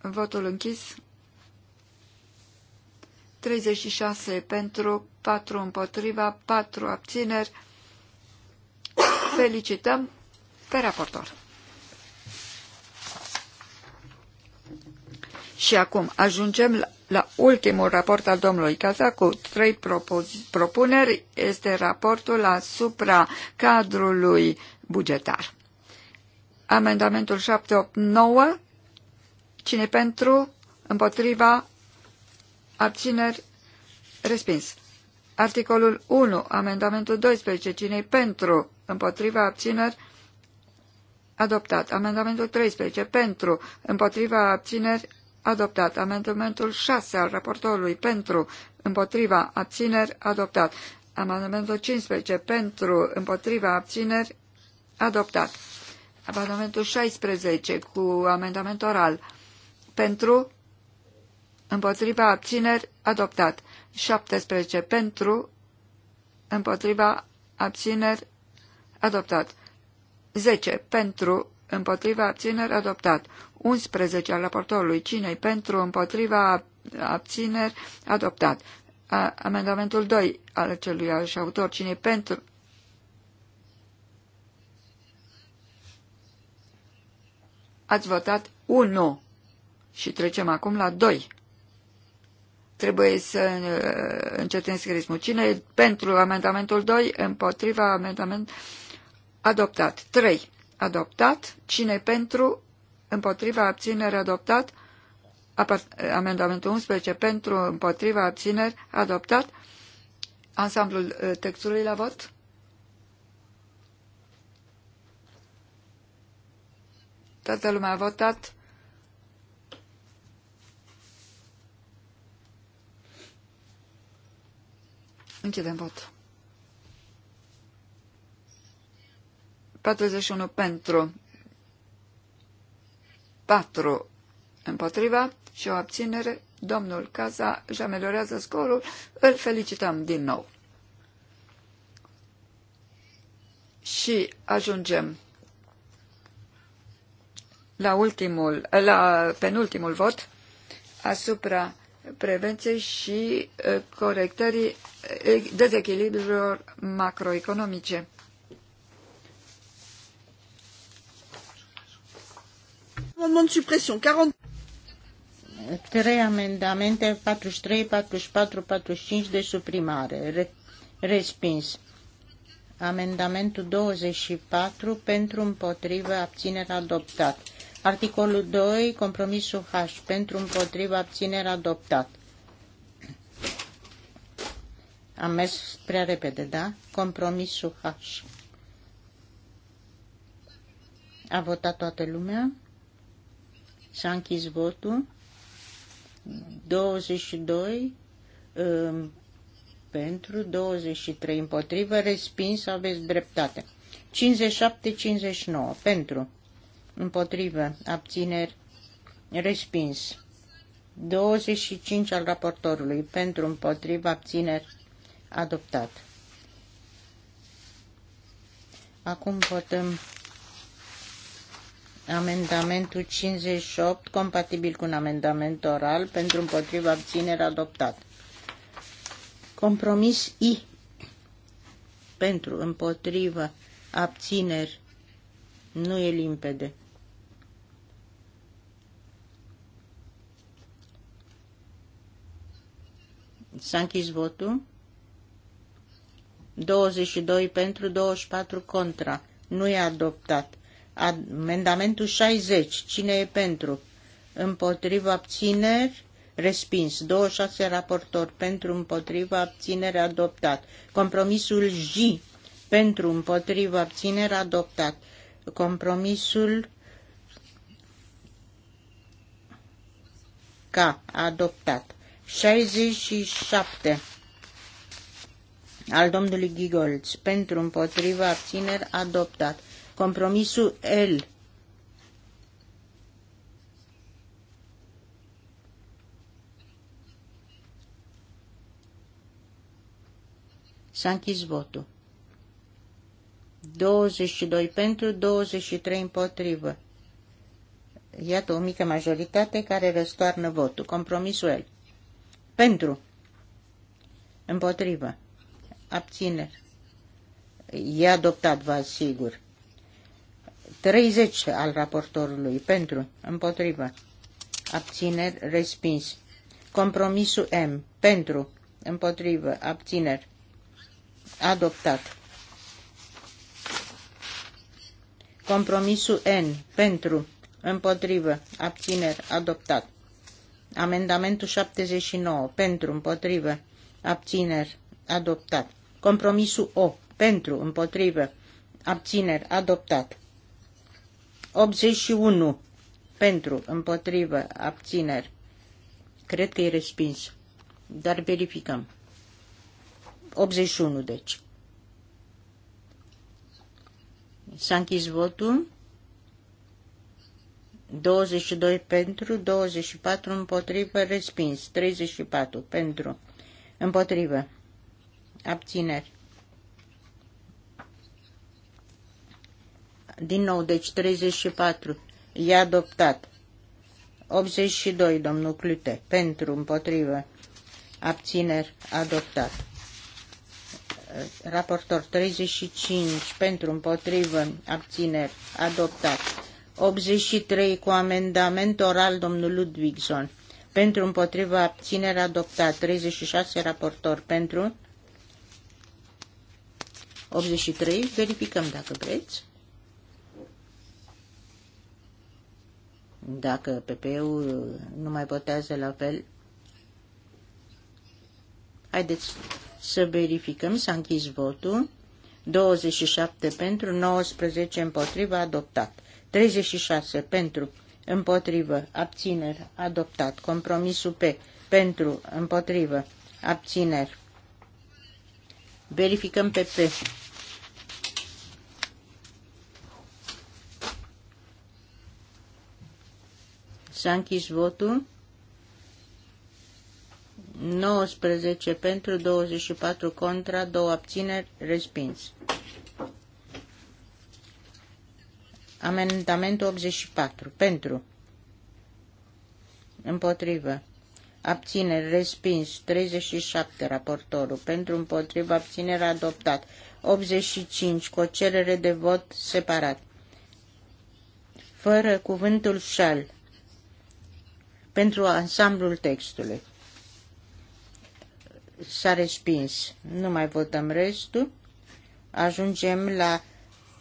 Votul închis. 36 pentru, 4 împotriva, 4 abțineri. Felicităm pe raportor. Și acum ajungem la, la ultimul raport al domnului Casa cu trei propuneri. Este raportul asupra cadrului bugetar. Amendamentul 789. Cine pentru? Împotriva? Abțineri? Respins. Articolul 1. Amendamentul 12. cine pentru? Împotriva? Abțineri? Adoptat. Amendamentul 13. Pentru? Împotriva? Abțineri? Adoptat. Amendamentul 6 al raportorului pentru, împotriva, abțineri, adoptat. Amendamentul 15 pentru, împotriva, abțineri, Adoptat. Amendamentul 16 cu amendament oral. Pentru, împotriva abțineri, adoptat. 17 pentru, împotriva abțineri, adoptat. 10 pentru, împotriva abțineri, adoptat. 11 al raportorului cinei pentru, împotriva abțineri, adoptat. A, amendamentul 2 al celui autor cinei pentru, Ați votat 1 și trecem acum la 2. Trebuie să uh, încetăm scrismul. Cine e pentru amendamentul 2? Împotriva amendament adoptat. 3. Adoptat. Cine e pentru? Împotriva abținere adoptat. Amendamentul 11 pentru împotriva abțineri adoptat. Ansamblul uh, textului la vot. Toată lumea a votat. Închidem vot. 41 pentru, 4 împotriva și o abținere. Domnul Casa își ameliorează scorul. Îl felicităm din nou. Și ajungem la, ultimul, la penultimul vot asupra prevenției și corectării dezechilibrilor macroeconomice. Amendement de suppression 40 trei amendamente 43, 44, 45 de suprimare. Re, respins. Amendamentul 24 pentru împotrivă abținere adoptat. Articolul 2, compromisul H, pentru împotriva abținere adoptat. Am mers prea repede, da? Compromisul H. A votat toată lumea. S-a închis votul. 22 um, pentru, 23 împotrivă, respins, aveți dreptate. 57-59 pentru, împotrivă, abțineri, respins. 25 al raportorului, pentru, împotrivă, abțineri, adoptat. Acum votăm amendamentul 58, compatibil cu un amendament oral, pentru împotriva abținere adoptat. Compromis I, pentru împotriva abțineri, nu e limpede. S-a închis votul. 22 pentru, 24 contra. Nu e adoptat. Amendamentul 60. Cine e pentru? Împotriva abțineri? Respins. 26 raportor pentru împotriva abținere adoptat. Compromisul J pentru împotriva abținere adoptat. Compromisul K adoptat. 67 al domnului Gigolț pentru împotriva abțineri adoptat. Compromisul L S-a închis votul. 22 pentru, 23 împotrivă. Iată o mică majoritate care răstoarnă votul. Compromisul el. Pentru. Împotrivă. Abține. E adoptat, vă asigur. 30 al raportorului. Pentru. Împotrivă. Abțineri. Respins. Compromisul M. Pentru. Împotrivă. Abțineri. Adoptat. Compromisul N. Pentru. Împotrivă. Abțineri. Adoptat. Amendamentul 79. Pentru, împotrivă, abțineri, adoptat. Compromisul O. Pentru, împotrivă, abțineri, adoptat. 81. Pentru, împotrivă, abțineri. Cred că e respins. Dar verificăm. 81, deci. S-a închis votul. 22 pentru, 24 împotrivă, respins. 34 pentru, împotrivă, abțineri. Din nou, deci 34. E adoptat. 82, domnul Clute. Pentru, împotrivă, abțineri, adoptat. Raportor 35, pentru, împotrivă, abțineri, adoptat. 83 cu amendament oral domnul Ludwigson. Pentru împotriva abținere adoptat. 36 raportor pentru. 83. Verificăm dacă vreți. Dacă PP-ul nu mai votează la fel. Haideți să verificăm. S-a închis votul. 27 pentru, 19 împotriva adoptat. 36 pentru, împotrivă, abțineri, adoptat. Compromisul P pentru, împotrivă, abțineri. Verificăm pe P. S-a închis votul. 19 pentru, 24 contra, 2 abțineri, respins. Amendamentul 84. Pentru. Împotrivă. Abțineri. Respins. 37. Raportorul. Pentru. Împotrivă. Abținere. Adoptat. 85. Cu o cerere de vot separat. Fără cuvântul șal. Pentru ansamblul textului. S-a respins. Nu mai votăm restul. Ajungem la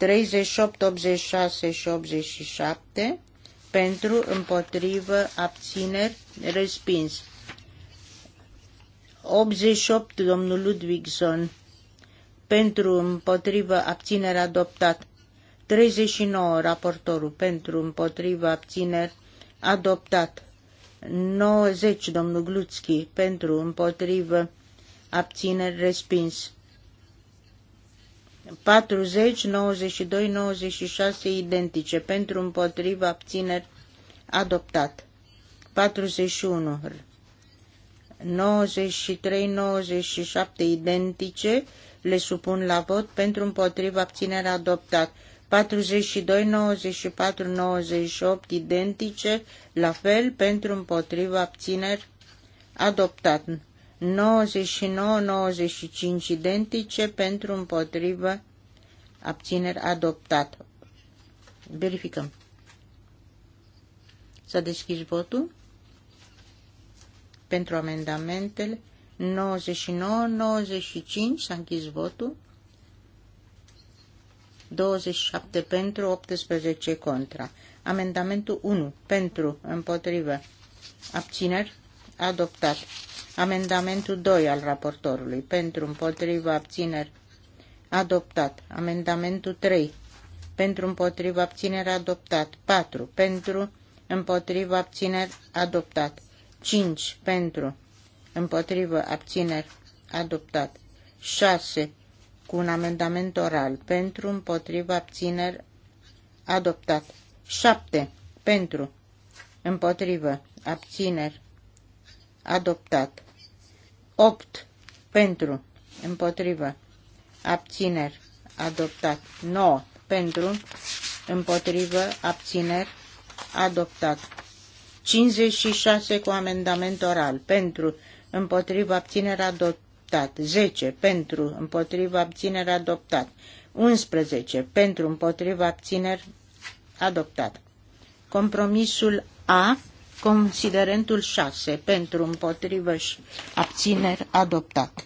38, 86 și 87 pentru, împotrivă, abțineri, respins. 88, domnul Ludwigson, pentru, împotrivă, abțineri, adoptat. 39, raportorul, pentru, împotrivă, abțineri, adoptat. 90, domnul Glutski, pentru, împotrivă, abțineri, respins. 40, 92, 96 identice. Pentru împotriva abțineri adoptat. 41. 93, 97 identice le supun la vot pentru împotriva abținere adoptat. 42, 94, 98 identice la fel pentru împotriva abțineri adoptat. 99-95 identice pentru împotrivă abțineri adoptat. Verificăm. S-a deschis votul pentru amendamentele 99-95 s-a închis votul. 27 pentru, 18 contra. Amendamentul 1 pentru, împotrivă, abțineri, adoptat. Amendamentul 2 al raportorului pentru împotriva abțineri adoptat. Amendamentul 3 pentru împotriva abțineri adoptat. 4 pentru împotriva abțineri adoptat. 5 pentru împotriva abțineri adoptat. 6 cu un amendament oral pentru împotriva abțineri adoptat. 7 pentru împotriva abțineri Adoptat adoptat. 8 pentru, împotrivă, abțineri, adoptat. 9 pentru, împotrivă, abțineri, adoptat. 56 cu amendament oral, pentru, împotrivă, abțineri, adoptat. 10 pentru, împotriva, abțineri, adoptat. 11 pentru, împotriva, abțineri, adoptat. Compromisul A Considerentul 6 pentru împotrivă și abțineri adoptat.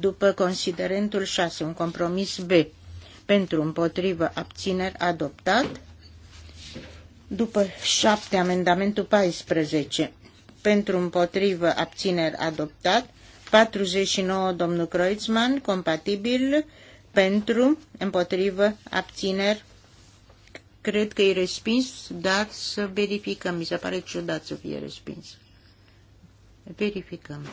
După considerentul 6, un compromis B pentru împotrivă abțineri adoptat. După 7, amendamentul 14 pentru împotrivă abțineri adoptat. 49, domnul Kreutzmann, compatibil pentru împotrivă abțineri Cred că e respins, dar să verificăm. Mi se pare ciudat să fie respins. Verificăm.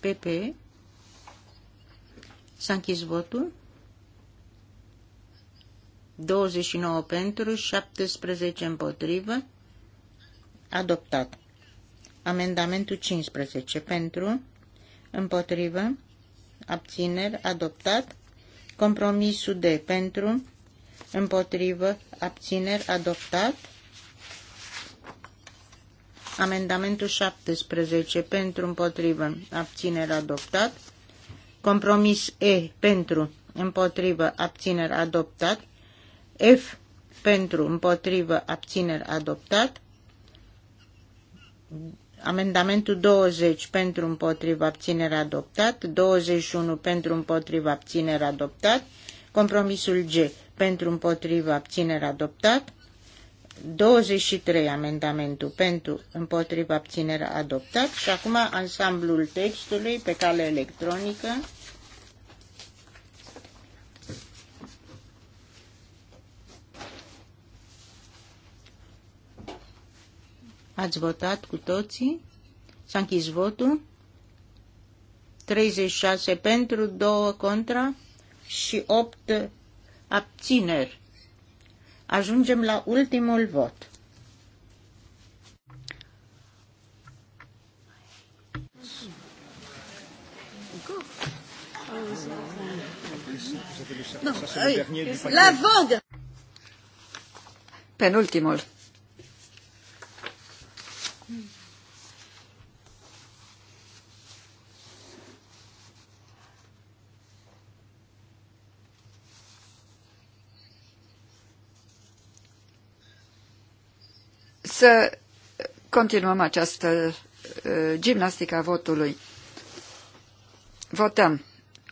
PP. S-a închis votul. 29 pentru, 17 împotrivă. Adoptat. Amendamentul 15 pentru, împotrivă, abțineri, adoptat. Compromisul D pentru, împotrivă, abțineri, adoptat. Amendamentul 17 pentru, împotrivă, abțineri, adoptat. Compromis E pentru, împotrivă, abțineri, adoptat. F pentru, împotrivă, abțineri, adoptat. Amendamentul 20 pentru împotriva abținere adoptat, 21 pentru împotriva abținere adoptat, compromisul G pentru împotriva abținere adoptat, 23 amendamentul pentru împotriva abținere adoptat și acum ansamblul textului pe cale electronică. Ați votat cu toții? S-a închis votul. 36 pentru, 2 contra și 8 abțineri. Ajungem la ultimul vot. La Penultimul. să continuăm această uh, gimnastică a votului. Votăm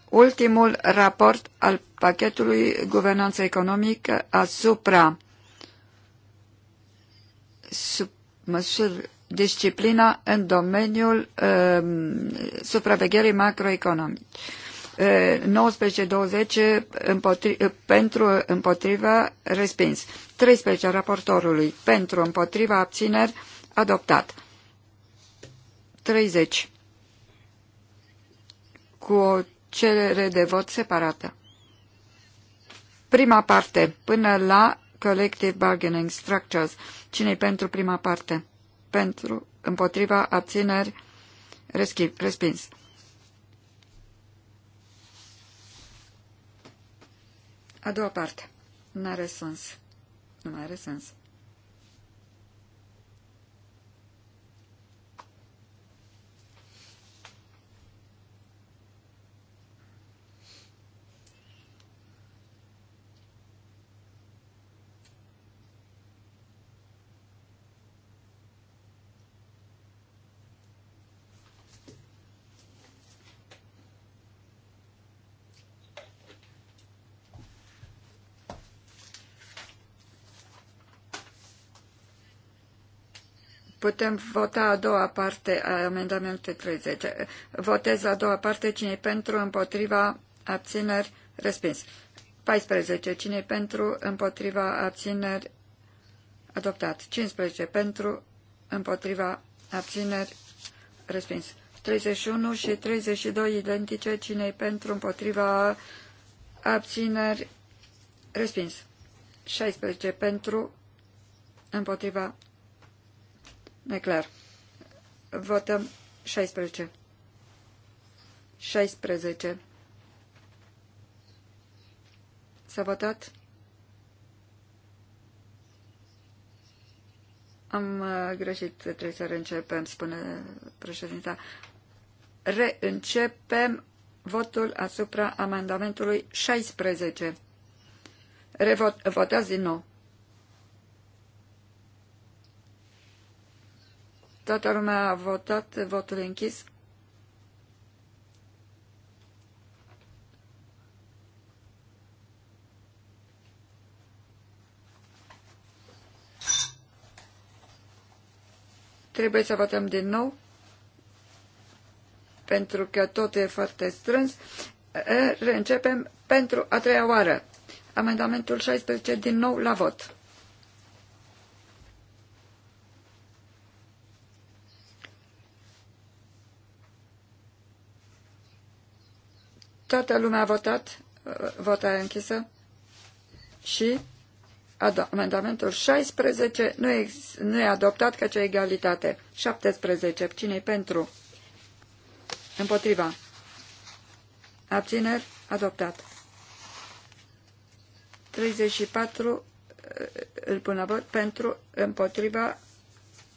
ultimul raport al pachetului guvernanță economică asupra sub măsuri disciplina în domeniul uh, supravegherii macroeconomice. 19-20 pentru împotriva respins. 13 raportorului pentru împotriva abțineri adoptat. 30 cu o cerere de vot separată. Prima parte până la Collective Bargaining Structures. cine pentru prima parte? Pentru împotriva abțineri respins. A doua parte. N-are sens. Nu mai are sens. Putem vota a doua parte a amendamentului 30. Votez a doua parte cine pentru, împotriva, abțineri, respins. 14. cine pentru, împotriva, abțineri, adoptat. 15. Pentru, împotriva, abțineri, respins. 31 și 32 identice, cine pentru, împotriva, abțineri, respins. 16. Pentru, împotriva, E clar. Votăm 16. 16. S-a votat? Am uh, greșit, trebuie să reîncepem, spune președinta. Reîncepem votul asupra amendamentului 16. Revot, votați din nou. Toată lumea a votat, votul închis. Trebuie să votăm din nou, pentru că tot e foarte strâns. Reîncepem pentru a treia oară. Amendamentul 16 din nou la vot. Toată lumea a votat, uh, vota e închisă și amendamentul 16 nu e, nu e adoptat căci e egalitate. 17. Cine-i pentru? Împotriva. Abțineri? Adoptat. 34 uh, îl pun la vot pentru, împotriva,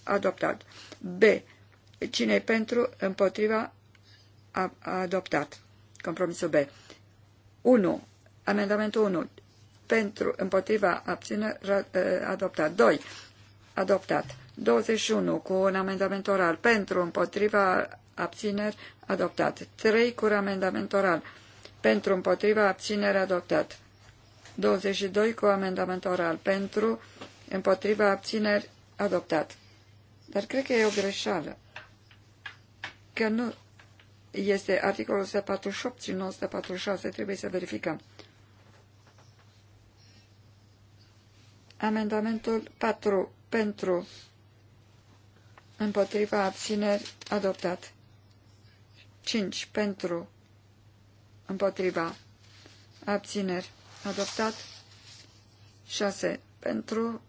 adoptat. B. Cine pentru, împotriva, a, a adoptat. Compromisul B. 1. Amendamentul 1. Pentru, împotriva, abține, adoptat. 2. Adoptat. 21. Cu un amendament oral. Pentru, împotriva, abțineri, adoptat. 3. Cu amendament oral. Pentru, împotriva, abțineri, adoptat. 22. Cu amendament oral. Pentru, împotriva, abțineri, adoptat. Dar cred că e o greșeală. Că nu este articolul 148 și 946. Trebuie să verificăm. Amendamentul 4 pentru împotriva abțineri adoptat. 5 pentru împotriva abțineri adoptat. 6 pentru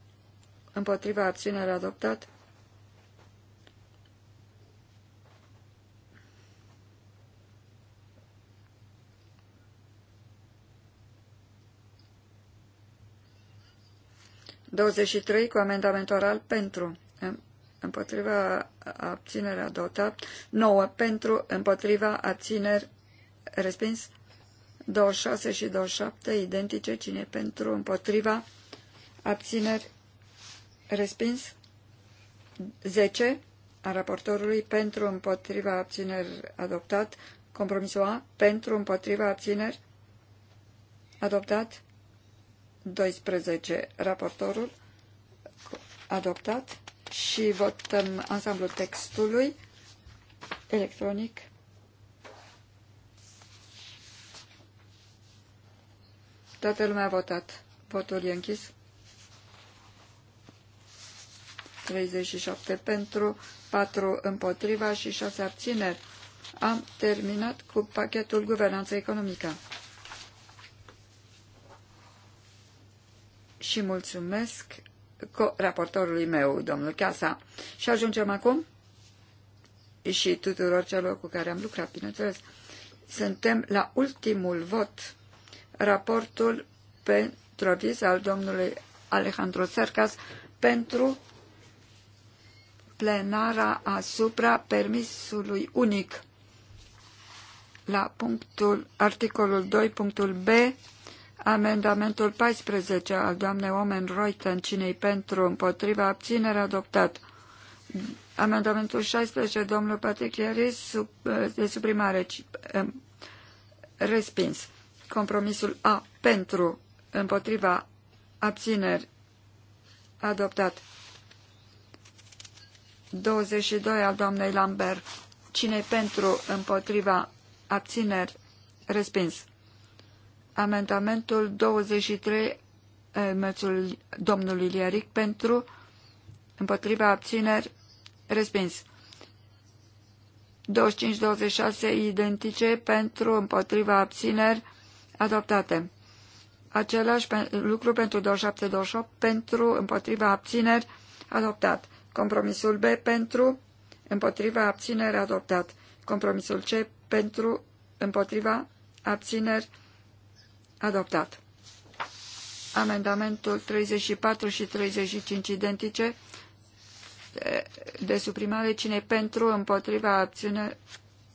împotriva abțineri adoptat. 23 cu amendament oral pentru, împotriva abținerea adoptat, 9 pentru, împotriva abțineri respins, 26 și 27 identice, cine pentru, împotriva abțineri respins, 10 a raportorului pentru, împotriva abțineri adoptat, compromisul A pentru, împotriva abțineri adoptat, 12. Raportorul adoptat și votăm ansamblul textului electronic. Toată lumea a votat. Votul e închis. 37 pentru, 4 împotriva și 6 abțineri. Am terminat cu pachetul guvernanță economică. și mulțumesc raportorului meu, domnul Casa. Și ajungem acum și tuturor celor cu care am lucrat, bineînțeles. Suntem la ultimul vot, raportul pentru aviz al domnului Alejandro Cercas pentru plenara asupra permisului unic la punctul, articolul 2, punctul B Amendamentul 14 al doamnei Omen Reuten, cinei pentru, împotriva, abținere, adoptat. Amendamentul 16, domnul Patrick sub, de suprimare, respins. Compromisul A, pentru, împotriva, abțineri, adoptat. 22 al doamnei Lambert, cine pentru, împotriva, abțineri, respins amendamentul 23 eh, merțul domnului Liaric pentru împotriva abțineri respins. 25-26 identice pentru împotriva abțineri adoptate. Același lucru pentru 27-28 pentru împotriva abțineri adoptat. Compromisul B pentru împotriva abțineri adoptat. Compromisul C pentru împotriva abțineri adoptat Adoptat. Amendamentul 34 și 35 identice de, suprimare. Cine pentru, împotriva, abține,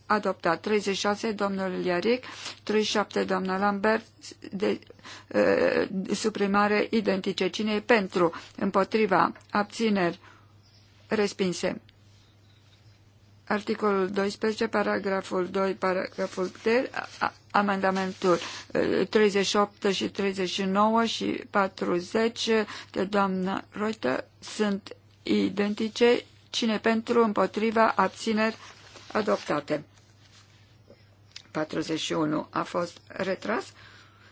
adoptat. 36, domnul Iaric. 37, doamna Lambert. De, de suprimare identice. Cine pentru, împotriva, abțineri, respinse. Articolul 12, paragraful 2, paragraful 3, amendamentul 38 uh, și 39 și 40 de doamna Reuter sunt identice. Cine pentru, împotriva, abțineri, adoptate. 41 a fost retras,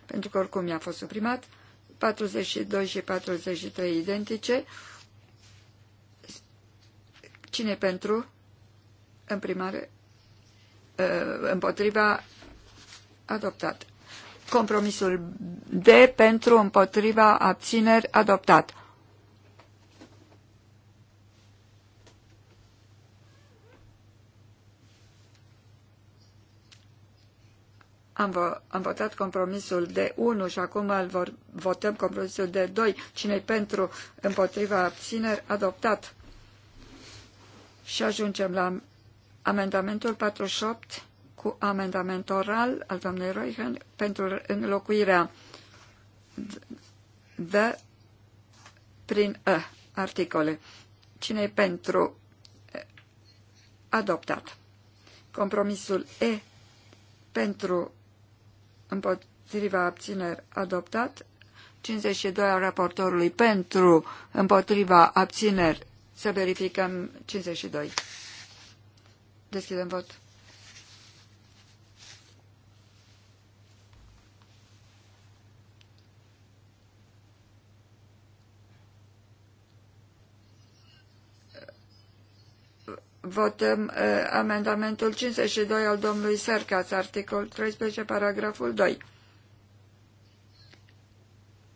pentru că oricum i-a fost suprimat. 42 și 43 identice. Cine pentru? în primare, ă, împotriva adoptat. Compromisul D pentru împotriva abțineri adoptat. Am, vă, am votat compromisul de 1 și acum îl vor, votăm compromisul de 2. cine pentru împotriva abțineri adoptat? Și ajungem la Amendamentul 48 cu amendament oral al doamnei Roihan pentru înlocuirea de prin e, articole. Cine e pentru adoptat? Compromisul E pentru împotriva abțineri adoptat. 52 al raportorului pentru împotriva abțineri. Să verificăm 52. Deschidem vot. Votăm uh, amendamentul 52 al domnului Sărcaț, articol 13, paragraful 2.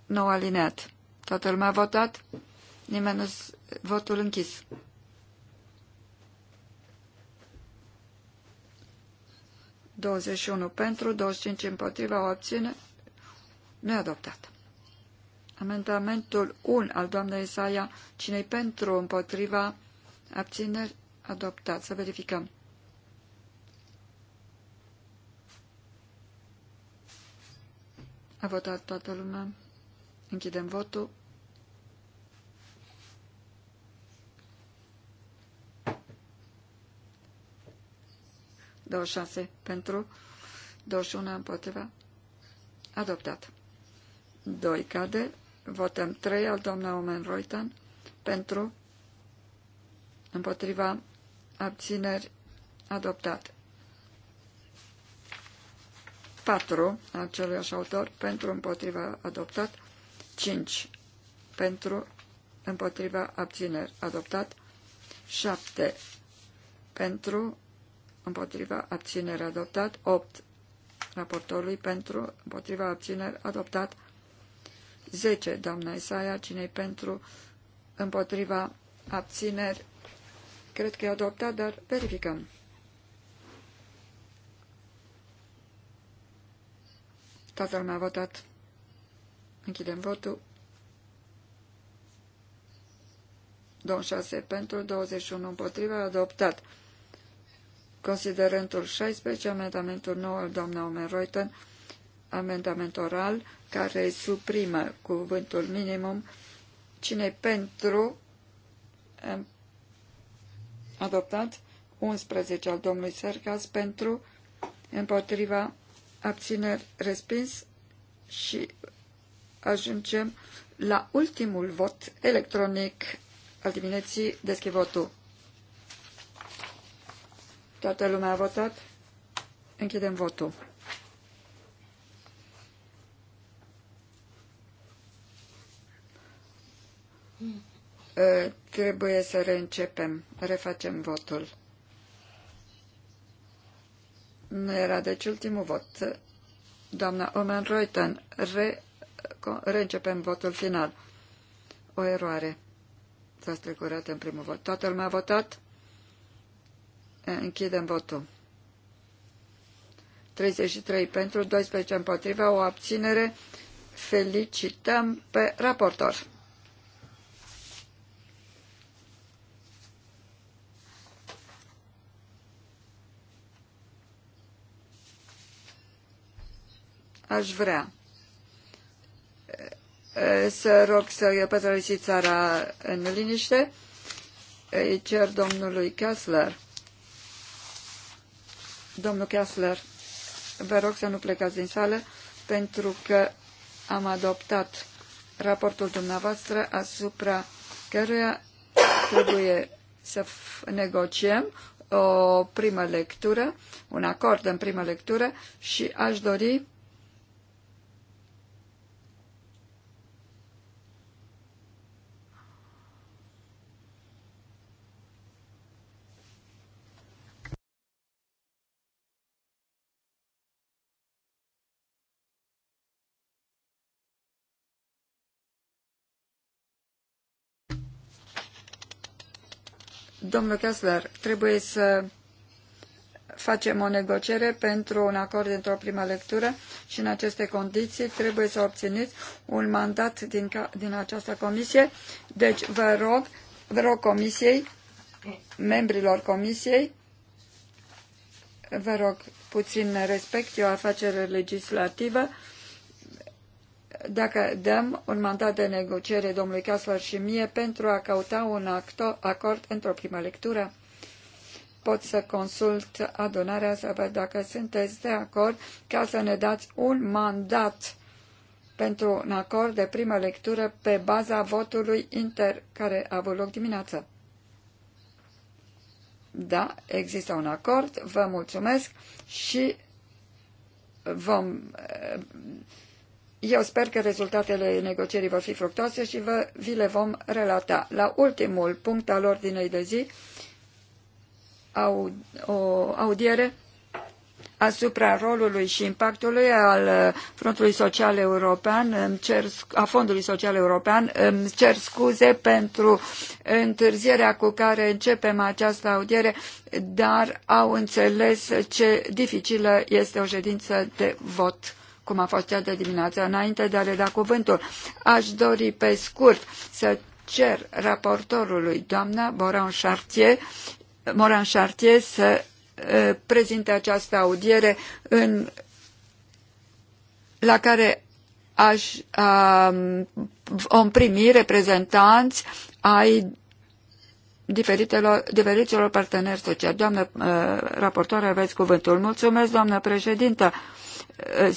Nou alineat. Toată lumea a votat? Nimeni nu... Votul închis. 21 pentru, 25 împotriva, o abține, neadoptat. Amendamentul 1 al doamnei Isaia, cine pentru, împotriva, abțineri, adoptat. Să verificăm. A votat toată lumea. Închidem votul. 26 pentru, 21 împotriva, adoptat. 2 cade, votăm 3 al doamnei Omen Roitan pentru, împotriva, abțineri, adoptat. 4 aceluiași autor pentru împotriva adoptat, 5 pentru împotriva abțineri adoptat, 7 pentru împotriva abțineri adoptat, 8 raportorului pentru împotriva abțineri adoptat, 10 doamna Isaia, cinei pentru împotriva abțineri, cred că e adoptat, dar verificăm. Toată lumea a votat. Închidem votul. 26 pentru, 21 împotriva, adoptat. Considerentul 16, amendamentul 9, doamna Omeroiten, amendament oral, care suprimă cuvântul minimum. cine pentru? Adoptat. 11 al domnului Sercas pentru, împotriva, abțineri, respins și ajungem la ultimul vot electronic al dimineții. deschivotul. votul. Toată lumea a votat? Închidem votul. Trebuie să reîncepem. Refacem votul. Nu era deci ultimul vot. Doamna Omen Reuten, re, reîncepem votul final. O eroare. S-a strecurat în primul vot. Toată lumea a votat? Închidem votul. 33 pentru, 12 împotriva, o abținere. Felicităm pe raportor. Aș vrea să rog să pătrăsiți țara în liniște. Îi cer domnului Kessler Domnul Kessler, vă rog să nu plecați din sală, pentru că am adoptat raportul dumneavoastră asupra căruia trebuie să negociem o primă lectură, un acord în primă lectură și aș dori domnul Kessler, trebuie să facem o negociere pentru un acord într-o primă lectură și în aceste condiții trebuie să obțineți un mandat din, din această comisie. Deci vă rog, vă rog comisiei, membrilor comisiei, vă rog puțin respect, e o afacere legislativă, dacă dăm un mandat de negociere domnului Caslar și mie pentru a căuta un acord într-o primă lectură. Pot să consult adunarea să văd dacă sunteți de acord ca să ne dați un mandat pentru un acord de primă lectură pe baza votului inter care a avut loc dimineață. Da, există un acord, vă mulțumesc și vom eu sper că rezultatele negocierii vor fi fructoase și vă, vi le vom relata. La ultimul punct al ordinei de zi, au, o audiere asupra rolului și impactului al Frontului Social European, cer, a Fondului Social European. Îmi cer scuze pentru întârzierea cu care începem această audiere, dar au înțeles ce dificilă este o ședință de vot cum a fost cea de dimineață. Înainte de a le da cuvântul, aș dori pe scurt să cer raportorului, doamna Moran Chartier, Moran Chartier să prezinte această audiere în, la care aș, um, vom primi reprezentanți ai diferitelor, diferiților parteneri sociali. Doamnă uh, raportoare, aveți cuvântul. Mulțumesc, doamnă președintă. Uh,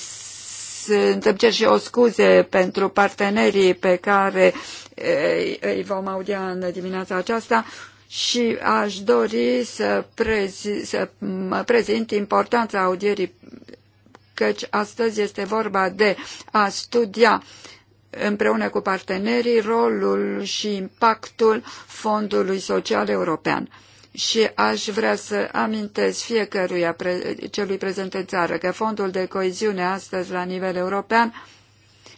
îmi cer și o scuze pentru partenerii pe care îi vom audia în dimineața aceasta și aș dori să, prezi, să mă prezint importanța audierii, căci astăzi este vorba de a studia împreună cu partenerii rolul și impactul Fondului Social European și aș vrea să amintesc fiecăruia pre, celui prezent în țară că fondul de coeziune astăzi la nivel european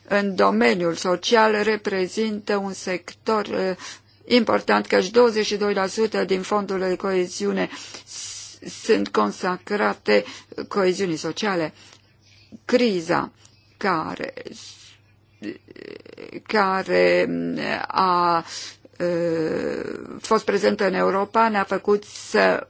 în domeniul social reprezintă un sector uh, important, căci 22% din fondurile de coeziune sunt consacrate coeziunii sociale. Criza care care mm, a Uh, fost prezentă în Europa ne-a făcut să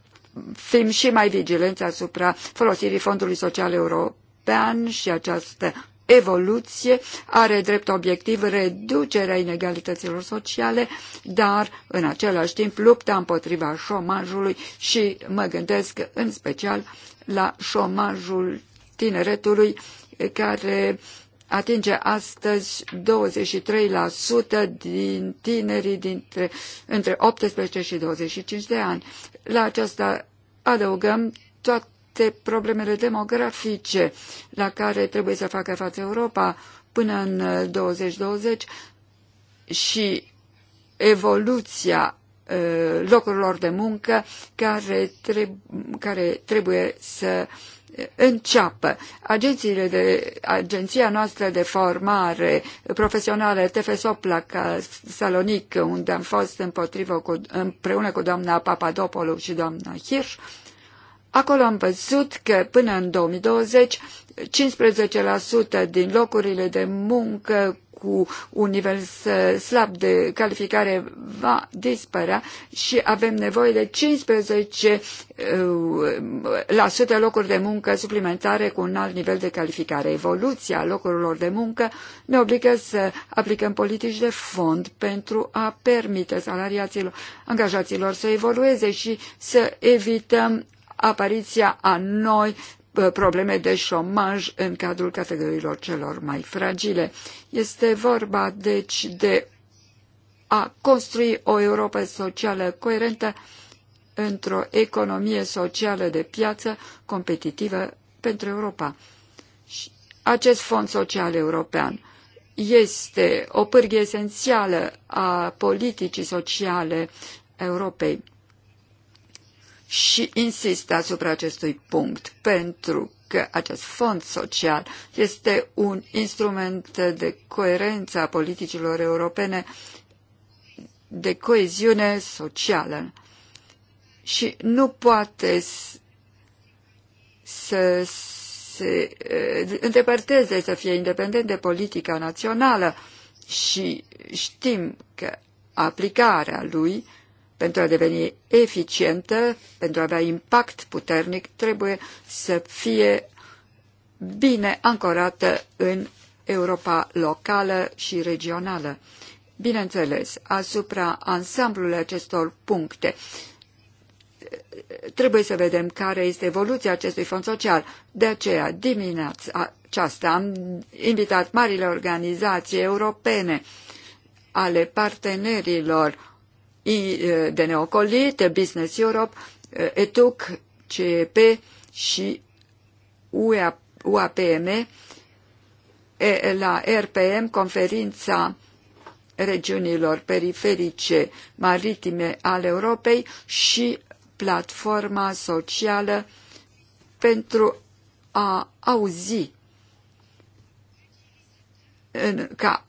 fim și mai vigilenți asupra folosirii Fondului Social European și această evoluție are drept obiectiv reducerea inegalităților sociale, dar în același timp lupta împotriva șomajului și mă gândesc în special la șomajul tineretului care atinge astăzi 23% din tinerii dintre, între 18 și 25 de ani. La aceasta adăugăm toate problemele demografice la care trebuie să facă față Europa până în 2020 și evoluția Uh, locurilor de muncă care, treb care trebuie să uh, înceapă. Agențiile de, agenția noastră de formare profesională TFSOPLA ca Salonic, unde am fost împotrivă cu, împreună cu doamna Papadopoulou și doamna Hirsch, Acolo am văzut că până în 2020 15% din locurile de muncă cu un nivel slab de calificare va dispărea și avem nevoie de 15% uh, la sute locuri de muncă suplimentare cu un alt nivel de calificare. Evoluția locurilor de muncă ne obligă să aplicăm politici de fond pentru a permite salariaților, angajaților să evolueze și să evităm apariția a noi Uh, probleme de șomaj în cadrul categoriilor celor mai fragile. Este vorba, deci, de a construi o Europa socială coerentă într-o economie socială de piață competitivă pentru Europa. Acest fond social european este o pârghie esențială a politicii sociale Europei și insist asupra acestui punct, pentru că acest fond social este un instrument de coerență a politicilor europene de coeziune socială și nu poate să se eh, îndepărteze, să fie independent de politica națională și știm că aplicarea lui pentru a deveni eficientă, pentru a avea impact puternic, trebuie să fie bine ancorată în Europa locală și regională. Bineînțeles, asupra ansamblului acestor puncte, trebuie să vedem care este evoluția acestui fond social. De aceea, dimineața aceasta, am invitat marile organizații europene ale partenerilor de neocolite, Business Europe, ETUC, CEP și UAPM, la RPM, conferința regiunilor periferice maritime ale Europei și platforma socială pentru a auzi ca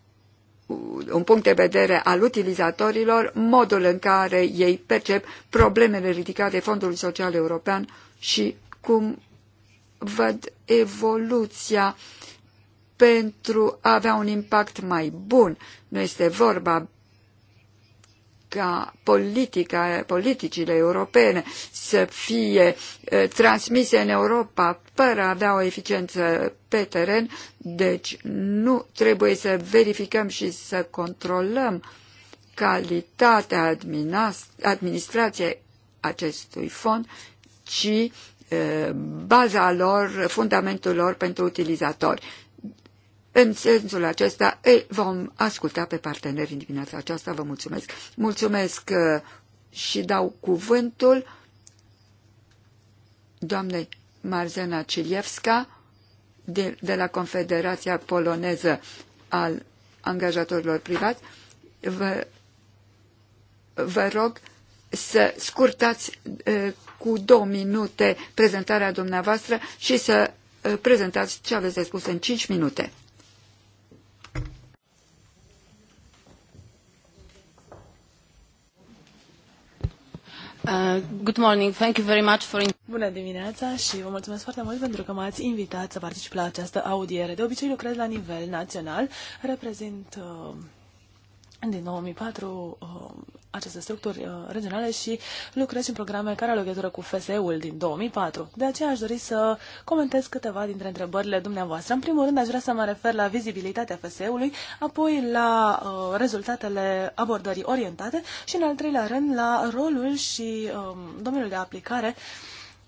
un punct de vedere al utilizatorilor, modul în care ei percep problemele ridicate Fondului Social European și cum văd evoluția pentru a avea un impact mai bun. Nu este vorba ca politica, politicile europene să fie transmise în Europa fără a avea o eficiență pe teren, deci nu trebuie să verificăm și să controlăm calitatea administrației acestui fond, ci baza lor, fundamentul lor pentru utilizatori. În sensul acesta îi vom asculta pe parteneri în dimineața aceasta. Vă mulțumesc. Mulțumesc uh, și dau cuvântul doamnei Marzena Cilievska de, de la Confederația Poloneză al Angajatorilor Privați. Vă, vă rog să scurtați uh, cu două minute prezentarea dumneavoastră și să uh, prezentați ce aveți de spus în cinci minute. Uh, good morning. Thank you very much for... Bună dimineața și vă mulțumesc foarte mult pentru că m-ați invitat să particip la această audiere. De obicei lucrez la nivel național, reprezint uh, din 2004 uh, aceste structuri uh, regionale și lucrez în programe care au legătură cu FSE-ul din 2004. De aceea aș dori să comentez câteva dintre întrebările dumneavoastră. În primul rând aș vrea să mă refer la vizibilitatea FSE-ului, apoi la uh, rezultatele abordării orientate și în al treilea rând la rolul și uh, domeniul de aplicare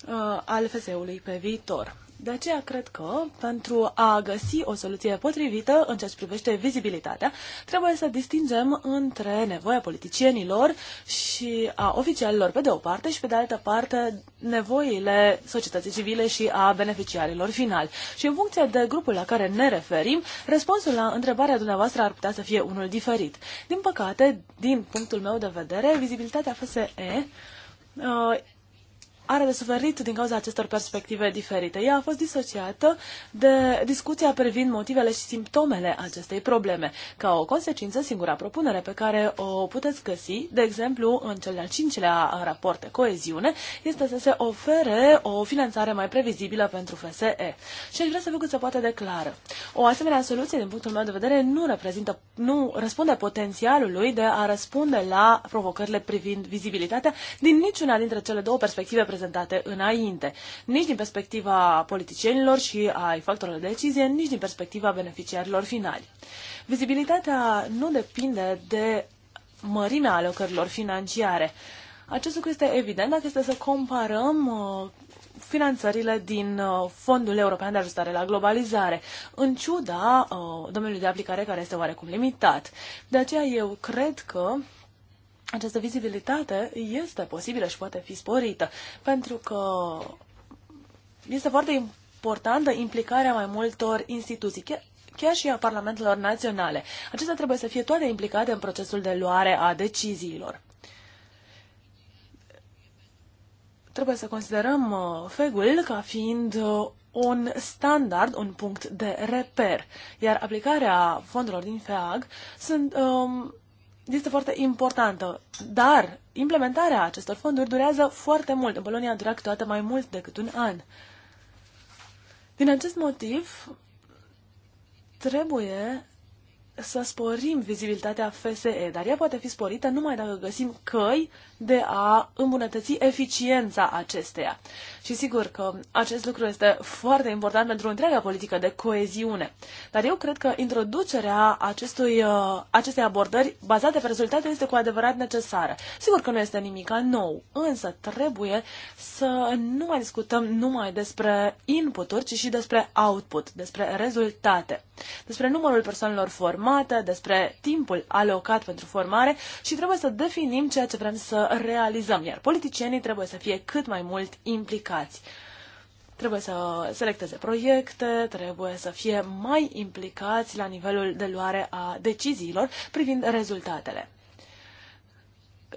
uh, al FSE-ului pe viitor. De aceea cred că pentru a găsi o soluție potrivită în ceea ce privește vizibilitatea, trebuie să distingem între nevoia politicienilor și a oficialilor pe de o parte și pe de altă parte nevoile societății civile și a beneficiarilor finali. Și în funcție de grupul la care ne referim, răspunsul la întrebarea dumneavoastră ar putea să fie unul diferit. Din păcate, din punctul meu de vedere, vizibilitatea FSE uh, are de suferit din cauza acestor perspective diferite. Ea a fost disociată de discuția privind motivele și simptomele acestei probleme. Ca o consecință, singura propunere pe care o puteți găsi, de exemplu, în cel de-al cincilea raport de coeziune, este să se ofere o finanțare mai previzibilă pentru FSE. Și aș vrea să vă cât se poate clar. O asemenea soluție, din punctul meu de vedere, nu reprezintă, nu răspunde potențialului de a răspunde la provocările privind vizibilitatea din niciuna dintre cele două perspective prezentate prezentate înainte, nici din perspectiva politicienilor și ai factorilor de decizie, nici din perspectiva beneficiarilor finali. Vizibilitatea nu depinde de mărimea alocărilor financiare. Acest lucru este evident dacă este să comparăm uh, finanțările din uh, Fondul European de Ajustare la Globalizare, în ciuda uh, domeniului de aplicare care este oarecum limitat. De aceea eu cred că această vizibilitate este posibilă și poate fi sporită, pentru că este foarte importantă implicarea mai multor instituții, chiar și a parlamentelor naționale. Acestea trebuie să fie toate implicate în procesul de luare a deciziilor. Trebuie să considerăm uh, FEGUL ca fiind uh, un standard, un punct de reper, iar aplicarea fondurilor din FEAG sunt um, este foarte importantă, dar implementarea acestor fonduri durează foarte mult. În Polonia a durat toată mai mult decât un an. Din acest motiv, trebuie să sporim vizibilitatea FSE, dar ea poate fi sporită numai dacă găsim căi de a îmbunătăți eficiența acesteia. Și sigur că acest lucru este foarte important pentru întreaga politică de coeziune. Dar eu cred că introducerea acestui, uh, acestei abordări bazate pe rezultate este cu adevărat necesară. Sigur că nu este nimic nou, însă trebuie să nu mai discutăm numai despre inputuri, ci și despre output, despre rezultate, despre numărul persoanelor formate, despre timpul alocat pentru formare și trebuie să definim ceea ce vrem să realizăm, iar politicienii trebuie să fie cât mai mult implicați. Trebuie să selecteze proiecte, trebuie să fie mai implicați la nivelul de luare a deciziilor privind rezultatele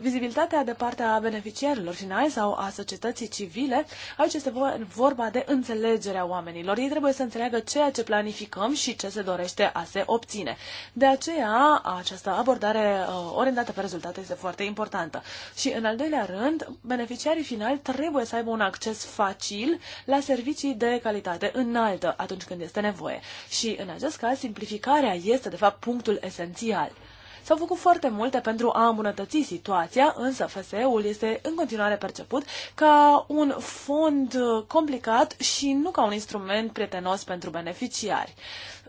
vizibilitatea de partea beneficiarilor finali sau a societății civile, aici este vorba de înțelegerea oamenilor. Ei trebuie să înțeleagă ceea ce planificăm și ce se dorește a se obține. De aceea, această abordare uh, orientată pe rezultate este foarte importantă. Și, în al doilea rând, beneficiarii finali trebuie să aibă un acces facil la servicii de calitate înaltă atunci când este nevoie. Și, în acest caz, simplificarea este, de fapt, punctul esențial. S-au făcut foarte multe pentru a îmbunătăți situația, însă FSE-ul este în continuare perceput ca un fond complicat și nu ca un instrument prietenos pentru beneficiari.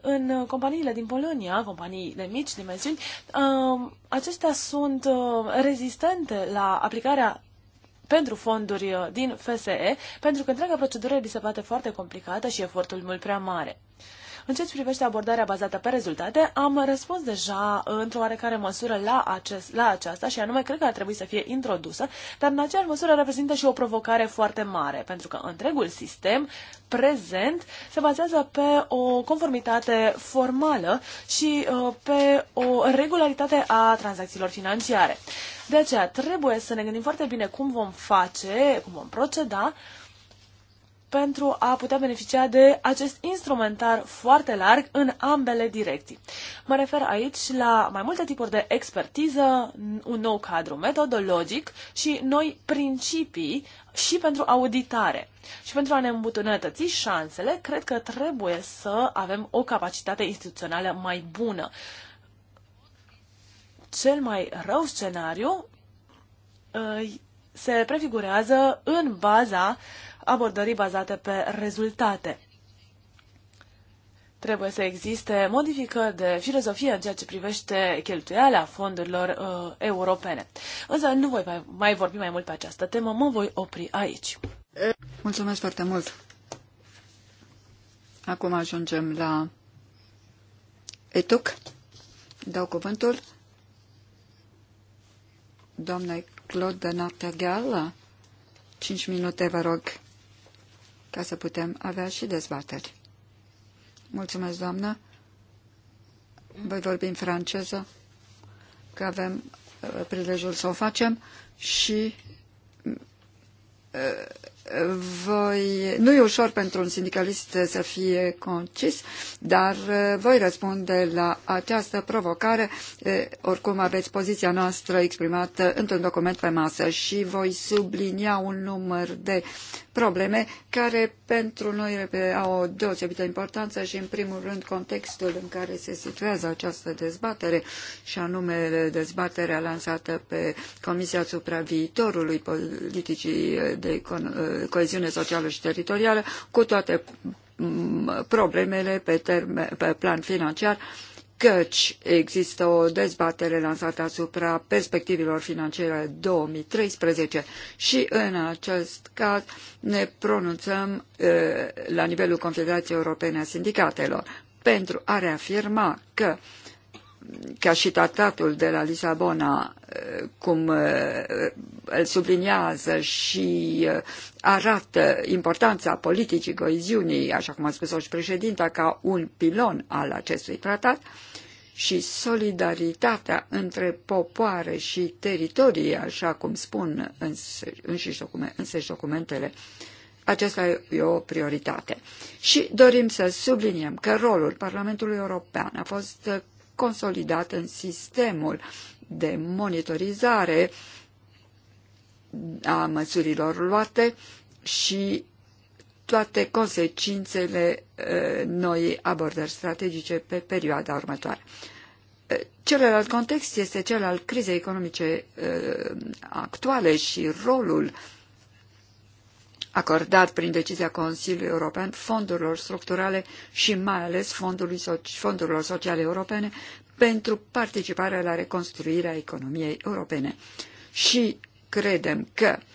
În companiile din Polonia, companii de mici dimensiuni, um, acestea sunt uh, rezistente la aplicarea pentru fonduri uh, din FSE, pentru că întreaga procedură li se poate foarte complicată și efortul mult prea mare. În ce privește abordarea bazată pe rezultate, am răspuns deja într-o oarecare măsură la, acest, la aceasta și anume cred că ar trebui să fie introdusă, dar în aceeași măsură reprezintă și o provocare foarte mare, pentru că întregul sistem prezent se bazează pe o conformitate formală și uh, pe o regularitate a tranzacțiilor financiare. De aceea trebuie să ne gândim foarte bine cum vom face, cum vom proceda, pentru a putea beneficia de acest instrumentar foarte larg în ambele direcții. Mă refer aici la mai multe tipuri de expertiză, un nou cadru metodologic și noi principii și pentru auditare. Și pentru a ne îmbutunătăți șansele, cred că trebuie să avem o capacitate instituțională mai bună. Cel mai rău scenariu ă, se prefigurează în baza uh, abordării bazate pe rezultate. Trebuie să existe modificări de filozofie în ceea ce privește cheltuiala fondurilor uh, europene. Însă nu voi mai, mai vorbi mai mult pe această temă, mă voi opri aici. Mulțumesc foarte mult! Acum ajungem la ETUC. Dau cuvântul doamnei Claude de Nartegal. 5 minute, vă rog ca să putem avea și dezbateri. Mulțumesc, doamnă. Voi vorbi în franceză, că avem uh, prilejul să o facem și uh, uh, voi, nu e ușor pentru un sindicalist să fie concis, dar voi răspunde la această provocare. Oricum aveți poziția noastră exprimată într-un document pe masă și voi sublinia un număr de probleme care pentru noi au o deosebită importanță și, în primul rând, contextul în care se situează această dezbatere, și anume dezbaterea lansată pe Comisia asupra viitorului politicii de coeziune socială și teritorială, cu toate problemele pe, pe plan financiar căci există o dezbatere lansată asupra perspectivelor financiare 2013 și în acest caz ne pronunțăm la nivelul Confederației Europene a Sindicatelor pentru a reafirma că ca și tratatul de la Lisabona, cum îl subliniază și arată importanța politicii coeziunii, așa cum a spus-o și președinta, ca un pilon al acestui tratat, și solidaritatea între popoare și teritorii, așa cum spun înșiși document, însăși documentele, aceasta e o prioritate. Și dorim să subliniem că rolul Parlamentului European a fost consolidat în sistemul de monitorizare a măsurilor luate și toate consecințele uh, noii abordări strategice pe perioada următoare. Uh, celălalt context este cel al crizei economice uh, actuale și rolul acordat prin decizia Consiliului European fondurilor structurale și mai ales fondurilor sociale europene pentru participarea la reconstruirea economiei europene. Și credem că uh,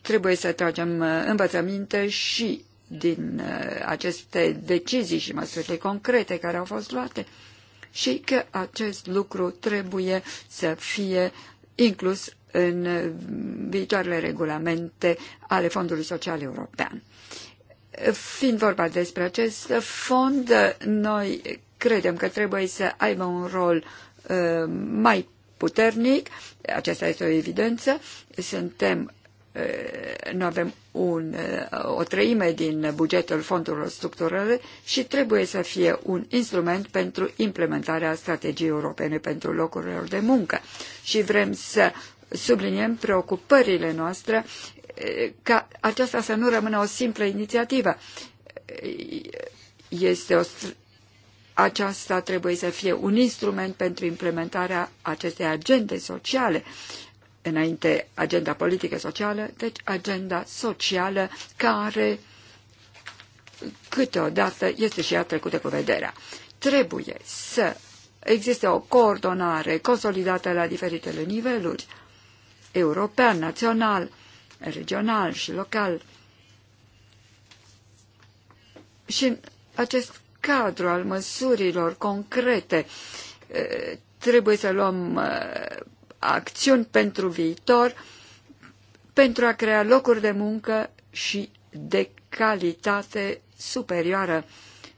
trebuie să tragem uh, învățăminte și din uh, aceste decizii și măsurile concrete care au fost luate și că acest lucru trebuie să fie inclus în uh, viitoarele regulamente ale Fondului Social European. Fiind vorba despre acest fond, noi credem că trebuie să aibă un rol mai puternic, aceasta este o evidență, suntem Eh, nu avem un, eh, o treime din bugetul fondurilor structurale și trebuie să fie un instrument pentru implementarea strategiei europene pentru locurilor de muncă. Și vrem să subliniem preocupările noastre eh, ca aceasta să nu rămână o simplă inițiativă. Este o, aceasta trebuie să fie un instrument pentru implementarea acestei agende sociale înainte agenda politică socială, deci agenda socială care câteodată este și ea trecută cu vederea. Trebuie să existe o coordonare consolidată la diferitele niveluri, european, național, regional și local. Și în acest cadru al măsurilor concrete eh, trebuie să luăm eh, acțiuni pentru viitor, pentru a crea locuri de muncă și de calitate superioară,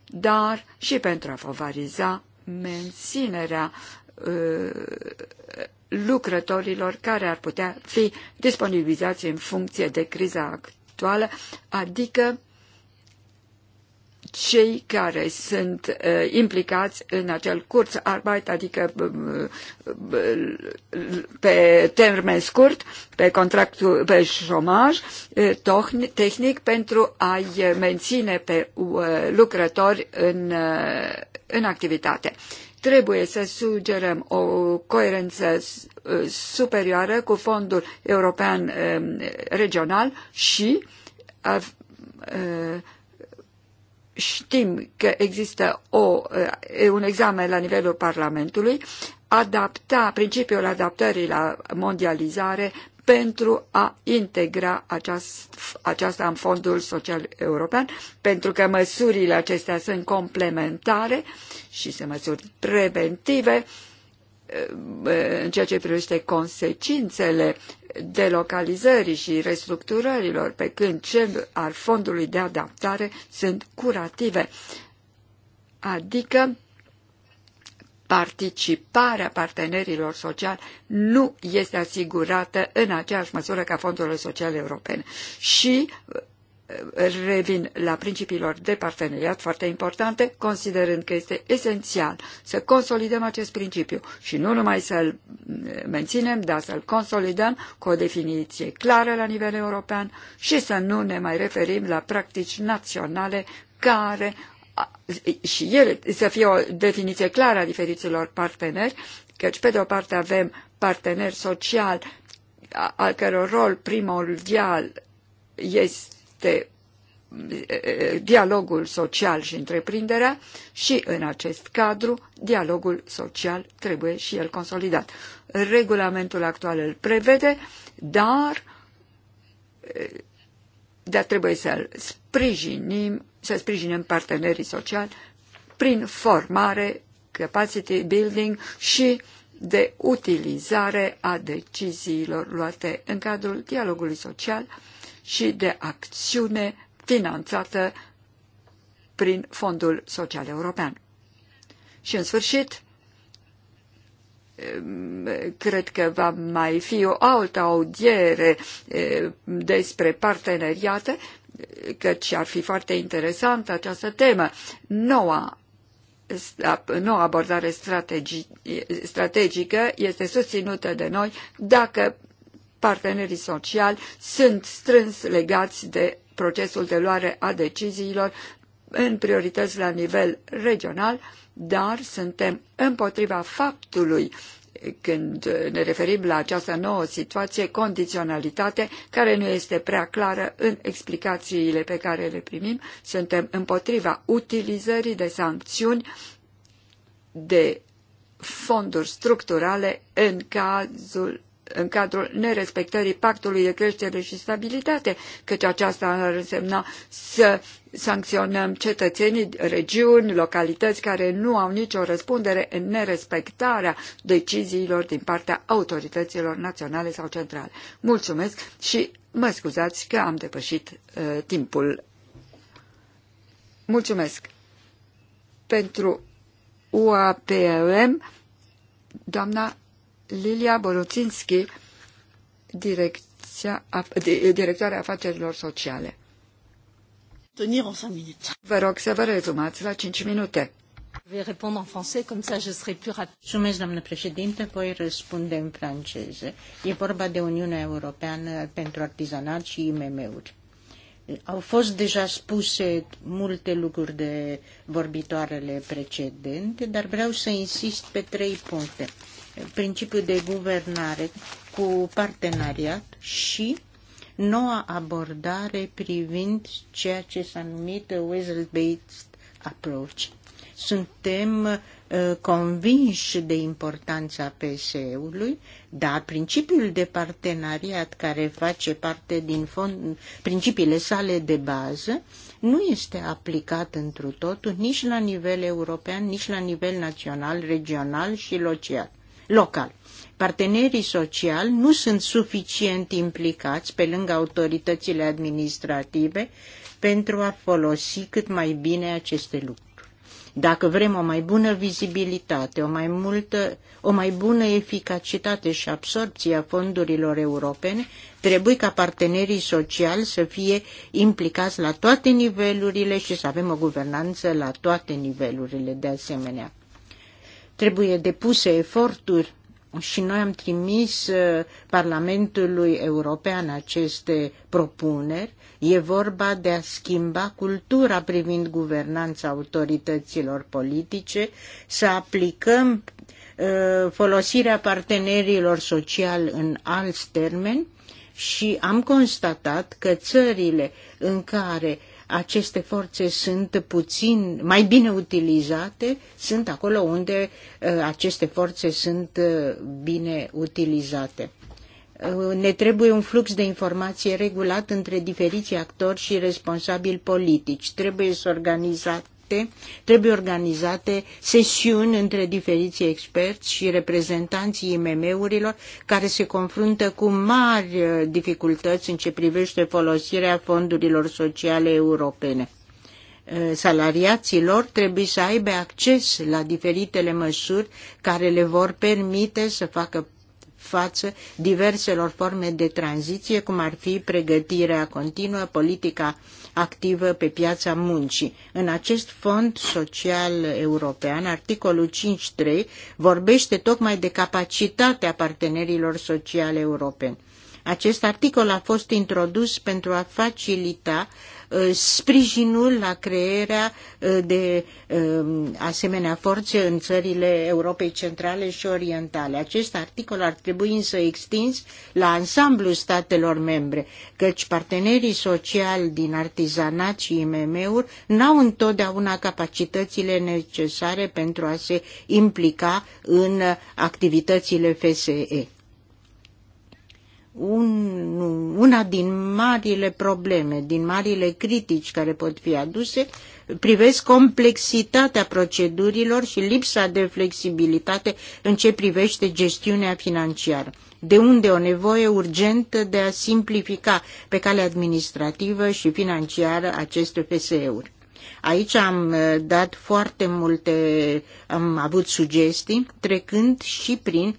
dar și pentru a favoriza menținerea uh, lucrătorilor care ar putea fi disponibilizați în funcție de criza actuală, adică cei care sunt uh, implicați în acel curs arbeit, adică uh, uh, pe termen scurt, pe contractul pe șomaj tehnic pentru a-i menține pe lucrători în, în activitate trebuie să sugerăm o coerență superioară cu fondul european regional și știm că există o, un examen la nivelul Parlamentului, adapta principiul adaptării la mondializare pentru a integra aceast, aceasta în Fondul Social European, pentru că măsurile acestea sunt complementare și sunt măsuri preventive în ceea ce privește consecințele delocalizării și restructurărilor, pe când cel al fondului de adaptare sunt curative, adică participarea partenerilor sociali nu este asigurată în aceeași măsură ca fondurile sociale europene. Și revin la principiilor de parteneriat foarte importante, considerând că este esențial să consolidăm acest principiu și nu numai să-l menținem, dar să-l consolidăm cu o definiție clară la nivel european și să nu ne mai referim la practici naționale care și ele să fie o definiție clară a diferiților parteneri, căci pe de o parte avem parteneri social al căror rol primordial este este dialogul social și întreprinderea și în acest cadru dialogul social trebuie și el consolidat. Regulamentul actual îl prevede, dar, dar trebuie să sprijinim, să sprijinim partenerii sociali prin formare, capacity building și de utilizare a deciziilor luate în cadrul dialogului social și de acțiune finanțată prin Fondul Social European. Și în sfârșit, cred că va mai fi o altă audiere despre parteneriate, căci ar fi foarte interesantă această temă. Noua noua abordare strategică este susținută de noi dacă partenerii sociali sunt strâns legați de procesul de luare a deciziilor în priorități la nivel regional, dar suntem împotriva faptului când ne referim la această nouă situație, condiționalitate, care nu este prea clară în explicațiile pe care le primim, suntem împotriva utilizării de sancțiuni de fonduri structurale în cazul în cadrul nerespectării pactului de creștere și stabilitate, căci aceasta ar însemna să sancționăm cetățenii, regiuni, localități care nu au nicio răspundere în nerespectarea deciziilor din partea autorităților naționale sau centrale. Mulțumesc și mă scuzați că am depășit uh, timpul. Mulțumesc pentru UAPM, doamna Lilia Boruținski, directoarea afacerilor sociale. Vă rog să vă rezumați la 5 minute. Voi răspunde în franceză, cum să je serai plus rapide. Mulțumesc, doamnă președinte, voi răspunde în franceză. E vorba de Uniunea Europeană pentru Artizanat și IMM-uri. Au fost deja spuse multe lucruri de vorbitoarele precedente, dar vreau să insist pe trei puncte principiul de guvernare cu parteneriat și noua abordare privind ceea ce s-a numit Wesel-based approach. Suntem uh, convinși de importanța PSE-ului, dar principiul de parteneriat care face parte din fond, principiile sale de bază nu este aplicat întru totul nici la nivel european, nici la nivel național, regional și local local. Partenerii sociali nu sunt suficient implicați pe lângă autoritățile administrative pentru a folosi cât mai bine aceste lucruri. Dacă vrem o mai bună vizibilitate, o mai, multă, o mai bună eficacitate și absorpție a fondurilor europene, trebuie ca partenerii sociali să fie implicați la toate nivelurile și să avem o guvernanță la toate nivelurile de asemenea. Trebuie depuse eforturi și noi am trimis uh, Parlamentului European aceste propuneri. E vorba de a schimba cultura privind guvernanța autorităților politice, să aplicăm uh, folosirea partenerilor sociali în alți termeni și am constatat că țările în care uh, aceste forțe sunt puțin mai bine utilizate, sunt acolo unde uh, aceste forțe sunt uh, bine utilizate. Uh, ne trebuie un flux de informație regulat între diferiții actori și responsabili politici. Trebuie să organizat proiecte, trebuie organizate sesiuni între diferiții experți și reprezentanții IMM-urilor care se confruntă cu mari uh, dificultăți în ce privește folosirea fondurilor sociale europene uh, salariaților trebuie să aibă acces la diferitele măsuri care le vor permite să facă față diverselor forme de tranziție, cum ar fi pregătirea continuă, politica activă pe piața muncii. În acest fond social european, articolul 5.3 vorbește tocmai de capacitatea partenerilor sociale europeni. Acest articol a fost introdus pentru a facilita Uh, sprijinul la crearea uh, de um, asemenea forțe în țările Europei Centrale și Orientale. Acest articol ar trebui însă extins la ansamblu statelor membre, căci partenerii sociali din artizanat și IMM-uri n-au întotdeauna capacitățile necesare pentru a se implica în activitățile FSE un, una din marile probleme, din marile critici care pot fi aduse, privesc complexitatea procedurilor și lipsa de flexibilitate în ce privește gestiunea financiară. De unde o nevoie urgentă de a simplifica pe cale administrativă și financiară aceste FSE-uri. Aici am uh, dat foarte multe, am avut sugestii, trecând și prin uh,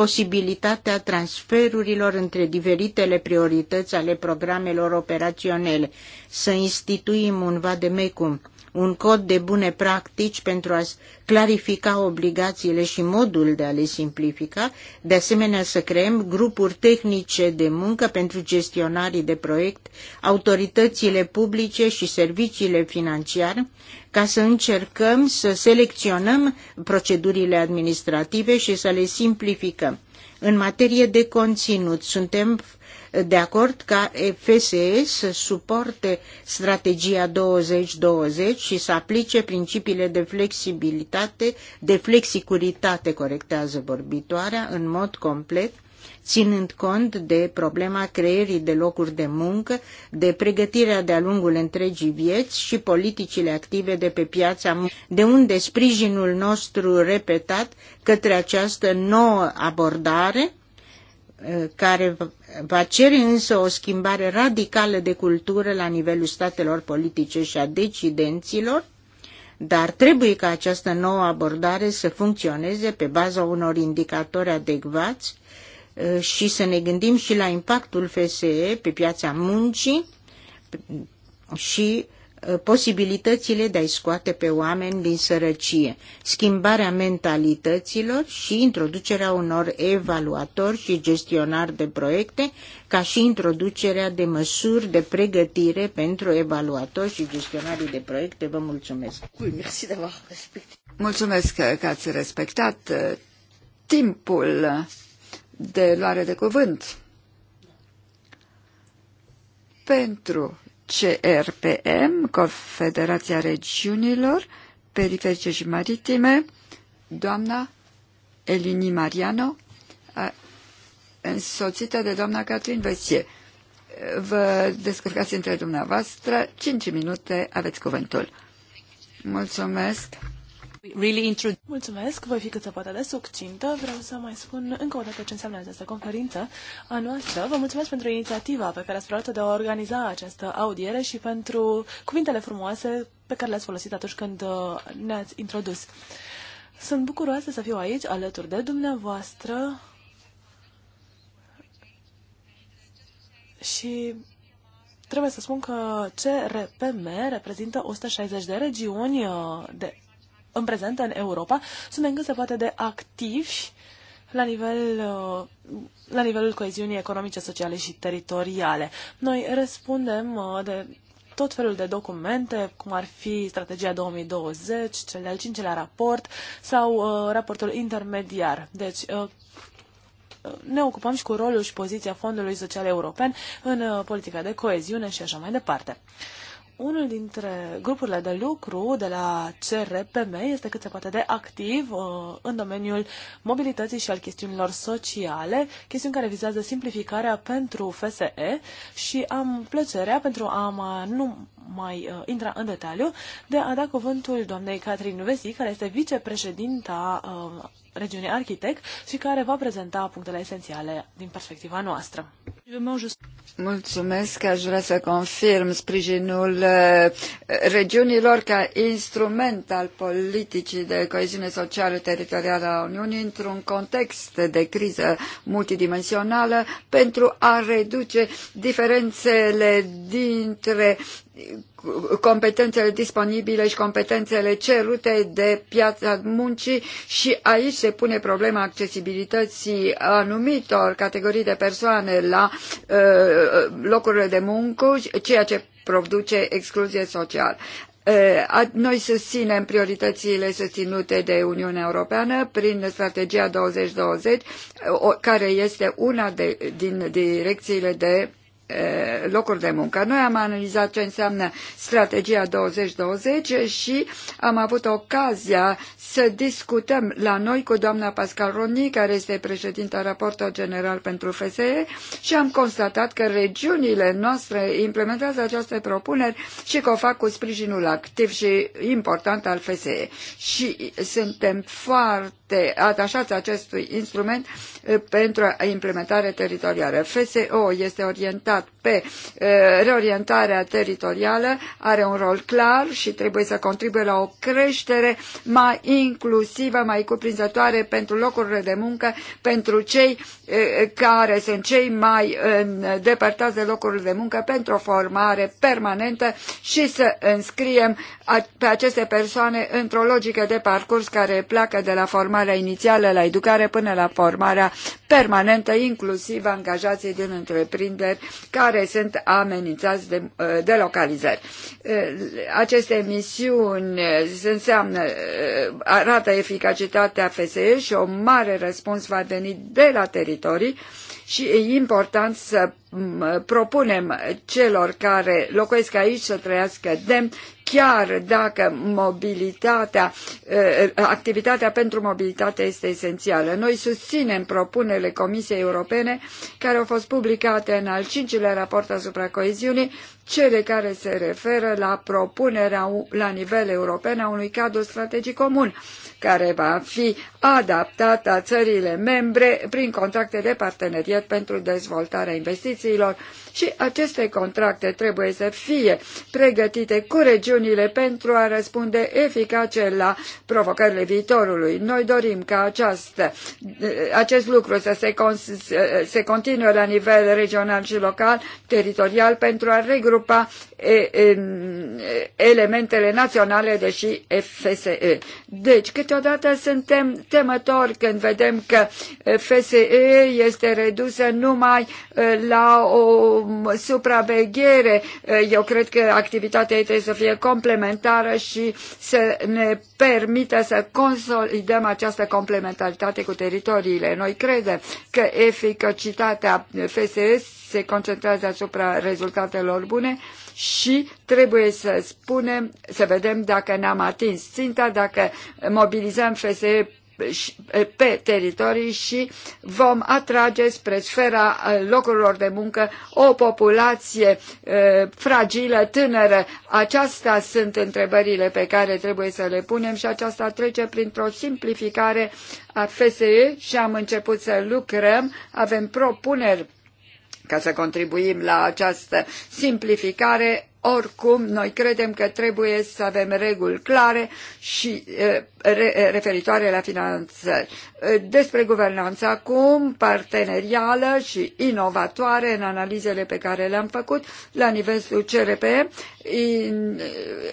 posibilitatea transferurilor între diferitele priorități ale programelor operaționale, să instituim un vademecum un cod de bune practici pentru a clarifica obligațiile și modul de a le simplifica, de asemenea să creăm grupuri tehnice de muncă pentru gestionarii de proiect, autoritățile publice și serviciile financiare, ca să încercăm să selecționăm procedurile administrative și să le simplificăm. În materie de conținut, suntem de acord ca FSE să suporte strategia 2020 și să aplice principiile de flexibilitate, de flexicuritate, corectează vorbitoarea, în mod complet, ținând cont de problema creierii de locuri de muncă, de pregătirea de-a lungul întregii vieți și politicile active de pe piața de unde sprijinul nostru repetat către această nouă abordare eh, care va cere însă o schimbare radicală de cultură la nivelul statelor politice și a decidenților, dar trebuie ca această nouă abordare să funcționeze pe baza unor indicatori adecvați uh, și să ne gândim și la impactul FSE pe piața muncii și Uh, posibilitățile de a-i scoate pe oameni din sărăcie, schimbarea mentalităților și introducerea unor evaluatori și gestionari de proiecte, ca și introducerea de măsuri de pregătire pentru evaluatori și gestionarii de proiecte. Vă mulțumesc! Mulțumesc că ați respectat uh, timpul de luare de cuvânt pentru CRPM, Confederația Regiunilor Periferice și Maritime, doamna Elini Mariano, însoțită de doamna Catrin Vesier. Vă descurcați între dumneavoastră. 5 minute aveți cuvântul. Mulțumesc really Mulțumesc, voi fi cât se poate de succintă. Vreau să mai spun încă o dată ce înseamnă această conferință a noastră. Vă mulțumesc pentru inițiativa pe care ați luat de a organiza această audiere și pentru cuvintele frumoase pe care le-ați folosit atunci când uh, ne-ați introdus. Sunt bucuroasă să fiu aici, alături de dumneavoastră și trebuie să spun că CRPM reprezintă 160 de regiuni uh, de în prezent în Europa suntem cât se poate de activi la, nivel, uh, la nivelul coeziunii economice, sociale și teritoriale. Noi răspundem uh, de tot felul de documente, cum ar fi strategia 2020, cel de-al cincelea raport sau uh, raportul intermediar. Deci, uh, ne ocupăm și cu rolul și poziția Fondului Social European în uh, politica de coeziune și așa mai departe. Uh, unul dintre grupurile de lucru de la CRPM este cât se poate de activ uh, în domeniul mobilității și al chestiunilor sociale, chestiuni care vizează simplificarea pentru FSE și am plăcerea pentru a mă, num- mai uh, intra în detaliu, de a da cuvântul doamnei Catherine Vesi, care este vicepreședinta uh, regiunii Arhitect și care va prezenta punctele esențiale din perspectiva noastră. Mulțumesc, aș vrea să confirm sprijinul uh, regiunilor ca instrument al politicii de coeziune socială teritorială a Uniunii într-un context de criză multidimensională pentru a reduce diferențele dintre competențele disponibile și competențele cerute de piața muncii și aici se pune problema accesibilității anumitor categorii de persoane la uh, locurile de muncă, ceea ce produce excluzie socială. Uh, noi susținem prioritățile susținute de Uniunea Europeană prin strategia 2020, care este una de, din direcțiile de Eh, locuri de muncă. Noi am analizat ce înseamnă strategia 2020 și am avut ocazia să discutăm la noi cu doamna Pascal Roni, care este președinta Raportului general pentru FSE și am constatat că regiunile noastre implementează aceste propuneri și că o fac cu sprijinul activ și important al FSE. Și suntem foarte ate, atașați acestui instrument pentru implementare teritorială. FSO este orientat pe reorientarea teritorială, are un rol clar și trebuie să contribuie la o creștere mai inclusivă, mai cuprinzătoare pentru locurile de muncă, pentru cei care sunt cei mai îndepărtați de locurile de muncă, pentru o formare permanentă și să înscriem pe aceste persoane într-o logică de parcurs care pleacă de la formare formarea inițială, la educare, până la formarea permanentă, inclusiv angajații din întreprinderi care sunt amenințați de uh, delocalizări. Uh, aceste misiuni uh, înseamnă, arată eficacitatea FSE și o mare răspuns va veni de la teritorii și e important să Mm, propunem celor care locuiesc aici să trăiască demn, chiar dacă mobilitatea, eh, activitatea pentru mobilitate este esențială. Noi susținem propunerile Comisiei Europene care au fost publicate în al cincilea raport asupra coeziunii, cele care se referă la propunerea la nivel european a unui cadru strategic comun care va fi adaptat a țările membre prin contracte de parteneriat pentru dezvoltarea investițiilor investițiilor și aceste contracte trebuie să fie pregătite cu regiunile pentru a răspunde eficace la provocările viitorului. Noi dorim ca această, acest lucru să se, con, se continue la nivel regional și local, teritorial, pentru a regrupa elementele naționale, deși FSE. Deci, câteodată suntem temători când vedem că FSE este redusă numai la o supraveghere. Eh, eu cred că activitatea ei trebuie să fie complementară și să ne permită să consolidăm această complementaritate cu teritoriile. Noi credem că eficacitatea FSS se concentrează asupra rezultatelor bune și trebuie să spunem, să vedem dacă ne-am atins ținta, dacă mobilizăm FSE pe teritorii și vom atrage spre sfera locurilor de muncă o populație fragilă, tânără. Aceasta sunt întrebările pe care trebuie să le punem și aceasta trece printr-o simplificare a FSE și am început să lucrăm. Avem propuneri ca să contribuim la această simplificare oricum, noi credem că trebuie să avem reguli clare și referitoare la finanțări. Despre guvernanță acum, partenerială și inovatoare în analizele pe care le-am făcut la nivelul CRP, in,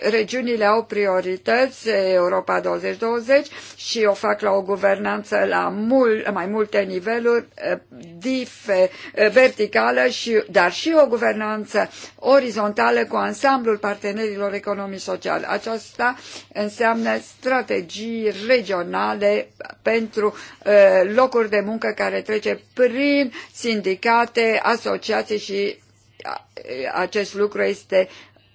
regiunile au priorități, Europa 2020 și o fac la o guvernanță la mul, mai multe niveluri, eh, dif, eh, verticală, și, dar și o guvernanță orizontală cu ansamblul partenerilor economici sociali. Aceasta înseamnă strategie strategii regionale pentru uh, locuri de muncă care trece prin sindicate, asociații și acest lucru este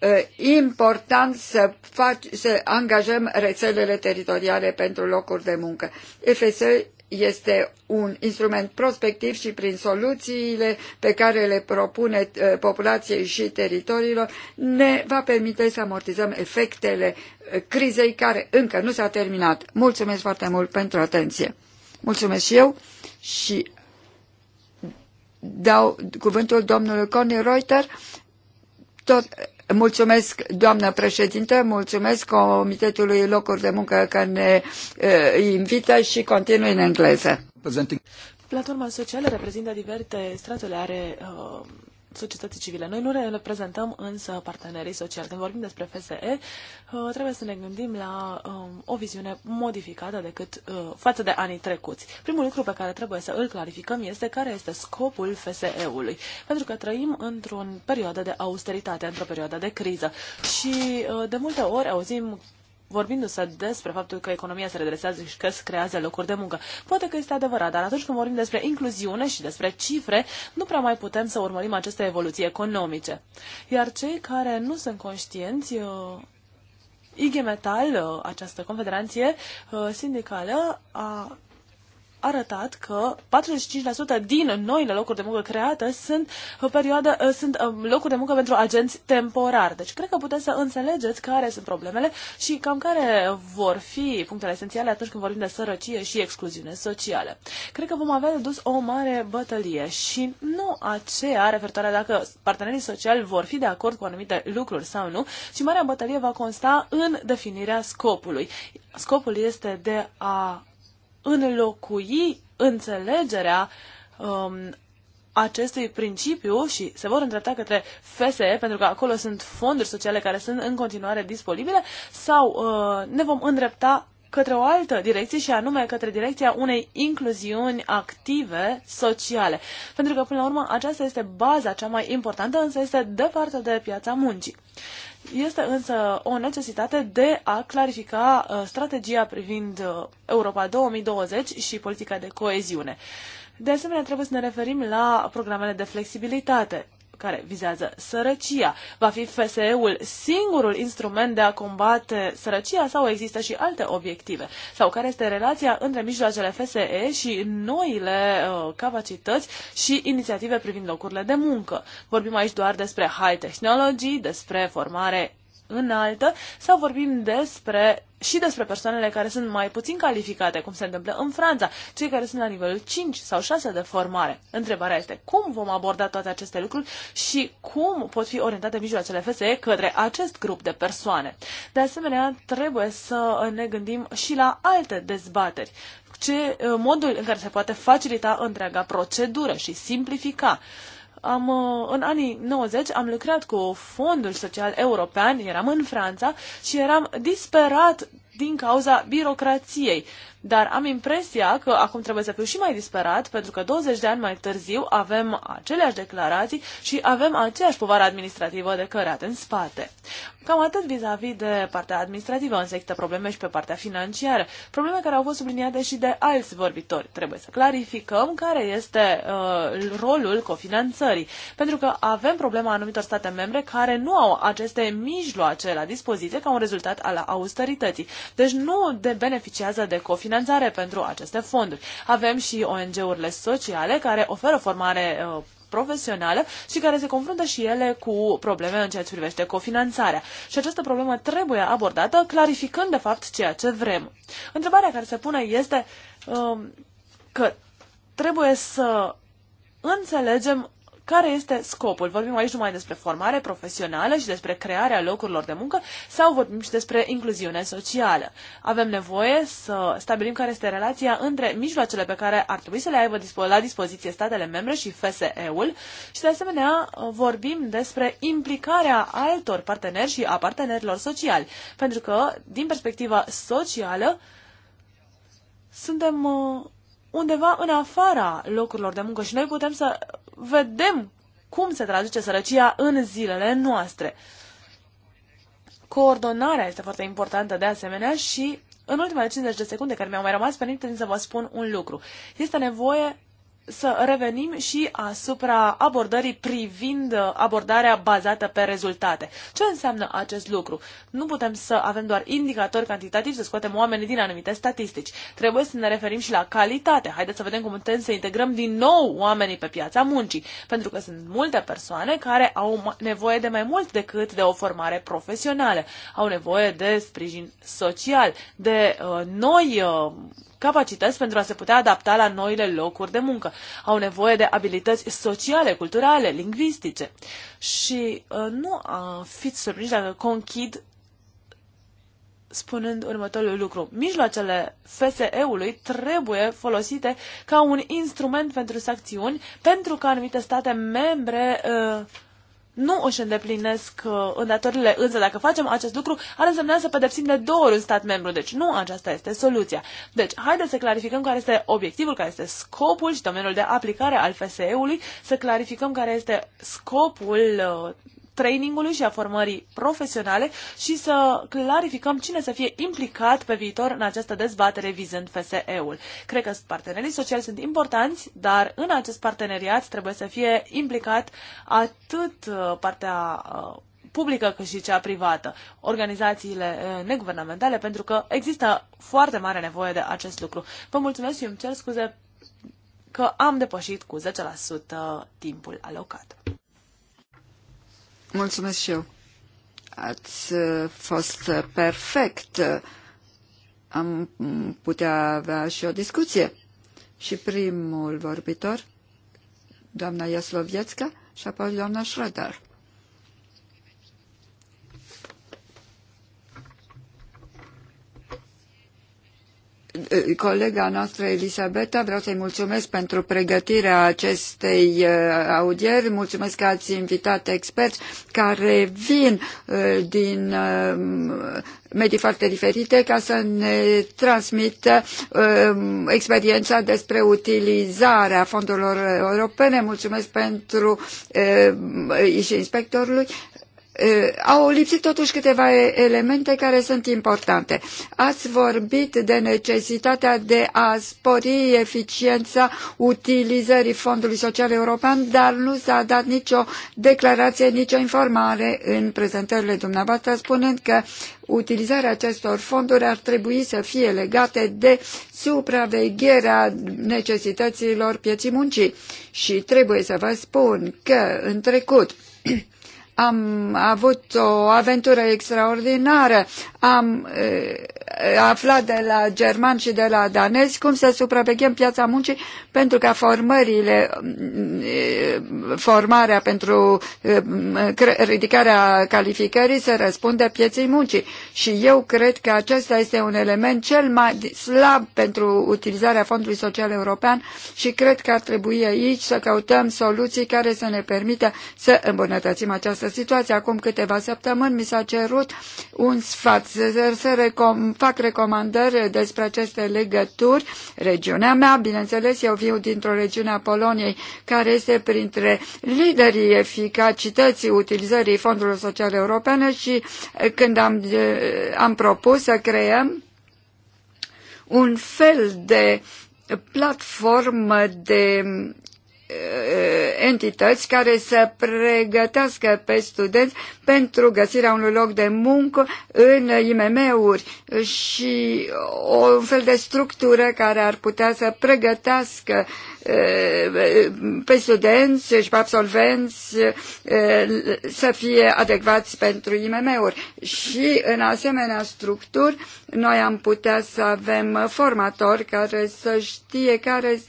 uh, important să, fac, să angajăm rețelele teritoriale pentru locuri de muncă. FSE este un instrument prospectiv și prin soluțiile pe care le propune eh, populației și teritoriilor ne va permite să amortizăm efectele eh, crizei care încă nu s-a terminat. Mulțumesc foarte mult pentru atenție. Mulțumesc și eu și dau cuvântul domnului Conny Reuter, tot Mulțumesc, doamnă președintă, mulțumesc Comitetului Locuri de Muncă că ne invită și continui în engleză. Platforma socială reprezintă diverse straturi, are uh, societății civile. Noi nu reprezentăm însă partenerii sociali. Când vorbim despre FSE, uh, trebuie să ne gândim la um, o viziune modificată decât uh, față de anii trecuți. Primul lucru pe care trebuie să îl clarificăm este care este scopul FSE-ului. Pentru că trăim într-o perioadă de austeritate, într-o perioadă de criză și uh, de multe ori auzim vorbindu-se despre faptul că economia se redresează și că se creează locuri de muncă. Poate că este adevărat, dar atunci când vorbim despre incluziune și despre cifre, nu prea mai putem să urmărim aceste evoluții economice. Iar cei care nu sunt conștienți, uh, IG Metal, uh, această confederație uh, sindicală, a arătat că 45% din noile locuri de muncă create sunt, perioadă, ă, sunt ă, locuri de muncă pentru agenți temporari. Deci cred că puteți să înțelegeți care sunt problemele și cam care vor fi punctele esențiale atunci când vorbim de sărăcie și excluziune socială. Cred că vom avea dus o mare bătălie și nu aceea referitoare dacă partenerii sociali vor fi de acord cu anumite lucruri sau nu, ci marea bătălie va consta în definirea scopului. Scopul este de a înlocui înțelegerea um, acestui principiu și se vor îndrepta către FSE, pentru că acolo sunt fonduri sociale care sunt în continuare disponibile, sau uh, ne vom îndrepta către o altă direcție și anume către direcția unei incluziuni active sociale. Pentru că, până la urmă, aceasta este baza cea mai importantă, însă este departe de piața muncii. Este însă o necesitate de a clarifica uh, strategia privind uh, Europa 2020 și politica de coeziune. De asemenea, trebuie să ne referim la programele de flexibilitate care vizează sărăcia. Va fi FSE-ul singurul instrument de a combate sărăcia sau există și alte obiective? Sau care este relația între mijloacele FSE și noile uh, capacități și inițiative privind locurile de muncă? Vorbim aici doar despre high technology, despre formare înaltă sau vorbim despre și despre persoanele care sunt mai puțin calificate, cum se întâmplă în Franța, cei care sunt la nivelul 5 sau 6 de formare. Întrebarea este cum vom aborda toate aceste lucruri și cum pot fi orientate mijloacele FSE către acest grup de persoane. De asemenea, trebuie să ne gândim și la alte dezbateri ce, modul în care se poate facilita întreaga procedură și simplifica am, uh, în anii 90 am lucrat cu Fondul Social European, eram în Franța și eram disperat din cauza birocrației. Uh, dar am impresia că acum trebuie să fiu și mai disperat, pentru că 20 de ani mai târziu avem aceleași declarații și avem aceeași povară administrativă de cărat în spate. Cam atât vis-a-vis -vis de partea administrativă, însă există probleme și pe partea financiară, probleme care au fost subliniate și de alți vorbitori. Trebuie să clarificăm care este uh, rolul cofinanțării, pentru că avem problema anumitor state membre care nu au aceste mijloace la dispoziție ca un rezultat al austerității. Deci nu de beneficiază de cofinanțare finanțare pentru aceste fonduri. Avem și ONG-urile sociale care oferă formare uh, profesională și care se confruntă și ele cu probleme în ceea ce privește cofinanțarea. Și această problemă trebuie abordată, clarificând de fapt ceea ce vrem. Întrebarea care se pune este um, că trebuie să înțelegem care este scopul? Vorbim aici numai despre formare profesională și despre crearea locurilor de muncă sau vorbim și despre incluziune socială? Avem nevoie să stabilim care este relația între mijloacele pe care ar trebui să le aibă la dispoziție statele membre și FSE-ul și de asemenea vorbim despre implicarea altor parteneri și a partenerilor sociali, pentru că din perspectiva socială suntem uh, undeva în afara locurilor de muncă și noi putem să vedem cum se traduce sărăcia în zilele noastre. Coordonarea este foarte importantă de asemenea și în ultimele 50 de secunde care mi-au mai rămas, permiteți să vă spun un lucru. Este nevoie să revenim și asupra abordării privind uh, abordarea bazată pe rezultate. Ce înseamnă acest lucru? Nu putem să avem doar indicatori cantitativi, să scoatem oamenii din anumite statistici. Trebuie să ne referim și la calitate. Haideți să vedem cum putem să integrăm din nou oamenii pe piața muncii, pentru că sunt multe persoane care au nevoie de mai mult decât de o formare profesională. Au nevoie de sprijin social, de uh, noi uh, capacități pentru a se putea adapta la noile locuri de muncă. Au nevoie de abilități sociale, culturale, lingvistice. Și uh, nu uh, fiți surprinși dacă conchid spunând următorul lucru. Mijloacele FSE-ului trebuie folosite ca un instrument pentru sancțiuni, pentru că anumite state membre uh, nu își îndeplinesc uh, îndatorile, însă dacă facem acest lucru, ar însemna să pedepsim de două ori un stat membru. Deci nu aceasta este soluția. Deci, haideți să clarificăm care este obiectivul, care este scopul și domeniul de aplicare al FSE-ului, să clarificăm care este scopul uh, trainingului și a formării profesionale și să clarificăm cine să fie implicat pe viitor în această dezbatere vizând FSE-ul. Cred că partenerii sociali sunt importanți, dar în acest parteneriat trebuie să fie implicat atât uh, partea uh, publică cât și cea privată, organizațiile uh, neguvernamentale, pentru că există foarte mare nevoie de acest lucru. Vă mulțumesc și îmi cer scuze că am depășit cu 10% timpul alocat. Mulțumesc și eu. Ați uh, fost uh, perfect. Uh, am putea avea și o discuție. Și primul vorbitor, doamna Iasloviețca și apoi doamna Schroeder. colega noastră Elisabeta, vreau să-i mulțumesc pentru pregătirea acestei uh, audieri, mulțumesc că ați invitat experți care vin uh, din uh, medii foarte diferite ca să ne transmită experiența despre utilizarea fondurilor europene. Mulțumesc pentru și inspectorului au lipsit totuși câteva elemente care sunt importante. Ați vorbit de necesitatea de a spori eficiența utilizării Fondului Social European, dar nu s-a dat nicio declarație, nicio informare în prezentările dumneavoastră, spunând că utilizarea acestor fonduri ar trebui să fie legate de supravegherea necesităților pieții muncii. Și trebuie să vă spun că în trecut am avut o aventură extraordinară. Am eh, Eh, afla de la german și de la danezi cum să supraveghem piața muncii pentru ca formările, mm, eh, formarea pentru eh, ridicarea calificării să răspundă pieței muncii. Și eu cred că acesta este un element cel mai slab pentru utilizarea Fondului Social European și cred că ar trebui aici să căutăm soluții care să ne permită să îmbunătățim această situație. Acum câteva săptămâni mi s-a cerut un sfat să, să recomand fac recomandări despre aceste legături. Regiunea mea, bineînțeles, eu viu dintr-o regiune a Poloniei care este printre liderii eficacității utilizării fondurilor sociale europene și eh, când am, eh, am propus să creăm un fel de platformă de Eh, entități care să pregătească pe studenți pentru găsirea unui loc de muncă în IMM-uri și o fel de structură care ar putea să pregătească uh, pe studenți și pe absolvenți să fie adecvați pentru IMM-uri. Și în asemenea structuri noi am putea să avem formatori care să știe, care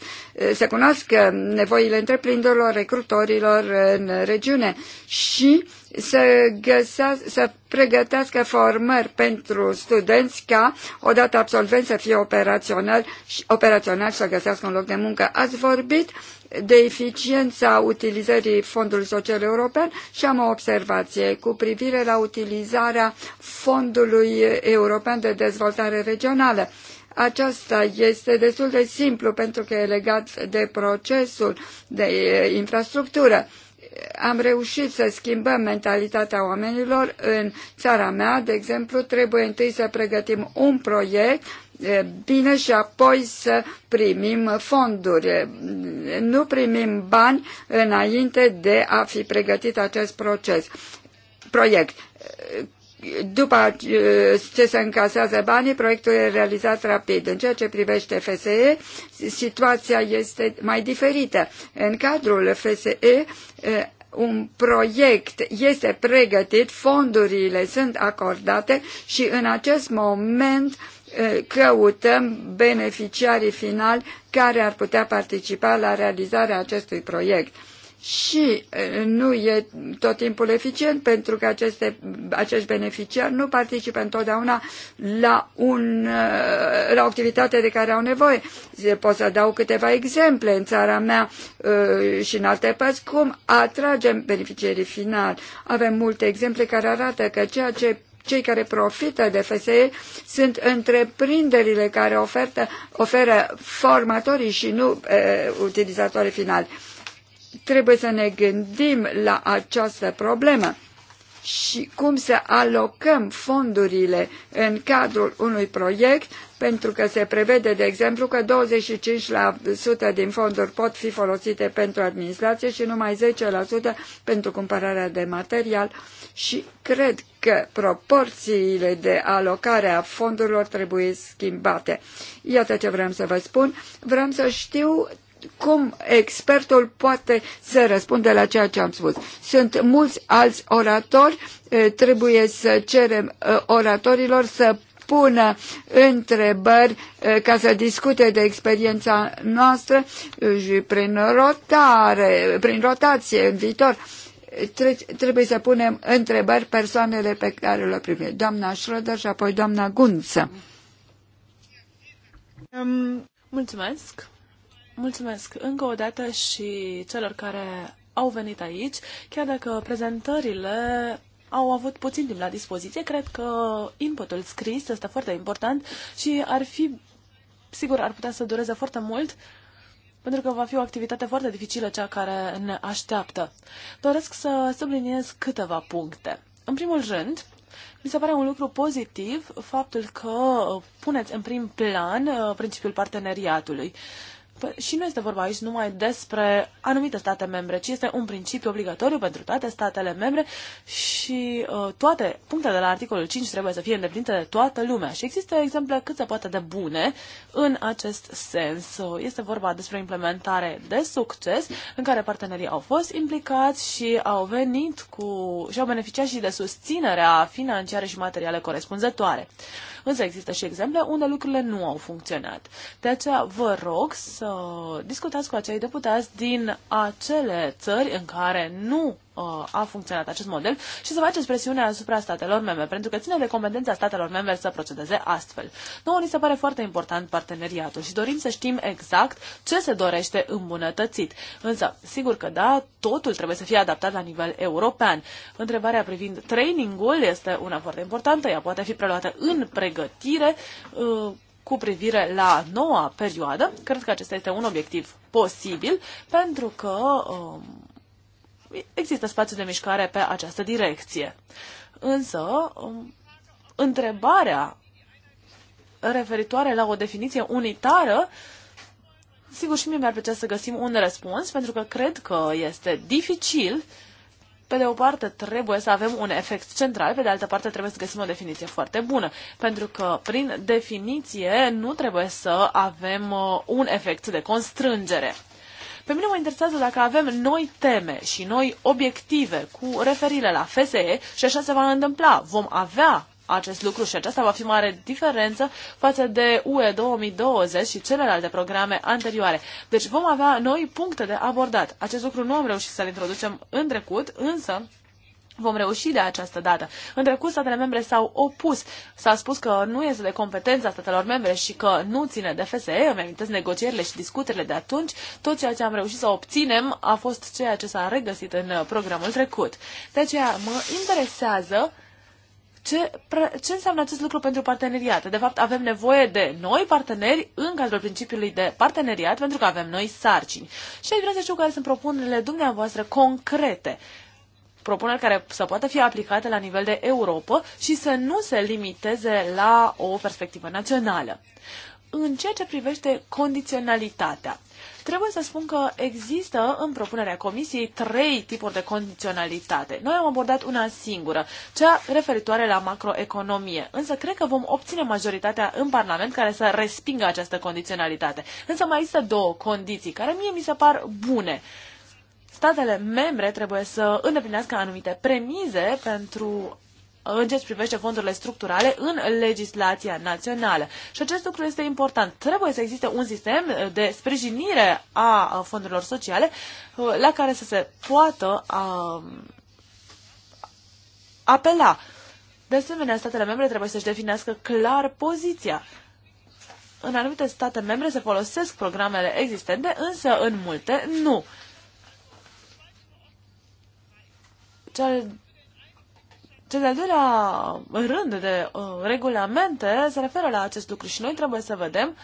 să cunoască nevoile întreprinderilor, recrutorilor în regiune și uh, să, găsea, să pregătească formări pentru studenți ca, odată absolvenți, să fie operațional și, operațional și să găsească un loc de muncă. Ați vorbit de eficiența utilizării Fondului Social European și am o observație cu privire la utilizarea Fondului European de Dezvoltare Regională. Aceasta este destul de simplu pentru că e legat de procesul de infrastructură am reușit să schimbăm mentalitatea oamenilor în țara mea, de exemplu, trebuie întâi să pregătim un proiect bine și apoi să primim fonduri. Nu primim bani înainte de a fi pregătit acest proces. Proiect după uh, ce se încasează banii, proiectul e realizat rapid. În ceea ce privește FSE, situația este mai diferită. În cadrul FSE, uh, un proiect este pregătit, fondurile sunt acordate și în acest moment uh, căutăm beneficiarii finali care ar putea participa la realizarea acestui proiect și nu e tot timpul eficient pentru că aceste, acești beneficiari nu participă întotdeauna la, un, la o activitate de care au nevoie. Pot să dau câteva exemple în țara mea și în alte părți cum atragem beneficiarii finali Avem multe exemple care arată că ceea ce cei care profită de FSE sunt întreprinderile care ofertă, oferă formatorii și nu e, utilizatorii finali trebuie să ne gândim la această problemă și cum să alocăm fondurile în cadrul unui proiect, pentru că se prevede, de exemplu, că 25% din fonduri pot fi folosite pentru administrație și numai 10% pentru cumpărarea de material și cred că proporțiile de alocare a fondurilor trebuie schimbate. Iată ce vreau să vă spun. Vreau să știu cum expertul poate să răspundă la ceea ce am spus. Sunt mulți alți oratori, trebuie să cerem oratorilor să pună întrebări ca să discute de experiența noastră și prin rotare, prin rotație în viitor trebuie să punem întrebări persoanele pe care le primim. Doamna Schroeder și apoi doamna Gunță. Um, mulțumesc. Mulțumesc încă o dată și celor care au venit aici, chiar dacă prezentările au avut puțin timp la dispoziție, cred că inputul scris este foarte important și ar fi, sigur, ar putea să dureze foarte mult, pentru că va fi o activitate foarte dificilă cea care ne așteaptă. Doresc să subliniez câteva puncte. În primul rând, mi se pare un lucru pozitiv faptul că puneți în prim plan uh, principiul parteneriatului și nu este vorba aici numai despre anumite state membre, ci este un principiu obligatoriu pentru toate statele membre și uh, toate punctele de la articolul 5 trebuie să fie îndeplinite de toată lumea. Și există exemple cât se poate de bune în acest sens. Ă, este vorba despre implementare de succes în care partenerii au fost implicați și au venit cu și au beneficiat și de susținerea financiară și materiale corespunzătoare. Însă există și exemple unde lucrurile nu au funcționat. De aceea vă rog să uh, discutați cu acei deputați din acele țări în care nu uh, a funcționat acest model și să faceți presiune asupra statelor membre, pentru că ține de competența statelor membre să procedeze astfel. Nouă ni se pare foarte important parteneriatul și dorim să știm exact ce se dorește îmbunătățit. Însă, sigur că da, totul trebuie să fie adaptat la nivel european. Întrebarea privind trainingul este una foarte importantă, ea poate fi preluată în pregătire. Uh, cu privire la noua perioadă. Cred că acesta este un obiectiv posibil pentru că um, există spațiu de mișcare pe această direcție. Însă, um, întrebarea referitoare la o definiție unitară, sigur și mie mi-ar plăcea să găsim un răspuns, pentru că cred că este dificil uh, pe de o parte trebuie să avem un efect central, pe de altă parte trebuie să găsim o definiție foarte bună, pentru că prin definiție nu trebuie să avem uh, un efect de constrângere. Pe mine mă interesează dacă avem noi teme și noi obiective cu referire la FSE și așa se va întâmpla. Vom avea acest lucru și aceasta va fi mare diferență față de UE 2020 și celelalte programe anterioare. Deci vom avea noi puncte de abordat. Acest lucru nu am reușit să-l introducem în trecut, însă Vom reuși de această dată. În trecut, statele membre s-au opus. S-a spus că nu este de competența statelor membre și că nu ține de FSE. Îmi amintesc negocierile și discuțiile de atunci. Tot ceea ce am reușit să obținem a fost ceea ce s-a regăsit în programul trecut. De aceea mă interesează ce, ce înseamnă acest lucru pentru parteneriate? De fapt, avem nevoie de noi parteneri în cadrul principiului de parteneriat pentru că avem noi sarcini. Și aș vrea să știu care sunt propunerile dumneavoastră concrete propuneri care să poată fi aplicate la nivel de Europa și să nu se limiteze la o perspectivă națională. În ceea ce privește condiționalitatea, Trebuie să spun că există în propunerea Comisiei trei tipuri de condiționalitate. Noi am abordat una singură, cea referitoare la macroeconomie, însă cred că vom obține majoritatea în Parlament care să respingă această condiționalitate. Însă mai există două condiții care mie mi se par bune statele membre trebuie să îndeplinească anumite premize pentru în ce privește fondurile structurale în legislația națională. Și acest lucru este important. Trebuie să existe un sistem de sprijinire a fondurilor sociale uh, la care să se poată um, apela. De asemenea, statele membre trebuie să-și definească clar poziția. În anumite state membre se folosesc programele existente, însă în multe nu. Cel cel de-al doilea rând de uh, regulamente se referă la acest lucru și noi trebuie să vedem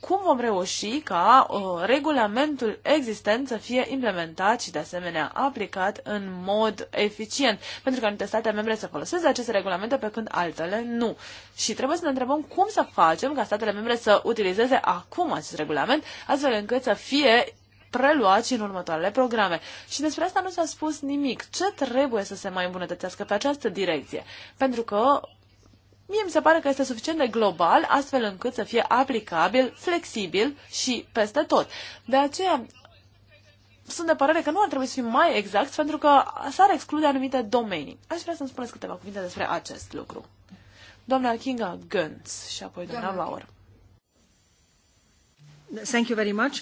cum vom reuși ca uh, regulamentul existent să fie implementat și de asemenea aplicat în mod eficient, pentru că anumite state membre să folosesc aceste regulamente pe când altele nu. Și trebuie să ne întrebăm cum să facem ca statele membre să utilizeze acum acest regulament, astfel încât să fie preluați în următoarele programe. Și despre asta nu s-a spus nimic. Ce trebuie să se mai îmbunătățească pe această direcție? Pentru că mie mi se pare că este suficient de global, astfel încât să fie aplicabil, flexibil și peste tot. De aceea, sunt de părere că nu ar trebui să fim mai exact, pentru că s-ar exclude anumite domenii. Aș vrea să-mi spuneți câteva cuvinte despre acest lucru. Doamna Kinga Gönz și apoi doamna, doamna Thank you very much.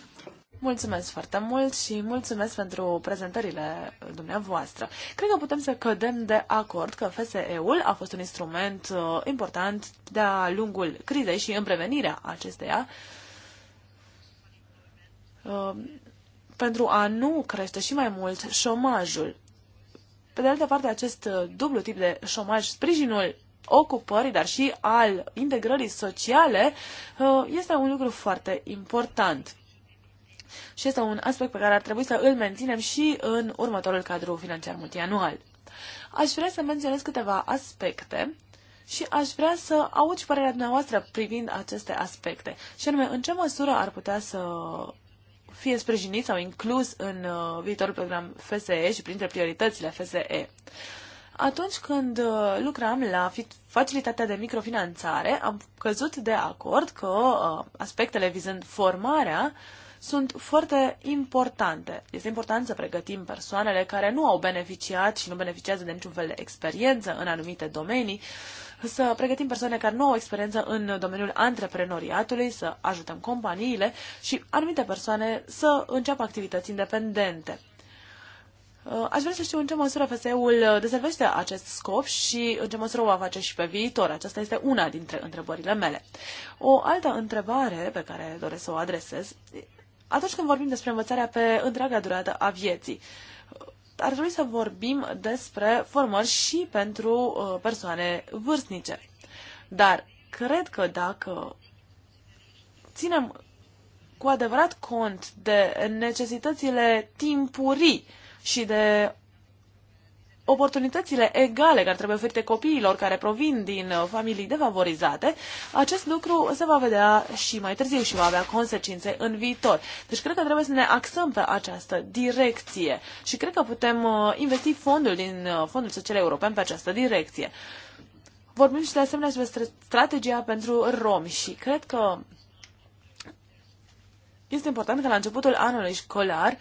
Mulțumesc foarte mult și mulțumesc pentru prezentările dumneavoastră. Cred că putem să cădem de acord că FSE-ul a fost un instrument uh, important de-a lungul crizei și în prevenirea acesteia uh, pentru a nu crește și mai mult șomajul. Pe de altă parte, acest uh, dublu tip de șomaj, sprijinul ocupării, dar și al integrării sociale, este un lucru foarte important și este un aspect pe care ar trebui să îl menținem și în următorul cadru financiar multianual. Aș vrea să menționez câteva aspecte și aș vrea să aud și părerea dumneavoastră privind aceste aspecte. Și anume, în ce măsură ar putea să fie sprijinit sau inclus în uh, viitorul program FSE și printre prioritățile FSE. Atunci când uh, lucram la facilitatea de microfinanțare, am căzut de acord că uh, aspectele vizând formarea uh, sunt foarte importante. Este important să pregătim persoanele care nu au beneficiat și nu beneficiază de niciun fel de experiență în anumite domenii, să pregătim persoane care nu au experiență în domeniul antreprenoriatului, să ajutăm companiile și anumite persoane să înceapă activități independente. Uh, aș vrea să știu în ce măsură FSE-ul deservește acest scop și în ce măsură o va face și pe viitor. Aceasta este una dintre întrebările mele. O altă întrebare pe care doresc să o adresez atunci când vorbim despre învățarea pe întreaga durată a vieții, ar trebui să vorbim despre formări și pentru uh, persoane vârstnice. Dar cred că dacă ținem cu adevărat cont de necesitățile timpurii și de oportunitățile egale care trebuie oferite copiilor care provin din uh, familii defavorizate, acest lucru se va vedea și mai târziu și va avea consecințe în viitor. Deci cred că trebuie să ne axăm pe această direcție și cred că putem uh, investi fondul din uh, Fondul Social European pe această direcție. Vorbim și de asemenea despre strategia pentru romi și cred că este important că la începutul anului școlar uh,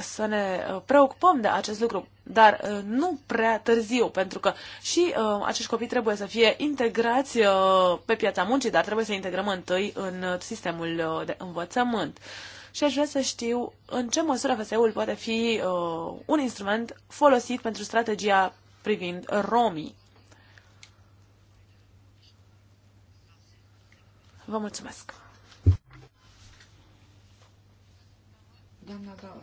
să ne uh, preocupăm de acest lucru, dar uh, nu prea târziu, pentru că și uh, acești copii trebuie să fie integrați pe piața muncii, dar trebuie să integrăm întâi în sistemul de învățământ. Și aș vrea să știu în ce măsură FSE-ul poate fi un instrument folosit pentru strategia privind romii. Vă mulțumesc! Doamna Gaur.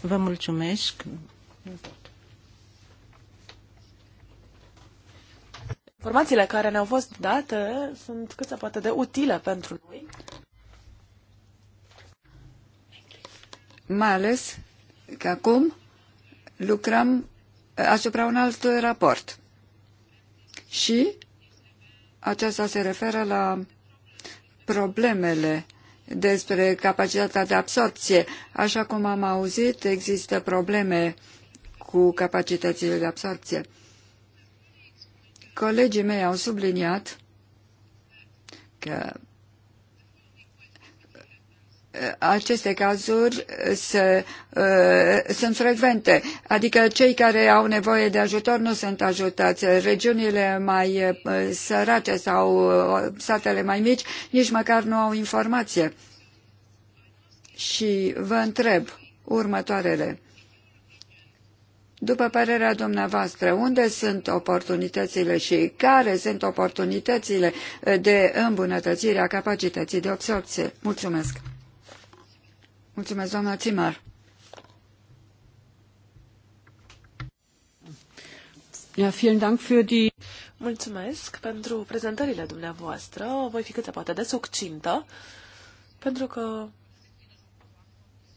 Vă mulțumesc. Informațiile care ne-au fost date sunt cât se poate de utile pentru noi. Mai ales că acum lucrăm eh, asupra un alt raport. Și aceasta se referă la problemele despre capacitatea de absorpție. Așa cum am auzit, există probleme cu capacitățile de absorpție. Colegii mei au subliniat că Uh, aceste cazuri uh, se, uh, sunt frecvente, adică cei care au nevoie de ajutor nu sunt ajutați. Regiunile mai uh, sărace sau uh, satele mai mici nici măcar nu au informație. Și vă întreb următoarele. După părerea dumneavoastră, unde sunt oportunitățile și care sunt oportunitățile de îmbunătățire a capacității de absorpție? Mulțumesc! Mulțumesc, doamna Țimar. Ja, vielen Dank für die... Mulțumesc pentru prezentările dumneavoastră. Voi fi cât se poate de succintă, pentru că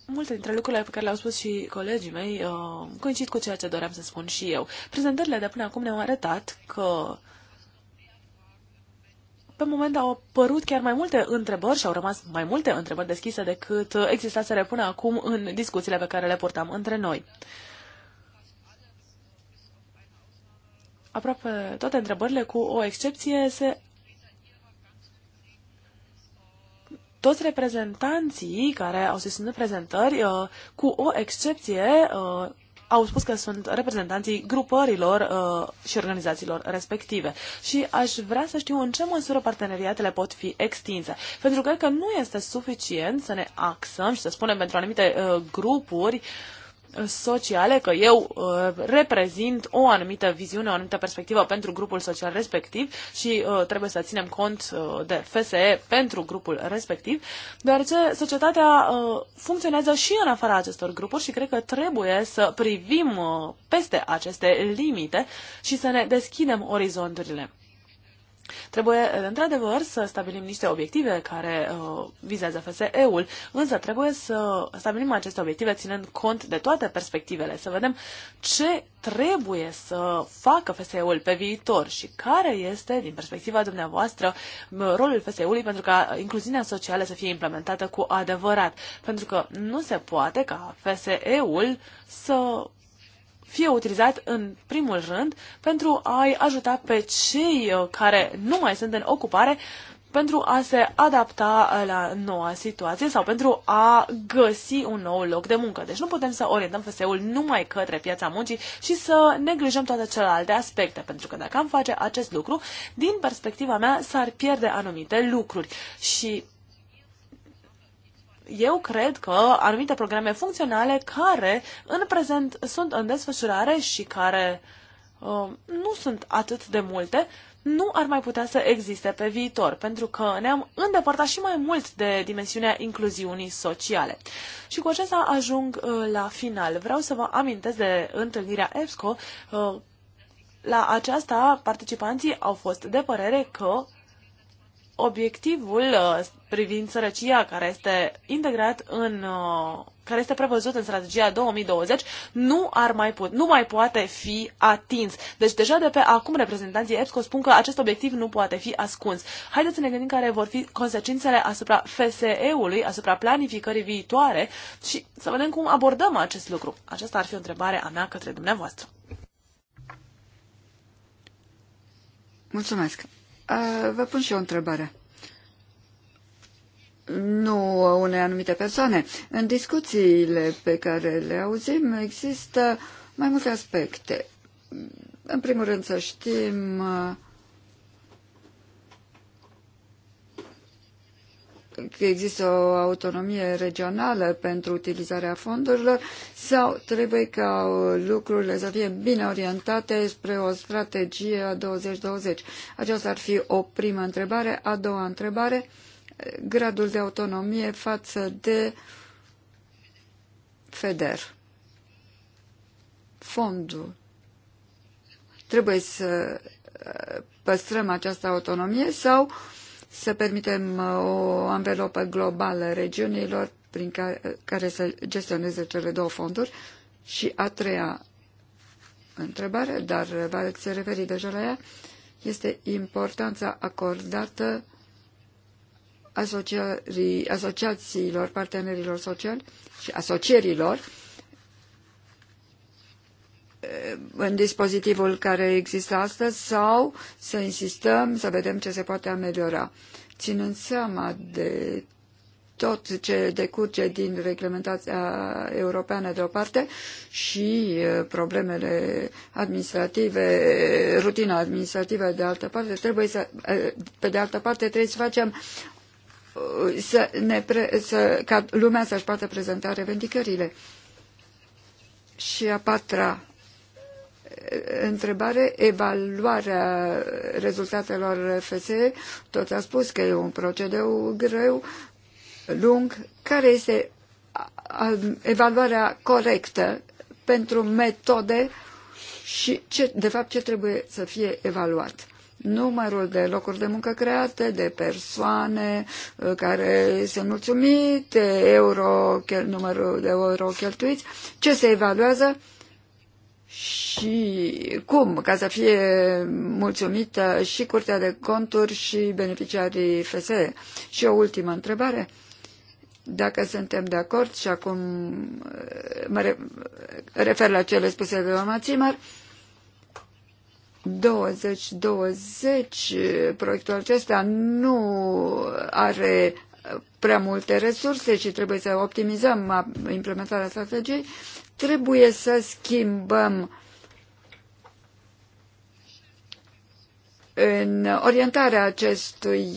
multe dintre lucrurile pe care le-au spus și colegii mei uh, coincid cu ceea ce doream să spun și eu. Prezentările de până acum ne-au arătat că uh, pe moment au apărut chiar mai multe întrebări și au rămas mai multe întrebări deschise decât exista le până acum în discuțiile pe care le purtam între noi. Aproape toate întrebările, cu o excepție, se toți reprezentanții care au susținut prezentări, uh, cu o excepție, uh, au spus că sunt reprezentanții grupărilor uh, și organizațiilor respective. Și aș vrea să știu în ce măsură parteneriatele pot fi extinse. Pentru că, că nu este suficient să ne axăm și să spunem pentru anumite uh, grupuri uh, sociale, că eu uh, reprezint o anumită viziune, o anumită perspectivă pentru grupul social respectiv și uh, trebuie să ținem cont uh, de FSE pentru grupul respectiv, deoarece societatea uh, funcționează și în afara acestor grupuri și cred că trebuie să privim uh, peste aceste limite și să ne deschidem orizonturile. Trebuie, eh, într-adevăr, să stabilim niște obiective care uh, vizează FSE-ul, însă trebuie să stabilim aceste obiective ținând cont de toate perspectivele, să vedem ce trebuie să facă FSE-ul pe viitor și care este, din perspectiva dumneavoastră, rolul FSE-ului pentru ca incluziunea socială să fie implementată cu adevărat. Pentru că nu se poate ca FSE-ul să fie utilizat în primul rând pentru a-i ajuta pe cei uh, care nu mai sunt în ocupare pentru a se adapta uh, la noua situație sau pentru a găsi un nou loc de muncă. Deci nu putem să orientăm FSE-ul numai către piața muncii și să neglijăm toate celelalte aspecte, pentru că dacă am face acest lucru, din perspectiva mea s-ar pierde anumite lucruri și eu cred că anumite programe funcționale care în prezent sunt în desfășurare și care uh, nu sunt atât de multe, nu ar mai putea să existe pe viitor, pentru că ne-am îndepărtat și mai mult de dimensiunea incluziunii sociale. Și cu acesta ajung uh, la final. Vreau să vă amintesc de întâlnirea EBSCO. Uh, la aceasta, participanții au fost de părere că obiectivul uh, privind sărăcia care este integrat în uh, care este prevăzut în strategia 2020 nu ar mai put, nu mai poate fi atins. Deci deja de pe acum reprezentanții EPSCO spun că acest obiectiv nu poate fi ascuns. Haideți să ne gândim care vor fi consecințele asupra FSE-ului, asupra planificării viitoare și să vedem cum abordăm acest lucru. Aceasta ar fi o întrebare a mea către dumneavoastră. Mulțumesc. Vă pun și eu o întrebare. Nu unei anumite persoane. În discuțiile pe care le auzim există mai multe aspecte. În primul rând să știm uh, că există o autonomie regională pentru utilizarea fondurilor sau trebuie ca uh, lucrurile să fie bine orientate spre o strategie a 2020? Aceasta ar fi o primă întrebare. A doua întrebare, gradul de autonomie față de FEDER. Fondul. Trebuie să uh, păstrăm această autonomie sau uh, să permitem uh, o anvelopă globală regiunilor prin care, care să gestioneze cele două fonduri. Și a treia întrebare, dar v-ați referit deja la ea, este importanța acordată asociațiilor, partenerilor sociali și asocierilor Uh, în dispozitivul care există astăzi sau să insistăm să vedem ce se poate ameliora. Ținând seama de tot ce decurge din reglementația europeană de o parte și uh, problemele administrative, rutina administrativă de altă parte, trebuie să, uh, pe de altă parte trebuie să facem să ne pre, să, ca lumea să-și poată prezenta revendicările. Și a patra întrebare, evaluarea rezultatelor FSE, tot a spus că e un procedeu greu, lung, care este evaluarea corectă pentru metode și, ce, de fapt, ce trebuie să fie evaluat numărul de locuri de muncă create, de persoane uh, care sunt mulțumite, euro, numărul de euro cheltuiți, ce se evaluează și cum, ca să fie mulțumită și Curtea de Conturi și beneficiarii FSE. Și o ultimă întrebare. Dacă suntem de acord și acum uh, mă refer la cele spuse de doamna Zimmer, 20-20, proiectul acesta nu are prea multe resurse și trebuie să optimizăm implementarea strategiei trebuie să schimbăm în orientarea acestui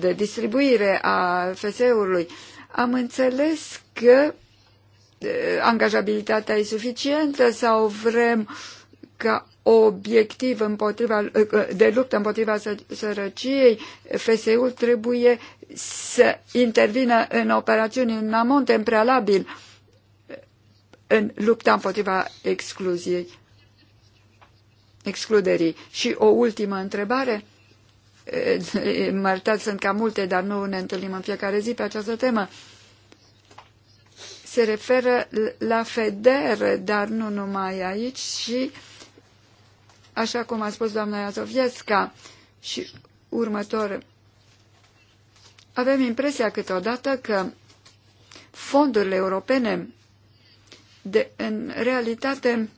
de distribuire a FSE-ului. Am înțeles că angajabilitatea e suficientă sau vrem ca obiectiv împotriva, de luptă împotriva sărăciei, FSE-ul trebuie să intervină în operațiuni în amont, în prealabil în lupta împotriva excluziei, excluderii. Și o ultimă întrebare. Mărtați, sunt cam multe, dar nu ne întâlnim în fiecare zi pe această temă. Se referă la FEDER, dar nu numai aici și, așa cum a spus doamna Iazovieska și următor. Avem impresia câteodată că fondurile europene de, în realitate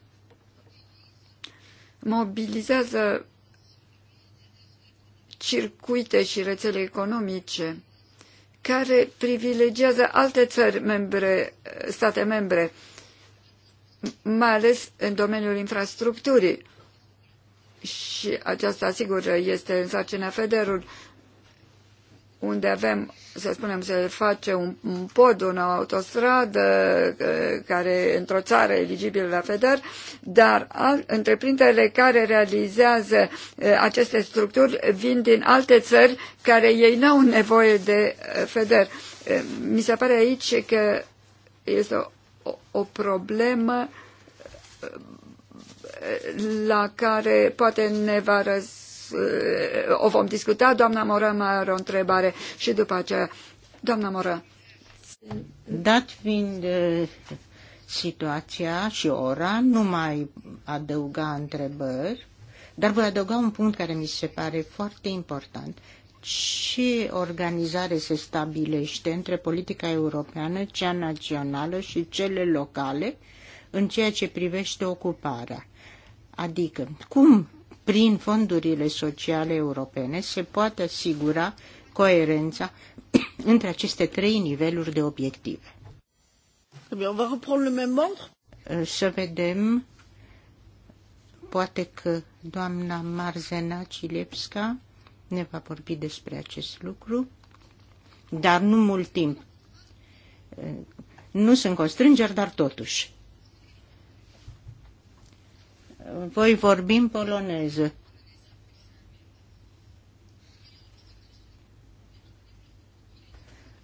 mobilizează circuite și rețele economice care privilegiază alte țări membre, state membre, mai ales în domeniul infrastructurii. Și aceasta, sigur, este în sarcina federului, unde avem, să spunem, se face un, un pod, o autostradă care într-o țară eligibilă la FEDER, dar al, întreprinderile care realizează aceste structuri vin din alte țări care ei n-au nevoie de FEDER. Mi se pare aici că este o, o problemă la care poate ne va răspunde o vom discuta. Doamna Moră mai are o întrebare și după aceea. Doamna Moră. Dat fiind situația și ora, nu mai adăuga întrebări, dar voi adăuga un punct care mi se pare foarte important. Ce organizare se stabilește între politica europeană, cea națională și cele locale în ceea ce privește ocuparea? Adică, cum prin fondurile sociale europene se poate asigura coerența între aceste trei niveluri de obiective. Eh eh, să vedem, poate că doamna Marzena Cilepska ne va vorbi despre acest lucru, dar nu mult timp. Eh, nu sunt constrângeri, dar totuși. Voi vorbi în poloneză.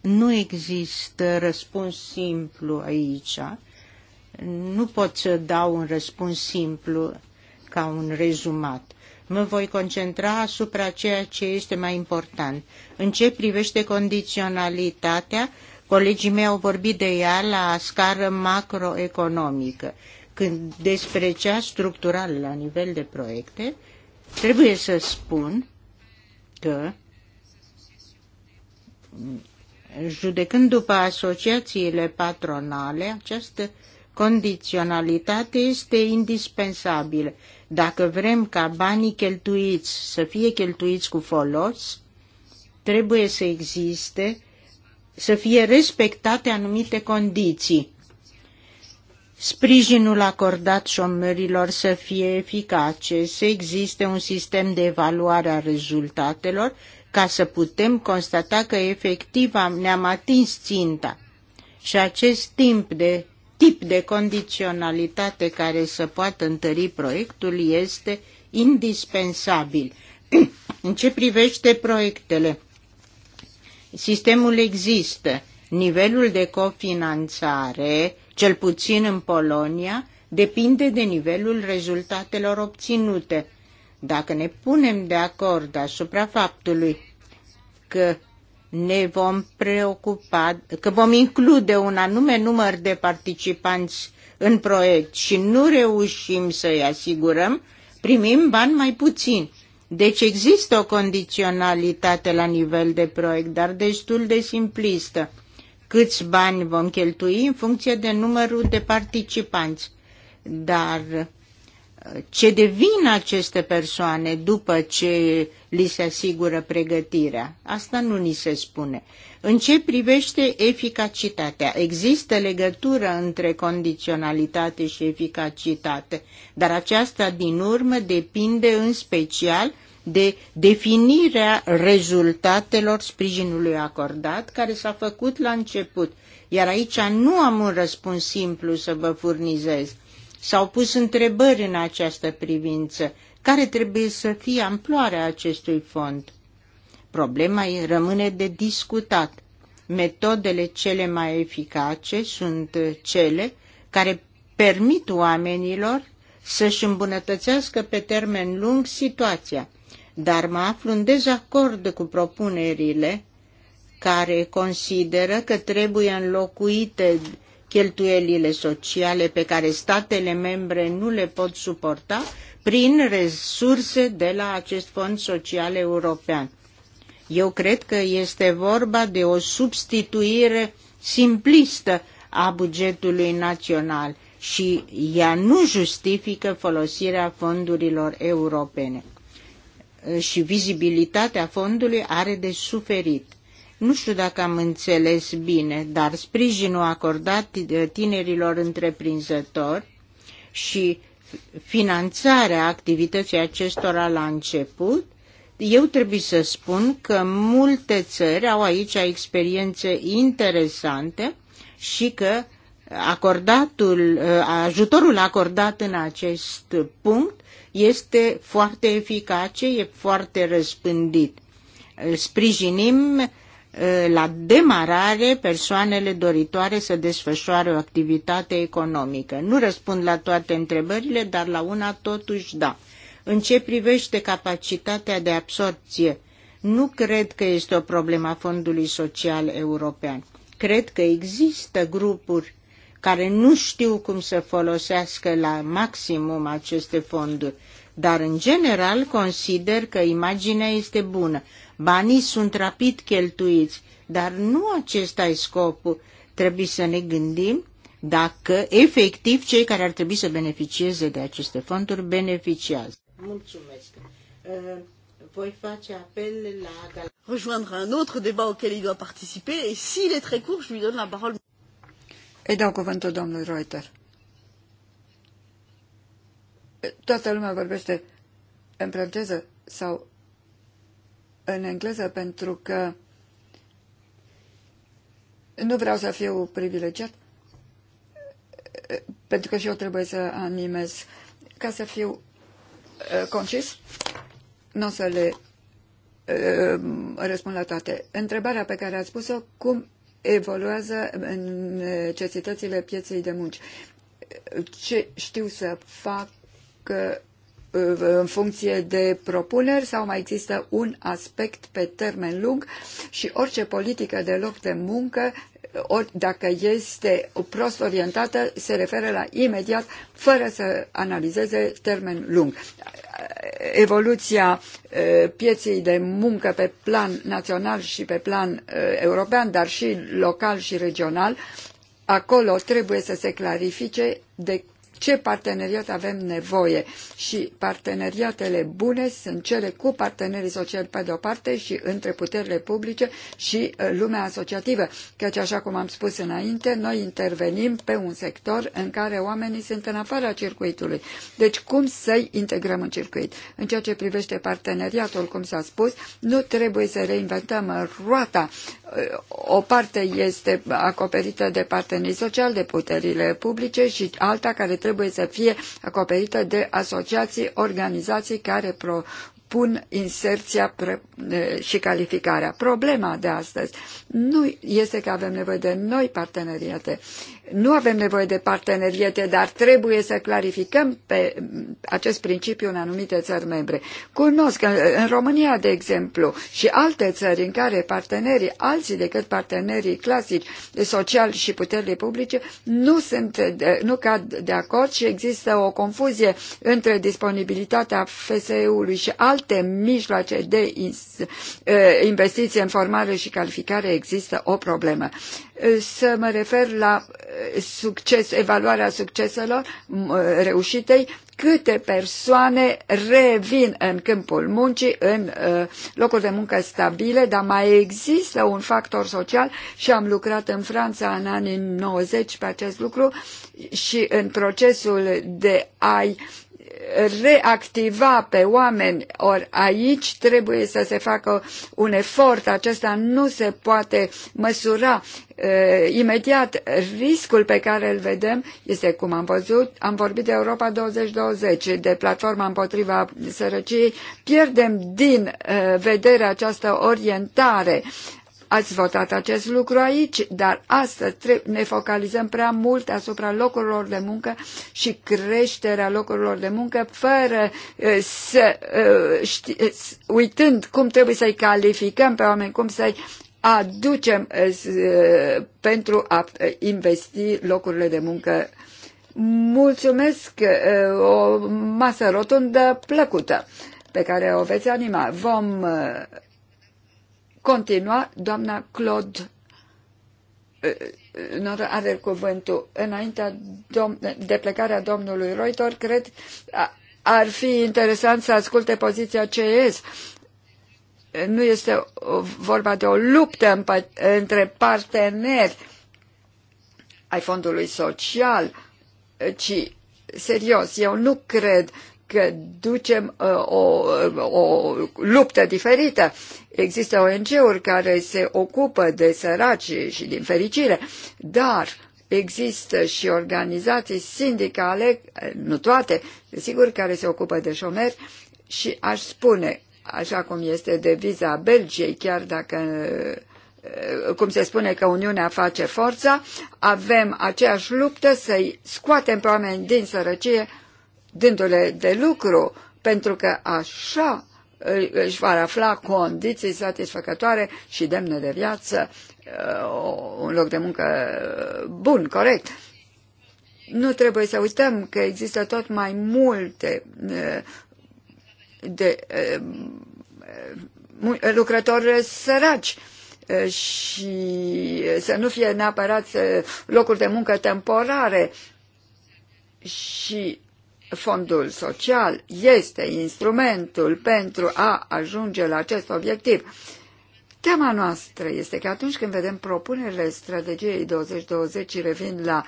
Nu există răspuns simplu aici. Nu pot să dau un răspuns simplu ca un rezumat. Mă voi concentra asupra ceea ce este mai important. În ce privește condiționalitatea, colegii mei au vorbit de ea la scară macroeconomică. Când despre cea structurală la nivel de proiecte, trebuie să spun că judecând după asociațiile patronale, această condiționalitate este indispensabilă. Dacă vrem ca banii cheltuiți să fie cheltuiți cu folos, trebuie să existe, să fie respectate anumite condiții sprijinul acordat șomerilor să fie eficace, să existe un sistem de evaluare a rezultatelor, ca să putem constata că efectiv ne-am atins ținta. Și acest timp de tip de condiționalitate care să poată întări proiectul este indispensabil. În ce privește proiectele, sistemul există, nivelul de cofinanțare cel puțin în Polonia, depinde de nivelul rezultatelor obținute. Dacă ne punem de acord asupra faptului că ne vom preocupa, că vom include un anume număr de participanți în proiect și nu reușim să-i asigurăm, primim bani mai puțin. Deci există o condiționalitate la nivel de proiect, dar destul de simplistă câți bani vom cheltui în funcție de numărul de participanți. Dar uh, ce devin aceste persoane după ce li se asigură pregătirea? Asta nu ni se spune. În ce privește eficacitatea? Există legătură între condiționalitate și eficacitate, dar aceasta din urmă depinde în special de definirea rezultatelor sprijinului acordat care s-a făcut la început. Iar aici nu am un răspuns simplu să vă furnizez. S-au pus întrebări în această privință. Care trebuie să fie amploarea acestui fond? Problema rămâne de discutat. Metodele cele mai eficace sunt cele care permit oamenilor să-și îmbunătățească pe termen lung situația dar mă aflu în dezacord cu propunerile care consideră că trebuie înlocuite cheltuielile sociale pe care statele membre nu le pot suporta prin resurse de la acest fond social european. Eu cred că este vorba de o substituire simplistă a bugetului național și ea nu justifică folosirea fondurilor europene și vizibilitatea fondului are de suferit. Nu știu dacă am înțeles bine, dar sprijinul acordat tinerilor întreprinzători și finanțarea activității acestora la început, eu trebuie să spun că multe țări au aici experiențe interesante și că acordatul, ajutorul acordat în acest punct este foarte eficace, e foarte răspândit. Sprijinim uh, la demarare persoanele doritoare să desfășoare o activitate economică. Nu răspund la toate întrebările, dar la una totuși da. În ce privește capacitatea de absorpție, nu cred că este o problemă a Fondului Social European. Cred că există grupuri care nu știu cum să folosească la maximum aceste fonduri. Dar, în general, consider că imaginea este bună. Banii sunt rapid cheltuiți, dar nu acesta e scopul. Trebuie să ne gândim dacă efectiv cei care ar trebui să beneficieze de aceste fonduri beneficiază. Mulțumesc. Uh, voi face apel la... Rejoindre un autre débat auquel il doit participer et s'il est très court, je lui donne la parole. Îi dau cuvântul domnului Reuter. Toată lumea vorbește în franceză sau în engleză pentru că nu vreau să fiu privilegiat, pentru că și eu trebuie să animez. Ca să fiu uh, concis, nu o să le uh, răspund la toate. Întrebarea pe care ați spus-o, cum evoluează în necesitățile pieței de munci. Ce știu să fac uh, în funcție de propuneri sau mai există un aspect pe termen lung și orice politică de loc de muncă ori dacă este prost orientată, se referă la imediat, fără să analizeze termen lung. Evoluția pieței de muncă pe plan național și pe plan european, dar și local și regional, acolo trebuie să se clarifice de ce parteneriat avem nevoie și parteneriatele bune sunt cele cu partenerii sociali pe de-o parte și între puterile publice și uh, lumea asociativă, căci așa cum am spus înainte, noi intervenim pe un sector în care oamenii sunt în afara circuitului. Deci cum să-i integrăm în circuit? În ceea ce privește parteneriatul, cum s-a spus, nu trebuie să reinventăm roata o parte este acoperită de partenerii sociali, de puterile publice și alta care trebuie să fie acoperită de asociații, organizații care pro, pun inserția și calificarea. Problema de astăzi nu este că avem nevoie de noi parteneriate. Nu avem nevoie de parteneriete, dar trebuie să clarificăm pe acest principiu în anumite țări membre. Cunosc în România, de exemplu, și alte țări în care partenerii, alții decât partenerii clasici, sociali și puterile publice, nu, sunt, nu cad de acord și există o confuzie între disponibilitatea FSE-ului și alte mijloace de investiție în formare și calificare există o problemă. Să mă refer la succes, evaluarea succeselor reușitei, câte persoane revin în câmpul muncii, în uh, locuri de muncă stabile, dar mai există un factor social și am lucrat în Franța în anii 90 pe acest lucru și în procesul de a-i reactiva pe oameni, ori aici trebuie să se facă un efort, acesta nu se poate măsura imediat. Riscul pe care îl vedem este, cum am văzut, am vorbit de Europa 2020, de platforma împotriva sărăciei, pierdem din vedere această orientare Ați votat acest lucru aici, dar astăzi ne focalizăm prea mult asupra locurilor de muncă și creșterea locurilor de muncă fără eh, să, eh, eh, uitând cum trebuie să-i calificăm pe oameni, cum să-i aducem pentru a investi locurile de muncă. Mulțumesc, o masă rotundă plăcută pe care o veți anima. Vom Continua doamna Claude are cuvântul. Înaintea de plecarea domnului Reuter, cred ar fi interesant să asculte poziția CES. Nu este vorba de o luptă între parteneri ai fondului social, ci serios, eu nu cred că ducem uh, o, o luptă diferită. Există ONG-uri care se ocupă de săraci și din fericire, dar există și organizații sindicale, nu toate, desigur, care se ocupă de șomeri și aș spune, așa cum este deviza Belgiei, chiar dacă uh, cum se spune că Uniunea face forța, avem aceeași luptă să-i scoatem pe oameni din sărăcie dându-le de lucru, pentru că așa își va afla condiții satisfăcătoare și demne de viață, uh, un loc de muncă bun, corect. Nu trebuie să uităm că există tot mai multe uh, de uh, lucrători săraci și să nu fie neapărat locuri de muncă temporare și fondul social este instrumentul pentru a ajunge la acest obiectiv. Tema noastră este că atunci când vedem propunerile strategiei 2020 și revin la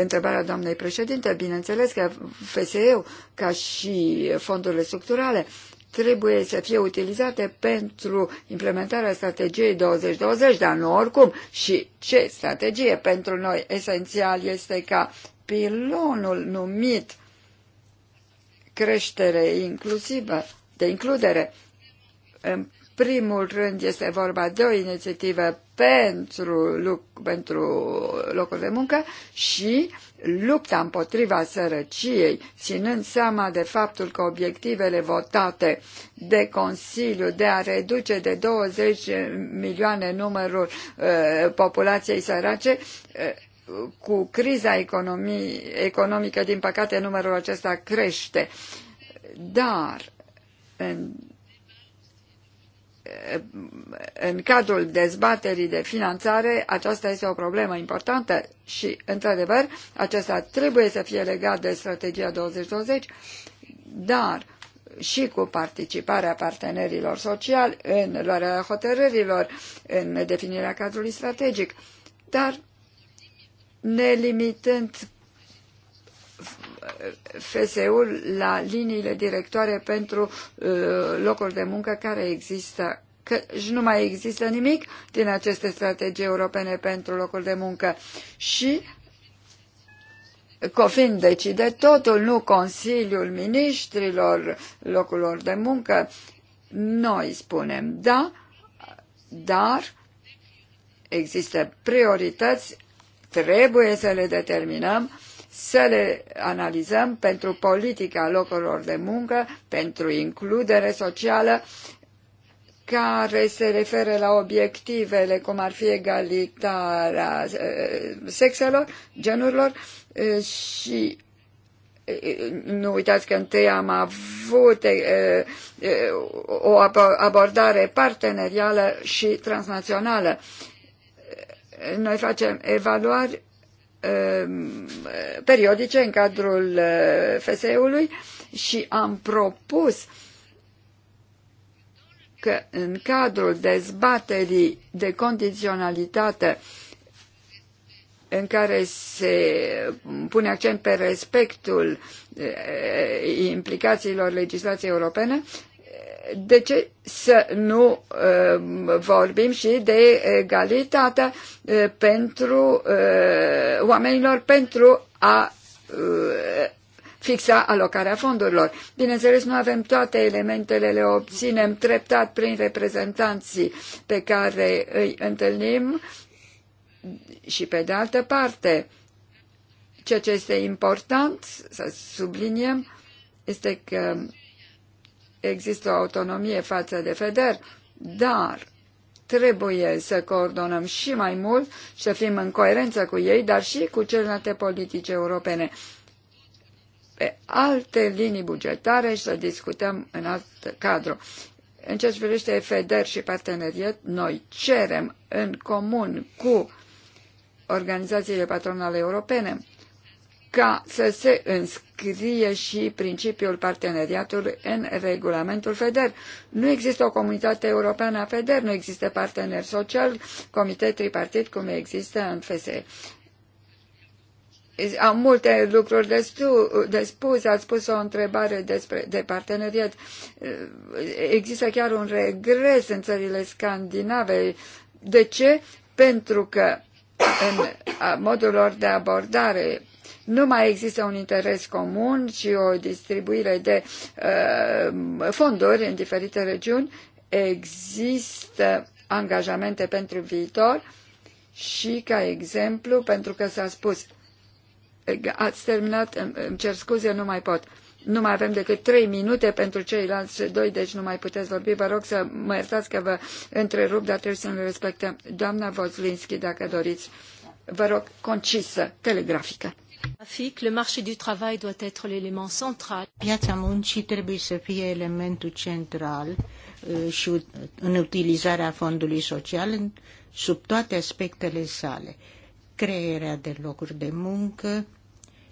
întrebarea doamnei președinte, bineînțeles că FSE-ul, ca și fondurile structurale, trebuie să fie utilizate pentru implementarea strategiei 2020, dar nu oricum. Și ce strategie pentru noi esențial este ca pilonul numit uh, creștere inclusivă, de includere. În primul rând este vorba de o inițiativă pentru, pentru locuri de muncă și lupta împotriva sărăciei, ținând seama de faptul că obiectivele votate de Consiliu de a reduce de 20 milioane numărul uh, populației sărace uh, cu criza economii, economică, din păcate, numărul acesta crește. Dar în, în cadrul dezbaterii de finanțare, aceasta este o problemă importantă și, într-adevăr, acesta trebuie să fie legat de strategia 2020, dar și cu participarea partenerilor sociali în luarea hotărârilor, în definirea cadrului strategic. Dar ne limitând FSE-ul la liniile directoare pentru uh, locuri de muncă care există că nu mai există nimic din aceste strategii europene pentru locuri de muncă și COFIN decide totul, nu Consiliul Ministrilor locurilor de muncă. Noi spunem da, dar există priorități trebuie să le determinăm, să le analizăm pentru politica locurilor de muncă, pentru includere socială, care se referă la obiectivele cum ar fi egalitatea eh, sexelor, genurilor eh, și eh, nu uitați că întâi am avut o abordare partenerială și transnațională noi facem evaluări um, periodice în cadrul uh, FSE-ului și am propus că în cadrul dezbaterii de condiționalitate în care se pune accent pe respectul uh, implicațiilor legislației europene, de ce să nu uh, vorbim și de egalitatea uh, pentru uh, oamenilor pentru a uh, fixa alocarea fondurilor. Bineînțeles, nu avem toate elementele, le obținem treptat prin reprezentanții pe care îi întâlnim și pe de altă parte. Ceea ce este important să subliniem este că există o autonomie față de FEDER, dar trebuie să coordonăm și mai mult să fim în coerență cu ei, dar și cu celelalte politici europene pe alte linii bugetare și să discutăm în alt cadru. În ce privește FEDER și parteneriat, noi cerem în comun cu organizațiile patronale europene ca să se înscrie și principiul parteneriatului în regulamentul FEDER. Nu există o comunitate europeană a FEDER, nu există partener social, comitet tripartit cum există în FSE. Am multe lucruri de, stu, de spus, ați spus o întrebare despre, de parteneriat. Există chiar un regres în țările scandinave. De ce? Pentru că în modul lor de abordare nu mai există un interes comun, ci o distribuire de uh, fonduri în diferite regiuni, există angajamente pentru viitor și, ca exemplu, pentru că s-a spus, ați terminat, îmi cer scuze, nu mai pot. Nu mai avem decât trei minute pentru ceilalți doi, deci nu mai puteți vorbi. Vă rog să mă iertați că vă întrerup, dar trebuie să ne respectăm. Doamna Vozlinski, dacă doriți, vă rog, concisă, telegrafică. Le marché du travail doit être l'élément central. Piața muncii trebuie să fie elementul central uh, și în utilizarea fondului social sub toate aspectele sale. Crearea de locuri de muncă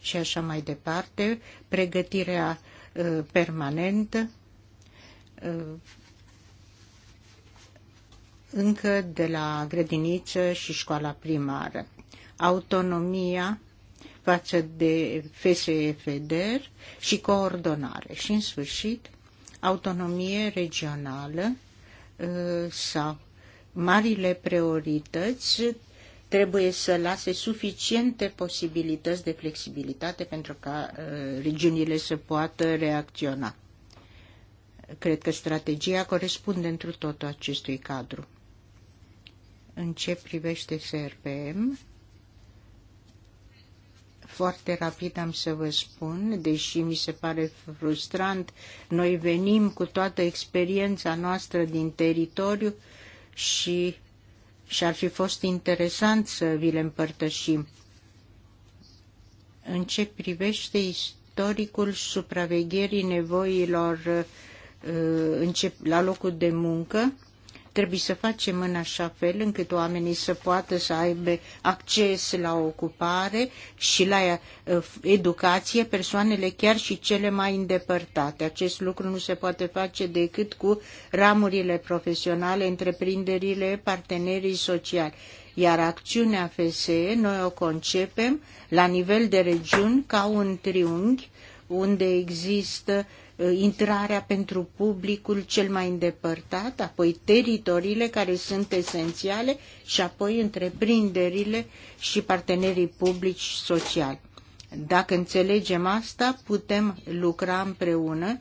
și așa mai departe, pregătirea uh, permanentă, uh, încă de la grădiniță și școala primară. Autonomia față de FSFDR și coordonare. Și, în sfârșit, autonomie regională uh, sau marile priorități trebuie să lase suficiente posibilități de flexibilitate pentru ca uh, regiunile să poată reacționa. Cred că strategia corespunde întru totul acestui cadru. În ce privește SRPM, foarte rapid am să vă spun, deși mi se pare frustrant, noi venim cu toată experiența noastră din teritoriu și, și ar fi fost interesant să vi le împărtășim. În ce privește istoricul supravegherii nevoilor uh, în ce, la locul de muncă, Trebuie să facem în așa fel încât oamenii să poată să aibă acces la ocupare și la eh, educație, persoanele chiar și cele mai îndepărtate. Acest lucru nu se poate face decât cu ramurile profesionale, întreprinderile, partenerii sociali iar acțiunea FSE noi o concepem la nivel de regiuni ca un triunghi unde există Uh, intrarea pentru publicul cel mai îndepărtat, apoi teritoriile care sunt esențiale și apoi întreprinderile și partenerii publici sociali. Dacă înțelegem asta, putem lucra împreună,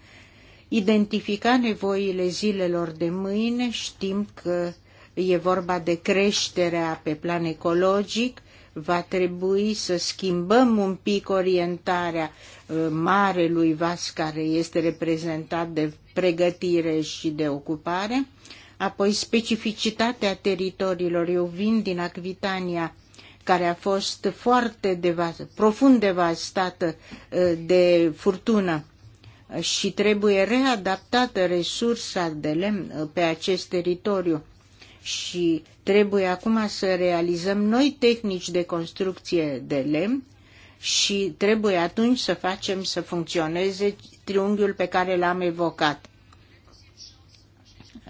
identifica nevoile zilelor de mâine, știm că e vorba de creșterea pe plan ecologic, Va trebui să schimbăm un pic orientarea uh, marelui vas care este reprezentat de pregătire și de ocupare, apoi specificitatea teritoriilor. Eu vin din Acvitania, care a fost foarte devastată, profund devastată uh, de furtună și trebuie readaptată resursa de lemn uh, pe acest teritoriu și trebuie acum să realizăm noi tehnici de construcție de lemn și trebuie atunci să facem să funcționeze triunghiul pe care l-am evocat.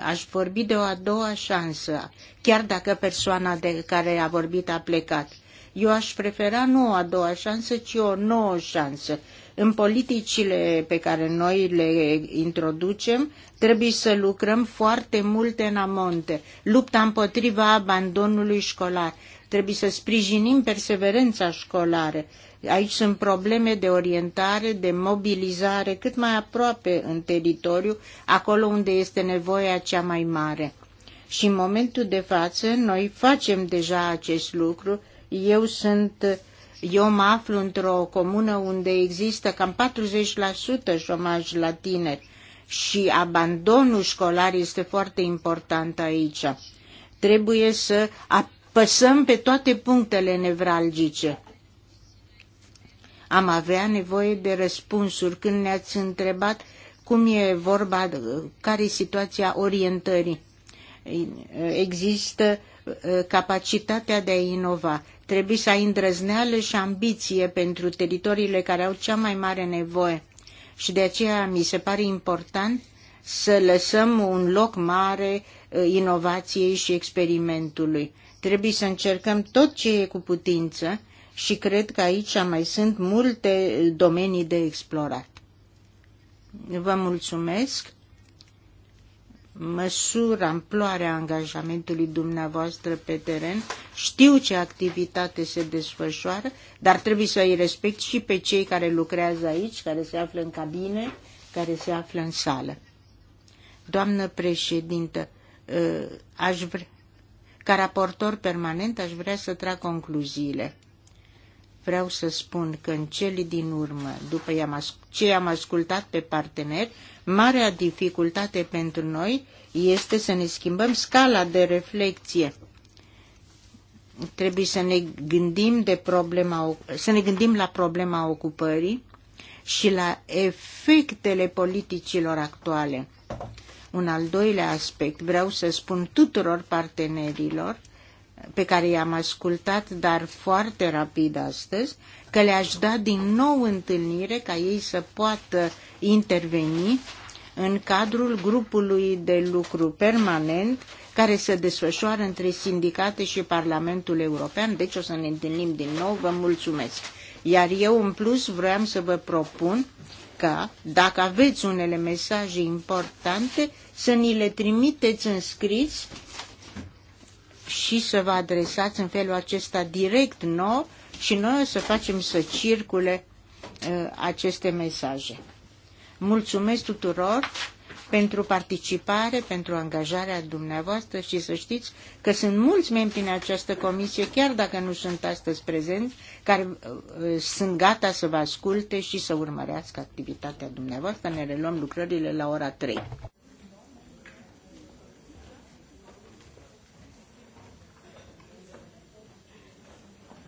Aș vorbi de o a doua șansă, chiar dacă persoana de care a vorbit a plecat. Eu aș prefera nu o a doua șansă, ci o nouă șansă. În politicile pe care noi le introducem, trebuie să lucrăm foarte mult în amonte. Lupta împotriva abandonului școlar. Trebuie să sprijinim perseverența școlară. Aici sunt probleme de orientare, de mobilizare, cât mai aproape în teritoriu, acolo unde este nevoia cea mai mare. Și în momentul de față, noi facem deja acest lucru. Eu sunt eu mă aflu într-o comună unde există cam 40% șomaj la tineri și abandonul școlar este foarte important aici. Trebuie să apăsăm pe toate punctele nevralgice. Am avea nevoie de răspunsuri când ne-ați întrebat cum e vorba, care e situația orientării. Există uh, capacitatea de a inova. Trebuie să ai îndrăzneală și ambiție pentru teritoriile care au cea mai mare nevoie. Și de aceea mi se pare important să lăsăm un loc mare uh, inovației și experimentului. Trebuie să încercăm tot ce e cu putință și cred că aici mai sunt multe uh, domenii de explorat. Vă mulțumesc măsur amploarea angajamentului dumneavoastră pe teren, știu ce activitate se desfășoară, dar trebuie să îi respect și pe cei care lucrează aici, care se află în cabine, care se află în sală. Doamnă președintă, ă, aș vrea, ca raportor permanent aș vrea să trag concluziile vreau să spun că în cele din urmă, după ce am ascultat pe parteneri, marea dificultate pentru noi este să ne schimbăm scala de reflexie. Trebuie să ne gândim, de problema, să ne gândim la problema ocupării și la efectele politicilor actuale. Un al doilea aspect vreau să spun tuturor partenerilor pe care i-am ascultat, dar foarte rapid astăzi, că le-aș da din nou întâlnire ca ei să poată interveni în cadrul grupului de lucru permanent care se desfășoară între sindicate și Parlamentul European. Deci o să ne întâlnim din nou. Vă mulțumesc. Iar eu, în plus, vreau să vă propun ca, dacă aveți unele mesaje importante, să ni le trimiteți în scris și să vă adresați în felul acesta direct nou și noi o să facem să circule ă, aceste mesaje. Mulțumesc tuturor pentru participare, pentru angajarea dumneavoastră și să știți că sunt mulți membri în această comisie, chiar dacă nu sunt astăzi prezenți, care uh, sunt gata să vă asculte și să urmărească activitatea dumneavoastră. Ne reluăm lucrările la ora 3.